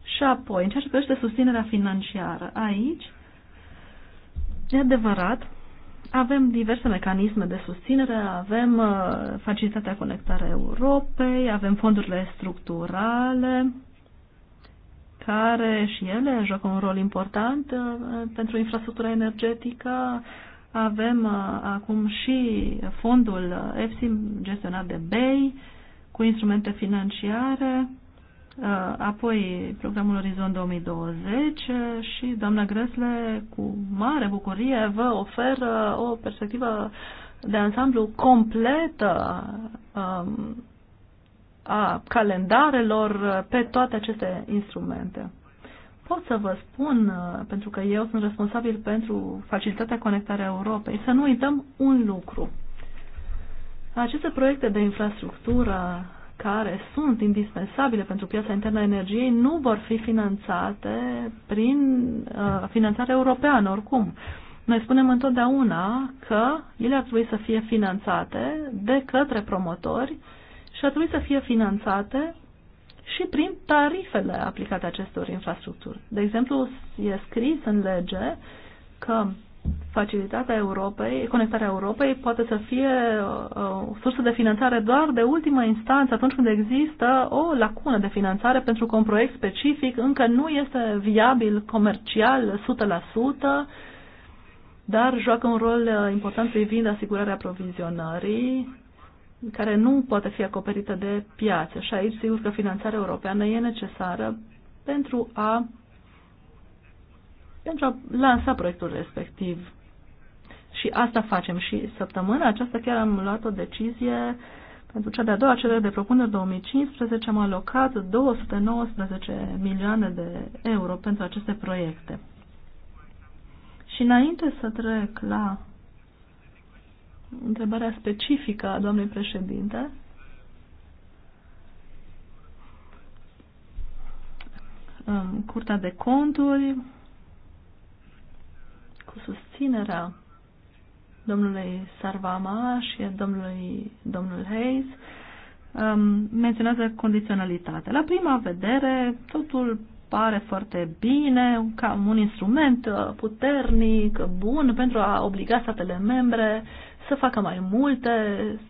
Și apoi, în ceea ce privește susținerea financiară, aici, e adevărat, avem diverse mecanisme de susținere, avem uh, facilitatea conectare Europei, avem fondurile structurale, care și ele joacă un rol important uh, pentru infrastructura energetică. Avem uh, acum și fondul EFSI uh, gestionat de BEI cu instrumente financiare, apoi programul Orizont 2020 și doamna Gresle cu mare bucurie vă oferă o perspectivă de ansamblu completă um, a calendarelor uh, pe toate aceste instrumente. Pot să vă spun, uh, pentru că eu sunt responsabil pentru facilitatea conectarea Europei, să nu uităm un lucru. Aceste proiecte de infrastructură care sunt indispensabile pentru piața internă a energiei nu vor fi finanțate prin uh, finanțare europeană oricum. Noi spunem întotdeauna că ele ar trebui să fie finanțate de către promotori și a trebuit să fie finanțate și prin tarifele aplicate acestor infrastructuri. De exemplu, e scris în lege că facilitatea Europei, conectarea Europei poate să fie uh, o sursă de finanțare doar de ultimă instanță atunci când există o lacună de finanțare pentru că un proiect specific încă nu este viabil comercial 100%, dar joacă un rol uh, important privind asigurarea provizionării care nu poate fi acoperită de piață. Și aici, sigur că finanțarea europeană e necesară pentru a, pentru a lansa proiectul respectiv. Și asta facem. Și săptămâna aceasta chiar am luat o decizie pentru cea de-a doua cerere de propunere 2015. Am alocat 219 milioane de euro pentru aceste proiecte. Și înainte să trec la întrebarea specifică a doamnei președinte. Curtea de conturi cu susținerea domnului Sarvama și domnului domnul Hayes um, menționează condiționalitatea. La prima vedere, totul pare foarte bine, ca un instrument uh, puternic, bun pentru a obliga statele membre să facă mai multe,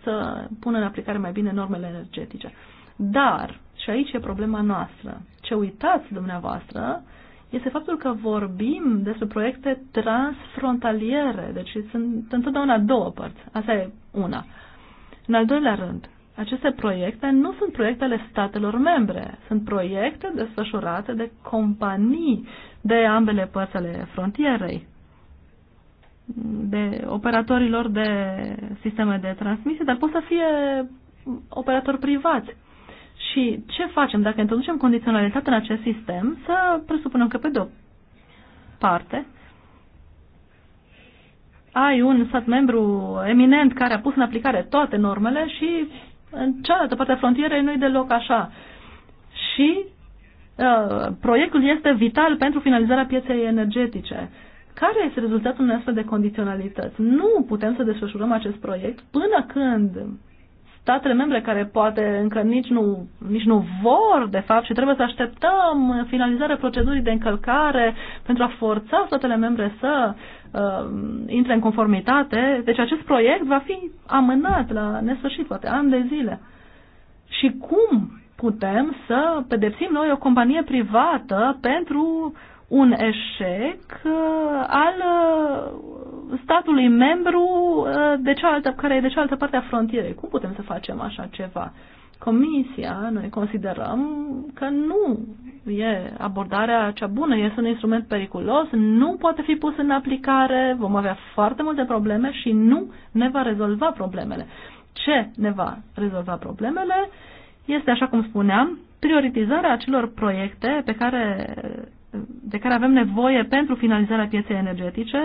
să pună în aplicare mai bine normele energetice. Dar, și aici e problema noastră, ce uitați dumneavoastră este faptul că vorbim despre proiecte transfrontaliere, deci sunt întotdeauna două părți. Asta e una. În al doilea rând, aceste proiecte nu sunt proiectele statelor membre, sunt proiecte desfășurate de companii de ambele părți ale frontierei de operatorilor de sisteme de transmisie, dar pot să fie operatori privați. Și ce facem dacă introducem condiționalitate în acest sistem? Să presupunem că pe de o parte ai un stat membru eminent care a pus în aplicare toate normele și în cealaltă parte a frontierei nu-i deloc așa. Și uh, proiectul este vital pentru finalizarea pieței energetice. Uh, care este rezultatul unei astfel de condiționalități? Nu putem să desfășurăm acest proiect până când statele membre care poate încă nici nu, nici nu vor, de fapt, și trebuie să așteptăm finalizarea procedurii de încălcare pentru a forța statele membre să uh, intre în conformitate. Deci acest proiect va fi amânat la nesfârșit, poate ani de zile. Și cum putem să pedepsim noi o companie privată pentru uh, un eșec uh, al uh, statului membru uh, de cealaltă, care e de cealaltă parte a frontierei. Cum putem să facem așa ceva? Comisia, noi considerăm că nu e abordarea cea bună, este un instrument periculos, nu poate fi pus în aplicare, vom avea foarte multe probleme și nu ne va rezolva problemele. Ce ne va rezolva problemele este, așa cum spuneam, prioritizarea acelor proiecte pe care de care avem nevoie pentru finalizarea pieței energetice,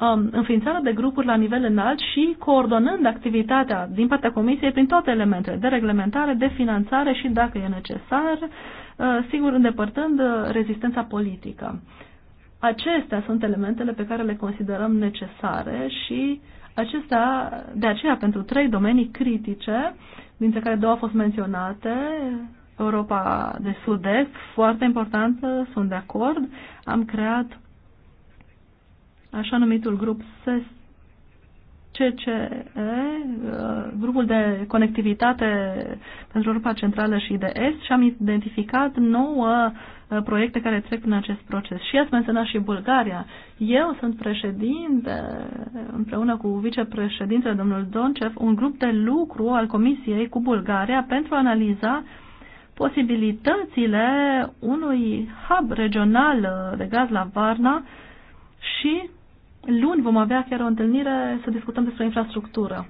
um, înființarea de grupuri la nivel înalt și coordonând activitatea din partea Comisiei prin toate elementele de reglementare, de finanțare și, dacă e necesar, uh, sigur, îndepărtând uh, rezistența politică. Acestea sunt elementele pe care le considerăm necesare și acestea, de aceea, pentru trei domenii critice, dintre care două au fost menționate, Europa de Sud-Est, foarte importantă, sunt de acord. Am creat așa numitul grup SES CCE, grupul de conectivitate pentru Europa Centrală și de Est și am identificat nouă uh, proiecte care trec prin acest proces. Și ați menționat și Bulgaria. Eu sunt președinte, împreună cu vicepreședintele domnul Doncev, un grup de lucru al Comisiei cu Bulgaria pentru a analiza uh, posibilitățile unui hub regional uh, de gaz la Varna și luni vom avea chiar o întâlnire să discutăm despre infrastructură.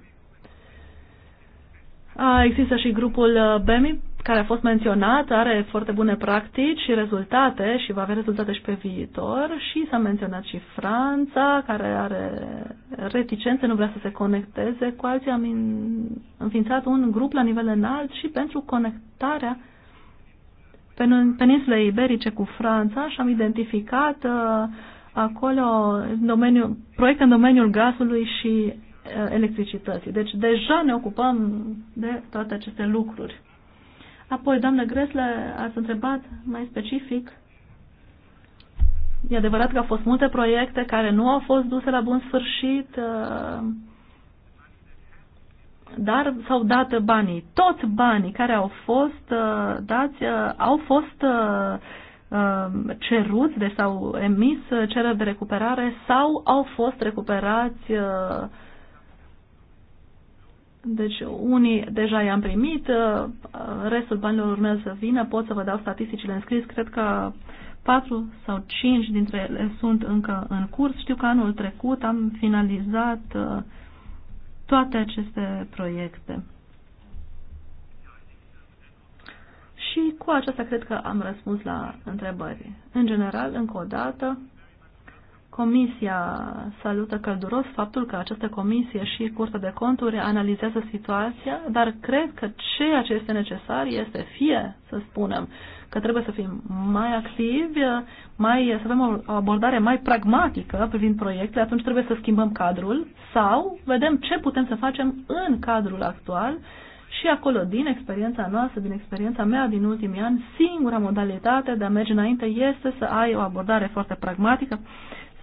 Există și grupul uh, BEMI, care a fost menționat, are foarte bune practici și rezultate și va avea rezultate și pe viitor și s-a menționat și Franța, care are reticențe, nu vrea să se conecteze cu alții. Am înființat un grup la nivel înalt și pentru conectarea peninsulei iberice cu Franța și am identificat uh, acolo domeniu, proiecte în domeniul gazului și uh, electricității. Deci deja ne ocupăm de toate aceste lucruri. Apoi, doamnă Gresle, ați întrebat mai specific. E adevărat că au fost multe proiecte care nu au fost duse la bun sfârșit. Uh, dar s-au dat banii. Toți banii care au fost uh, dați uh, au fost uh, uh ceruți, deci s-au emis uh, cereri de recuperare sau au fost recuperați. Uh, deci unii deja i-am primit, restul banilor urmează să vină, pot să vă dau statisticile înscris, cred că 4 sau 5 dintre ele sunt încă în curs. Știu că anul trecut am finalizat uh, toate aceste proiecte. Și cu aceasta cred că am răspuns la întrebări. În general, încă o dată, Comisia salută călduros faptul că această comisie și Curtea de Conturi analizează situația, dar cred că ceea ce este necesar este fie, să spunem, uh, că trebuie să fim mai activi, mai, să avem o abordare mai pragmatică privind proiectele, atunci trebuie să schimbăm cadrul sau vedem ce putem să facem în cadrul actual și acolo, din experiența noastră, din experiența mea din ultimii ani, singura modalitate de a merge înainte este să ai o abordare foarte pragmatică,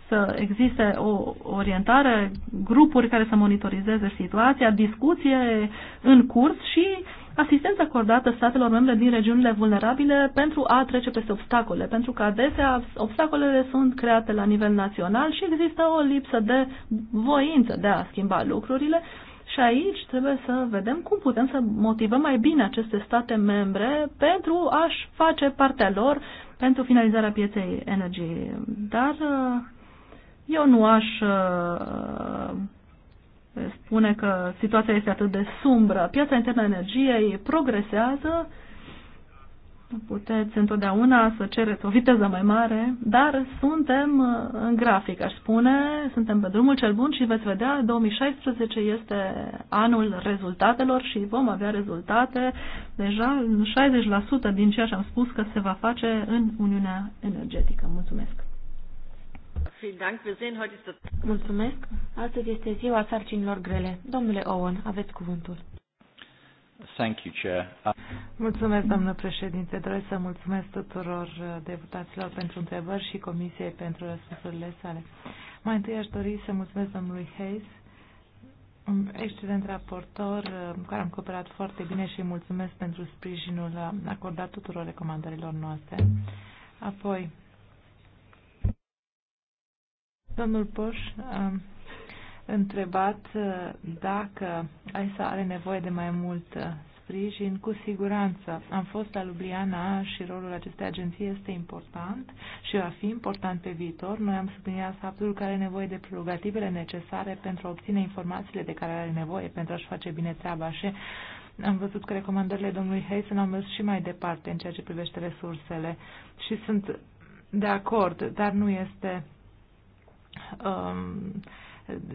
să existe o orientare, grupuri care să monitorizeze situația, discuție în curs și asistență acordată statelor membre din regiunile vulnerabile pentru a trece peste obstacole, pentru că adesea obstacolele sunt create la nivel național și există o lipsă de voință de a schimba lucrurile și aici trebuie să vedem cum putem să motivăm mai bine aceste state membre pentru a-și face partea lor pentru finalizarea pieței energiei. Dar uh, eu nu aș uh, spune că situația este atât de sumbră. Piața internă a energiei progresează, puteți întotdeauna să cereți o viteză mai mare, dar suntem uh, în grafic, aș spune, suntem pe drumul cel bun și veți vedea, 2016 este anul rezultatelor și vom avea rezultate deja 60% din ceea ce am spus că se va face în Uniunea Energetică. Mulțumesc! Mulțumesc. Astăzi este ziua sarcinilor grele. Domnule Owen, aveți cuvântul. Thank you, Chair. Mulțumesc, doamnă președinte. Doresc să mulțumesc tuturor uh, deputaților pentru întrebări și comisiei pentru răspunsurile sale. Mai întâi aș dori să mulțumesc domnului Hayes, un excelent raportor uh, cu care am cooperat foarte bine și mulțumesc pentru sprijinul uh, acordat tuturor recomandărilor noastre. Apoi, Domnul Poș a întrebat uh, dacă AISA are nevoie de mai mult uh, sprijin, cu siguranță. Am fost la Ljubljana și rolul acestei agenții este important și va fi important pe viitor. Noi am subliniat faptul că are nevoie de prerogativele necesare pentru a obține informațiile de care are nevoie pentru a-și face bine treaba și am văzut că recomandările domnului Heisen au mers și mai departe în ceea ce privește resursele și sunt de acord, dar nu este Um,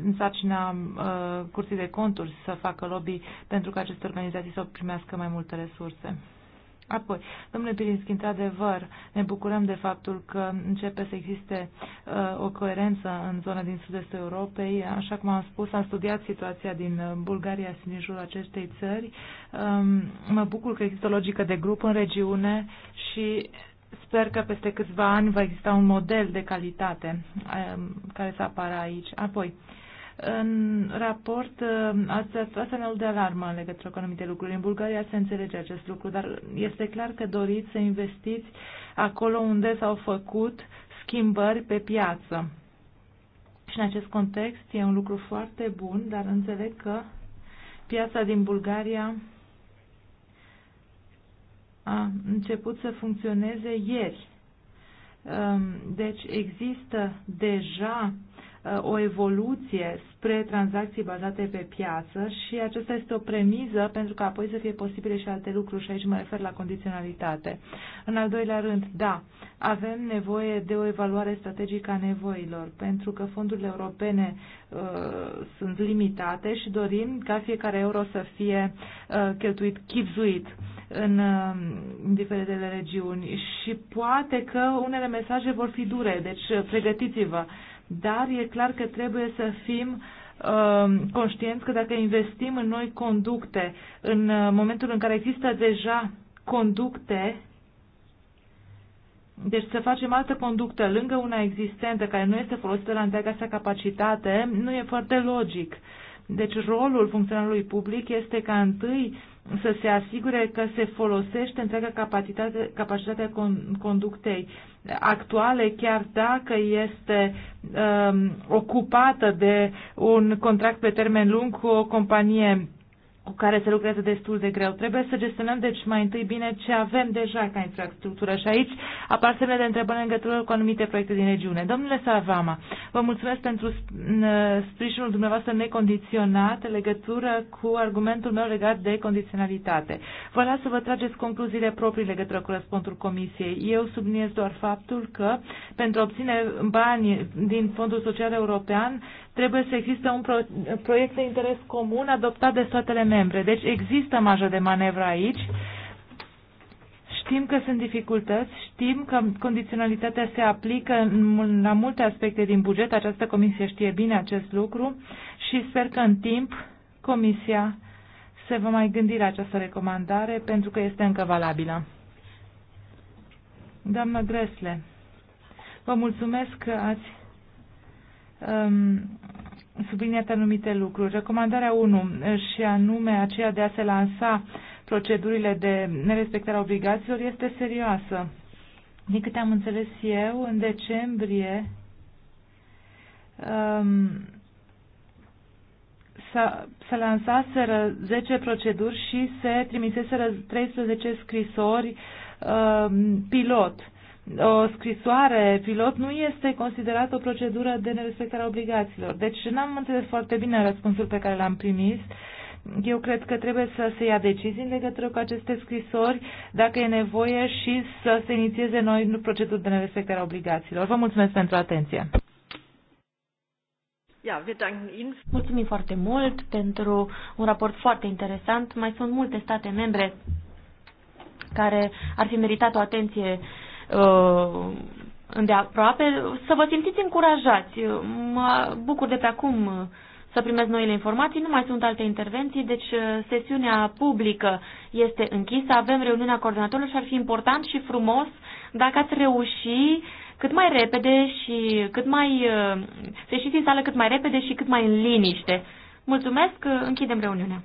în sarcina uh, curții de conturi să facă lobby pentru ca aceste organizații să primească mai multe resurse. Apoi, domnule Pirinski, într-adevăr, ne bucurăm de faptul că începe să existe uh, o coerență în zona din sud-estul Europei. Așa cum am spus, am studiat situația din uh, Bulgaria și din jurul acestei țări. Um, mă bucur că există o logică de grup în regiune și Sper că peste câțiva ani va exista un model de calitate um, care să apară aici. Apoi, în raport um, ați atras semnalul de alarmă în legătură cu anumite lucruri. În Bulgaria se înțelege acest lucru, dar este clar că doriți să investiți acolo unde s-au făcut schimbări pe piață. Și în acest context e un lucru foarte bun, dar înțeleg că piața din Bulgaria a început să funcționeze ieri. Ehm, deci există deja Uh, o evoluție spre tranzacții bazate pe piață și aceasta este o premiză pentru că apoi să fie posibile și alte lucruri și aici mă refer la condiționalitate. În al doilea rând, da, avem nevoie de o evaluare strategică a nevoilor pentru că fondurile europene uh, sunt limitate și dorim ca fiecare euro să fie uh, cheltuit chipzuit în, uh, în diferitele regiuni și poate că unele mesaje vor fi dure, deci uh, pregătiți-vă uh, dar e clar că trebuie să fim um, conștienți că dacă investim în noi conducte, în uh, momentul în care există deja conducte, deci să facem altă conductă lângă una existentă care nu este folosită la întreaga sa capacitate, nu e foarte logic. Deci rolul funcționarului public este ca întâi să se asigure că se folosește întreaga capacitate, capacitatea conductei actuale, chiar dacă este um, ocupată de un contract pe termen lung cu o companie cu care se lucrează destul de greu. Trebuie să gestionăm, deci, mai întâi bine ce avem deja ca infrastructură și aici apar semne de întrebări în legătură cu anumite proiecte din regiune. Domnule Savama, vă mulțumesc pentru sprijinul dumneavoastră necondiționat în legătură cu argumentul meu legat de condiționalitate. Vă las să vă trageți concluziile proprii legătură cu răspunsul Comisiei. Eu subliniez doar faptul că pentru a obține bani din Fondul Social European trebuie să existe un pro proiect de interes comun adoptat de statele membre. Deci există marjă de manevră aici. Știm că sunt dificultăți, știm că condiționalitatea se aplică în, la multe aspecte din buget, această comisie știe bine acest lucru și sper că în timp comisia se va mai gândi la această recomandare pentru că este încă valabilă. Doamnă Gresle, vă mulțumesc că ați um, subliniat anumite lucruri. Recomandarea 1 și anume aceea de a se lansa procedurile de nerespectare a obligațiilor este serioasă. Din câte am înțeles eu, în decembrie um, se lansaseră 10 proceduri și se trimiseseră 13 scrisori um, pilot. Uh, o scrisoare pilot nu este considerată o procedură de nerespectare a obligațiilor. Deci n-am înțeles foarte bine răspunsul pe care l-am primit. Eu cred că trebuie să se ia decizii în legătură cu aceste scrisori, dacă e nevoie, și să se inițieze noi proceduri de nerespectare a obligațiilor. Vă mulțumesc pentru atenție. Mulțumim foarte mult pentru un raport foarte interesant. Mai sunt multe state membre care ar fi meritat o atenție uh, uh, îndeaproape, să vă simțiți încurajați. Mă bucur de pe acum uh, să primesc noile informații, nu mai sunt alte intervenții, deci uh, sesiunea publică este închisă, avem reuniunea coordonatorilor și ar fi important și frumos dacă ați reuși cât mai repede și cât mai uh, să ieșiți din sală cât mai repede și cât mai în liniște. Mulțumesc, închidem reuniunea.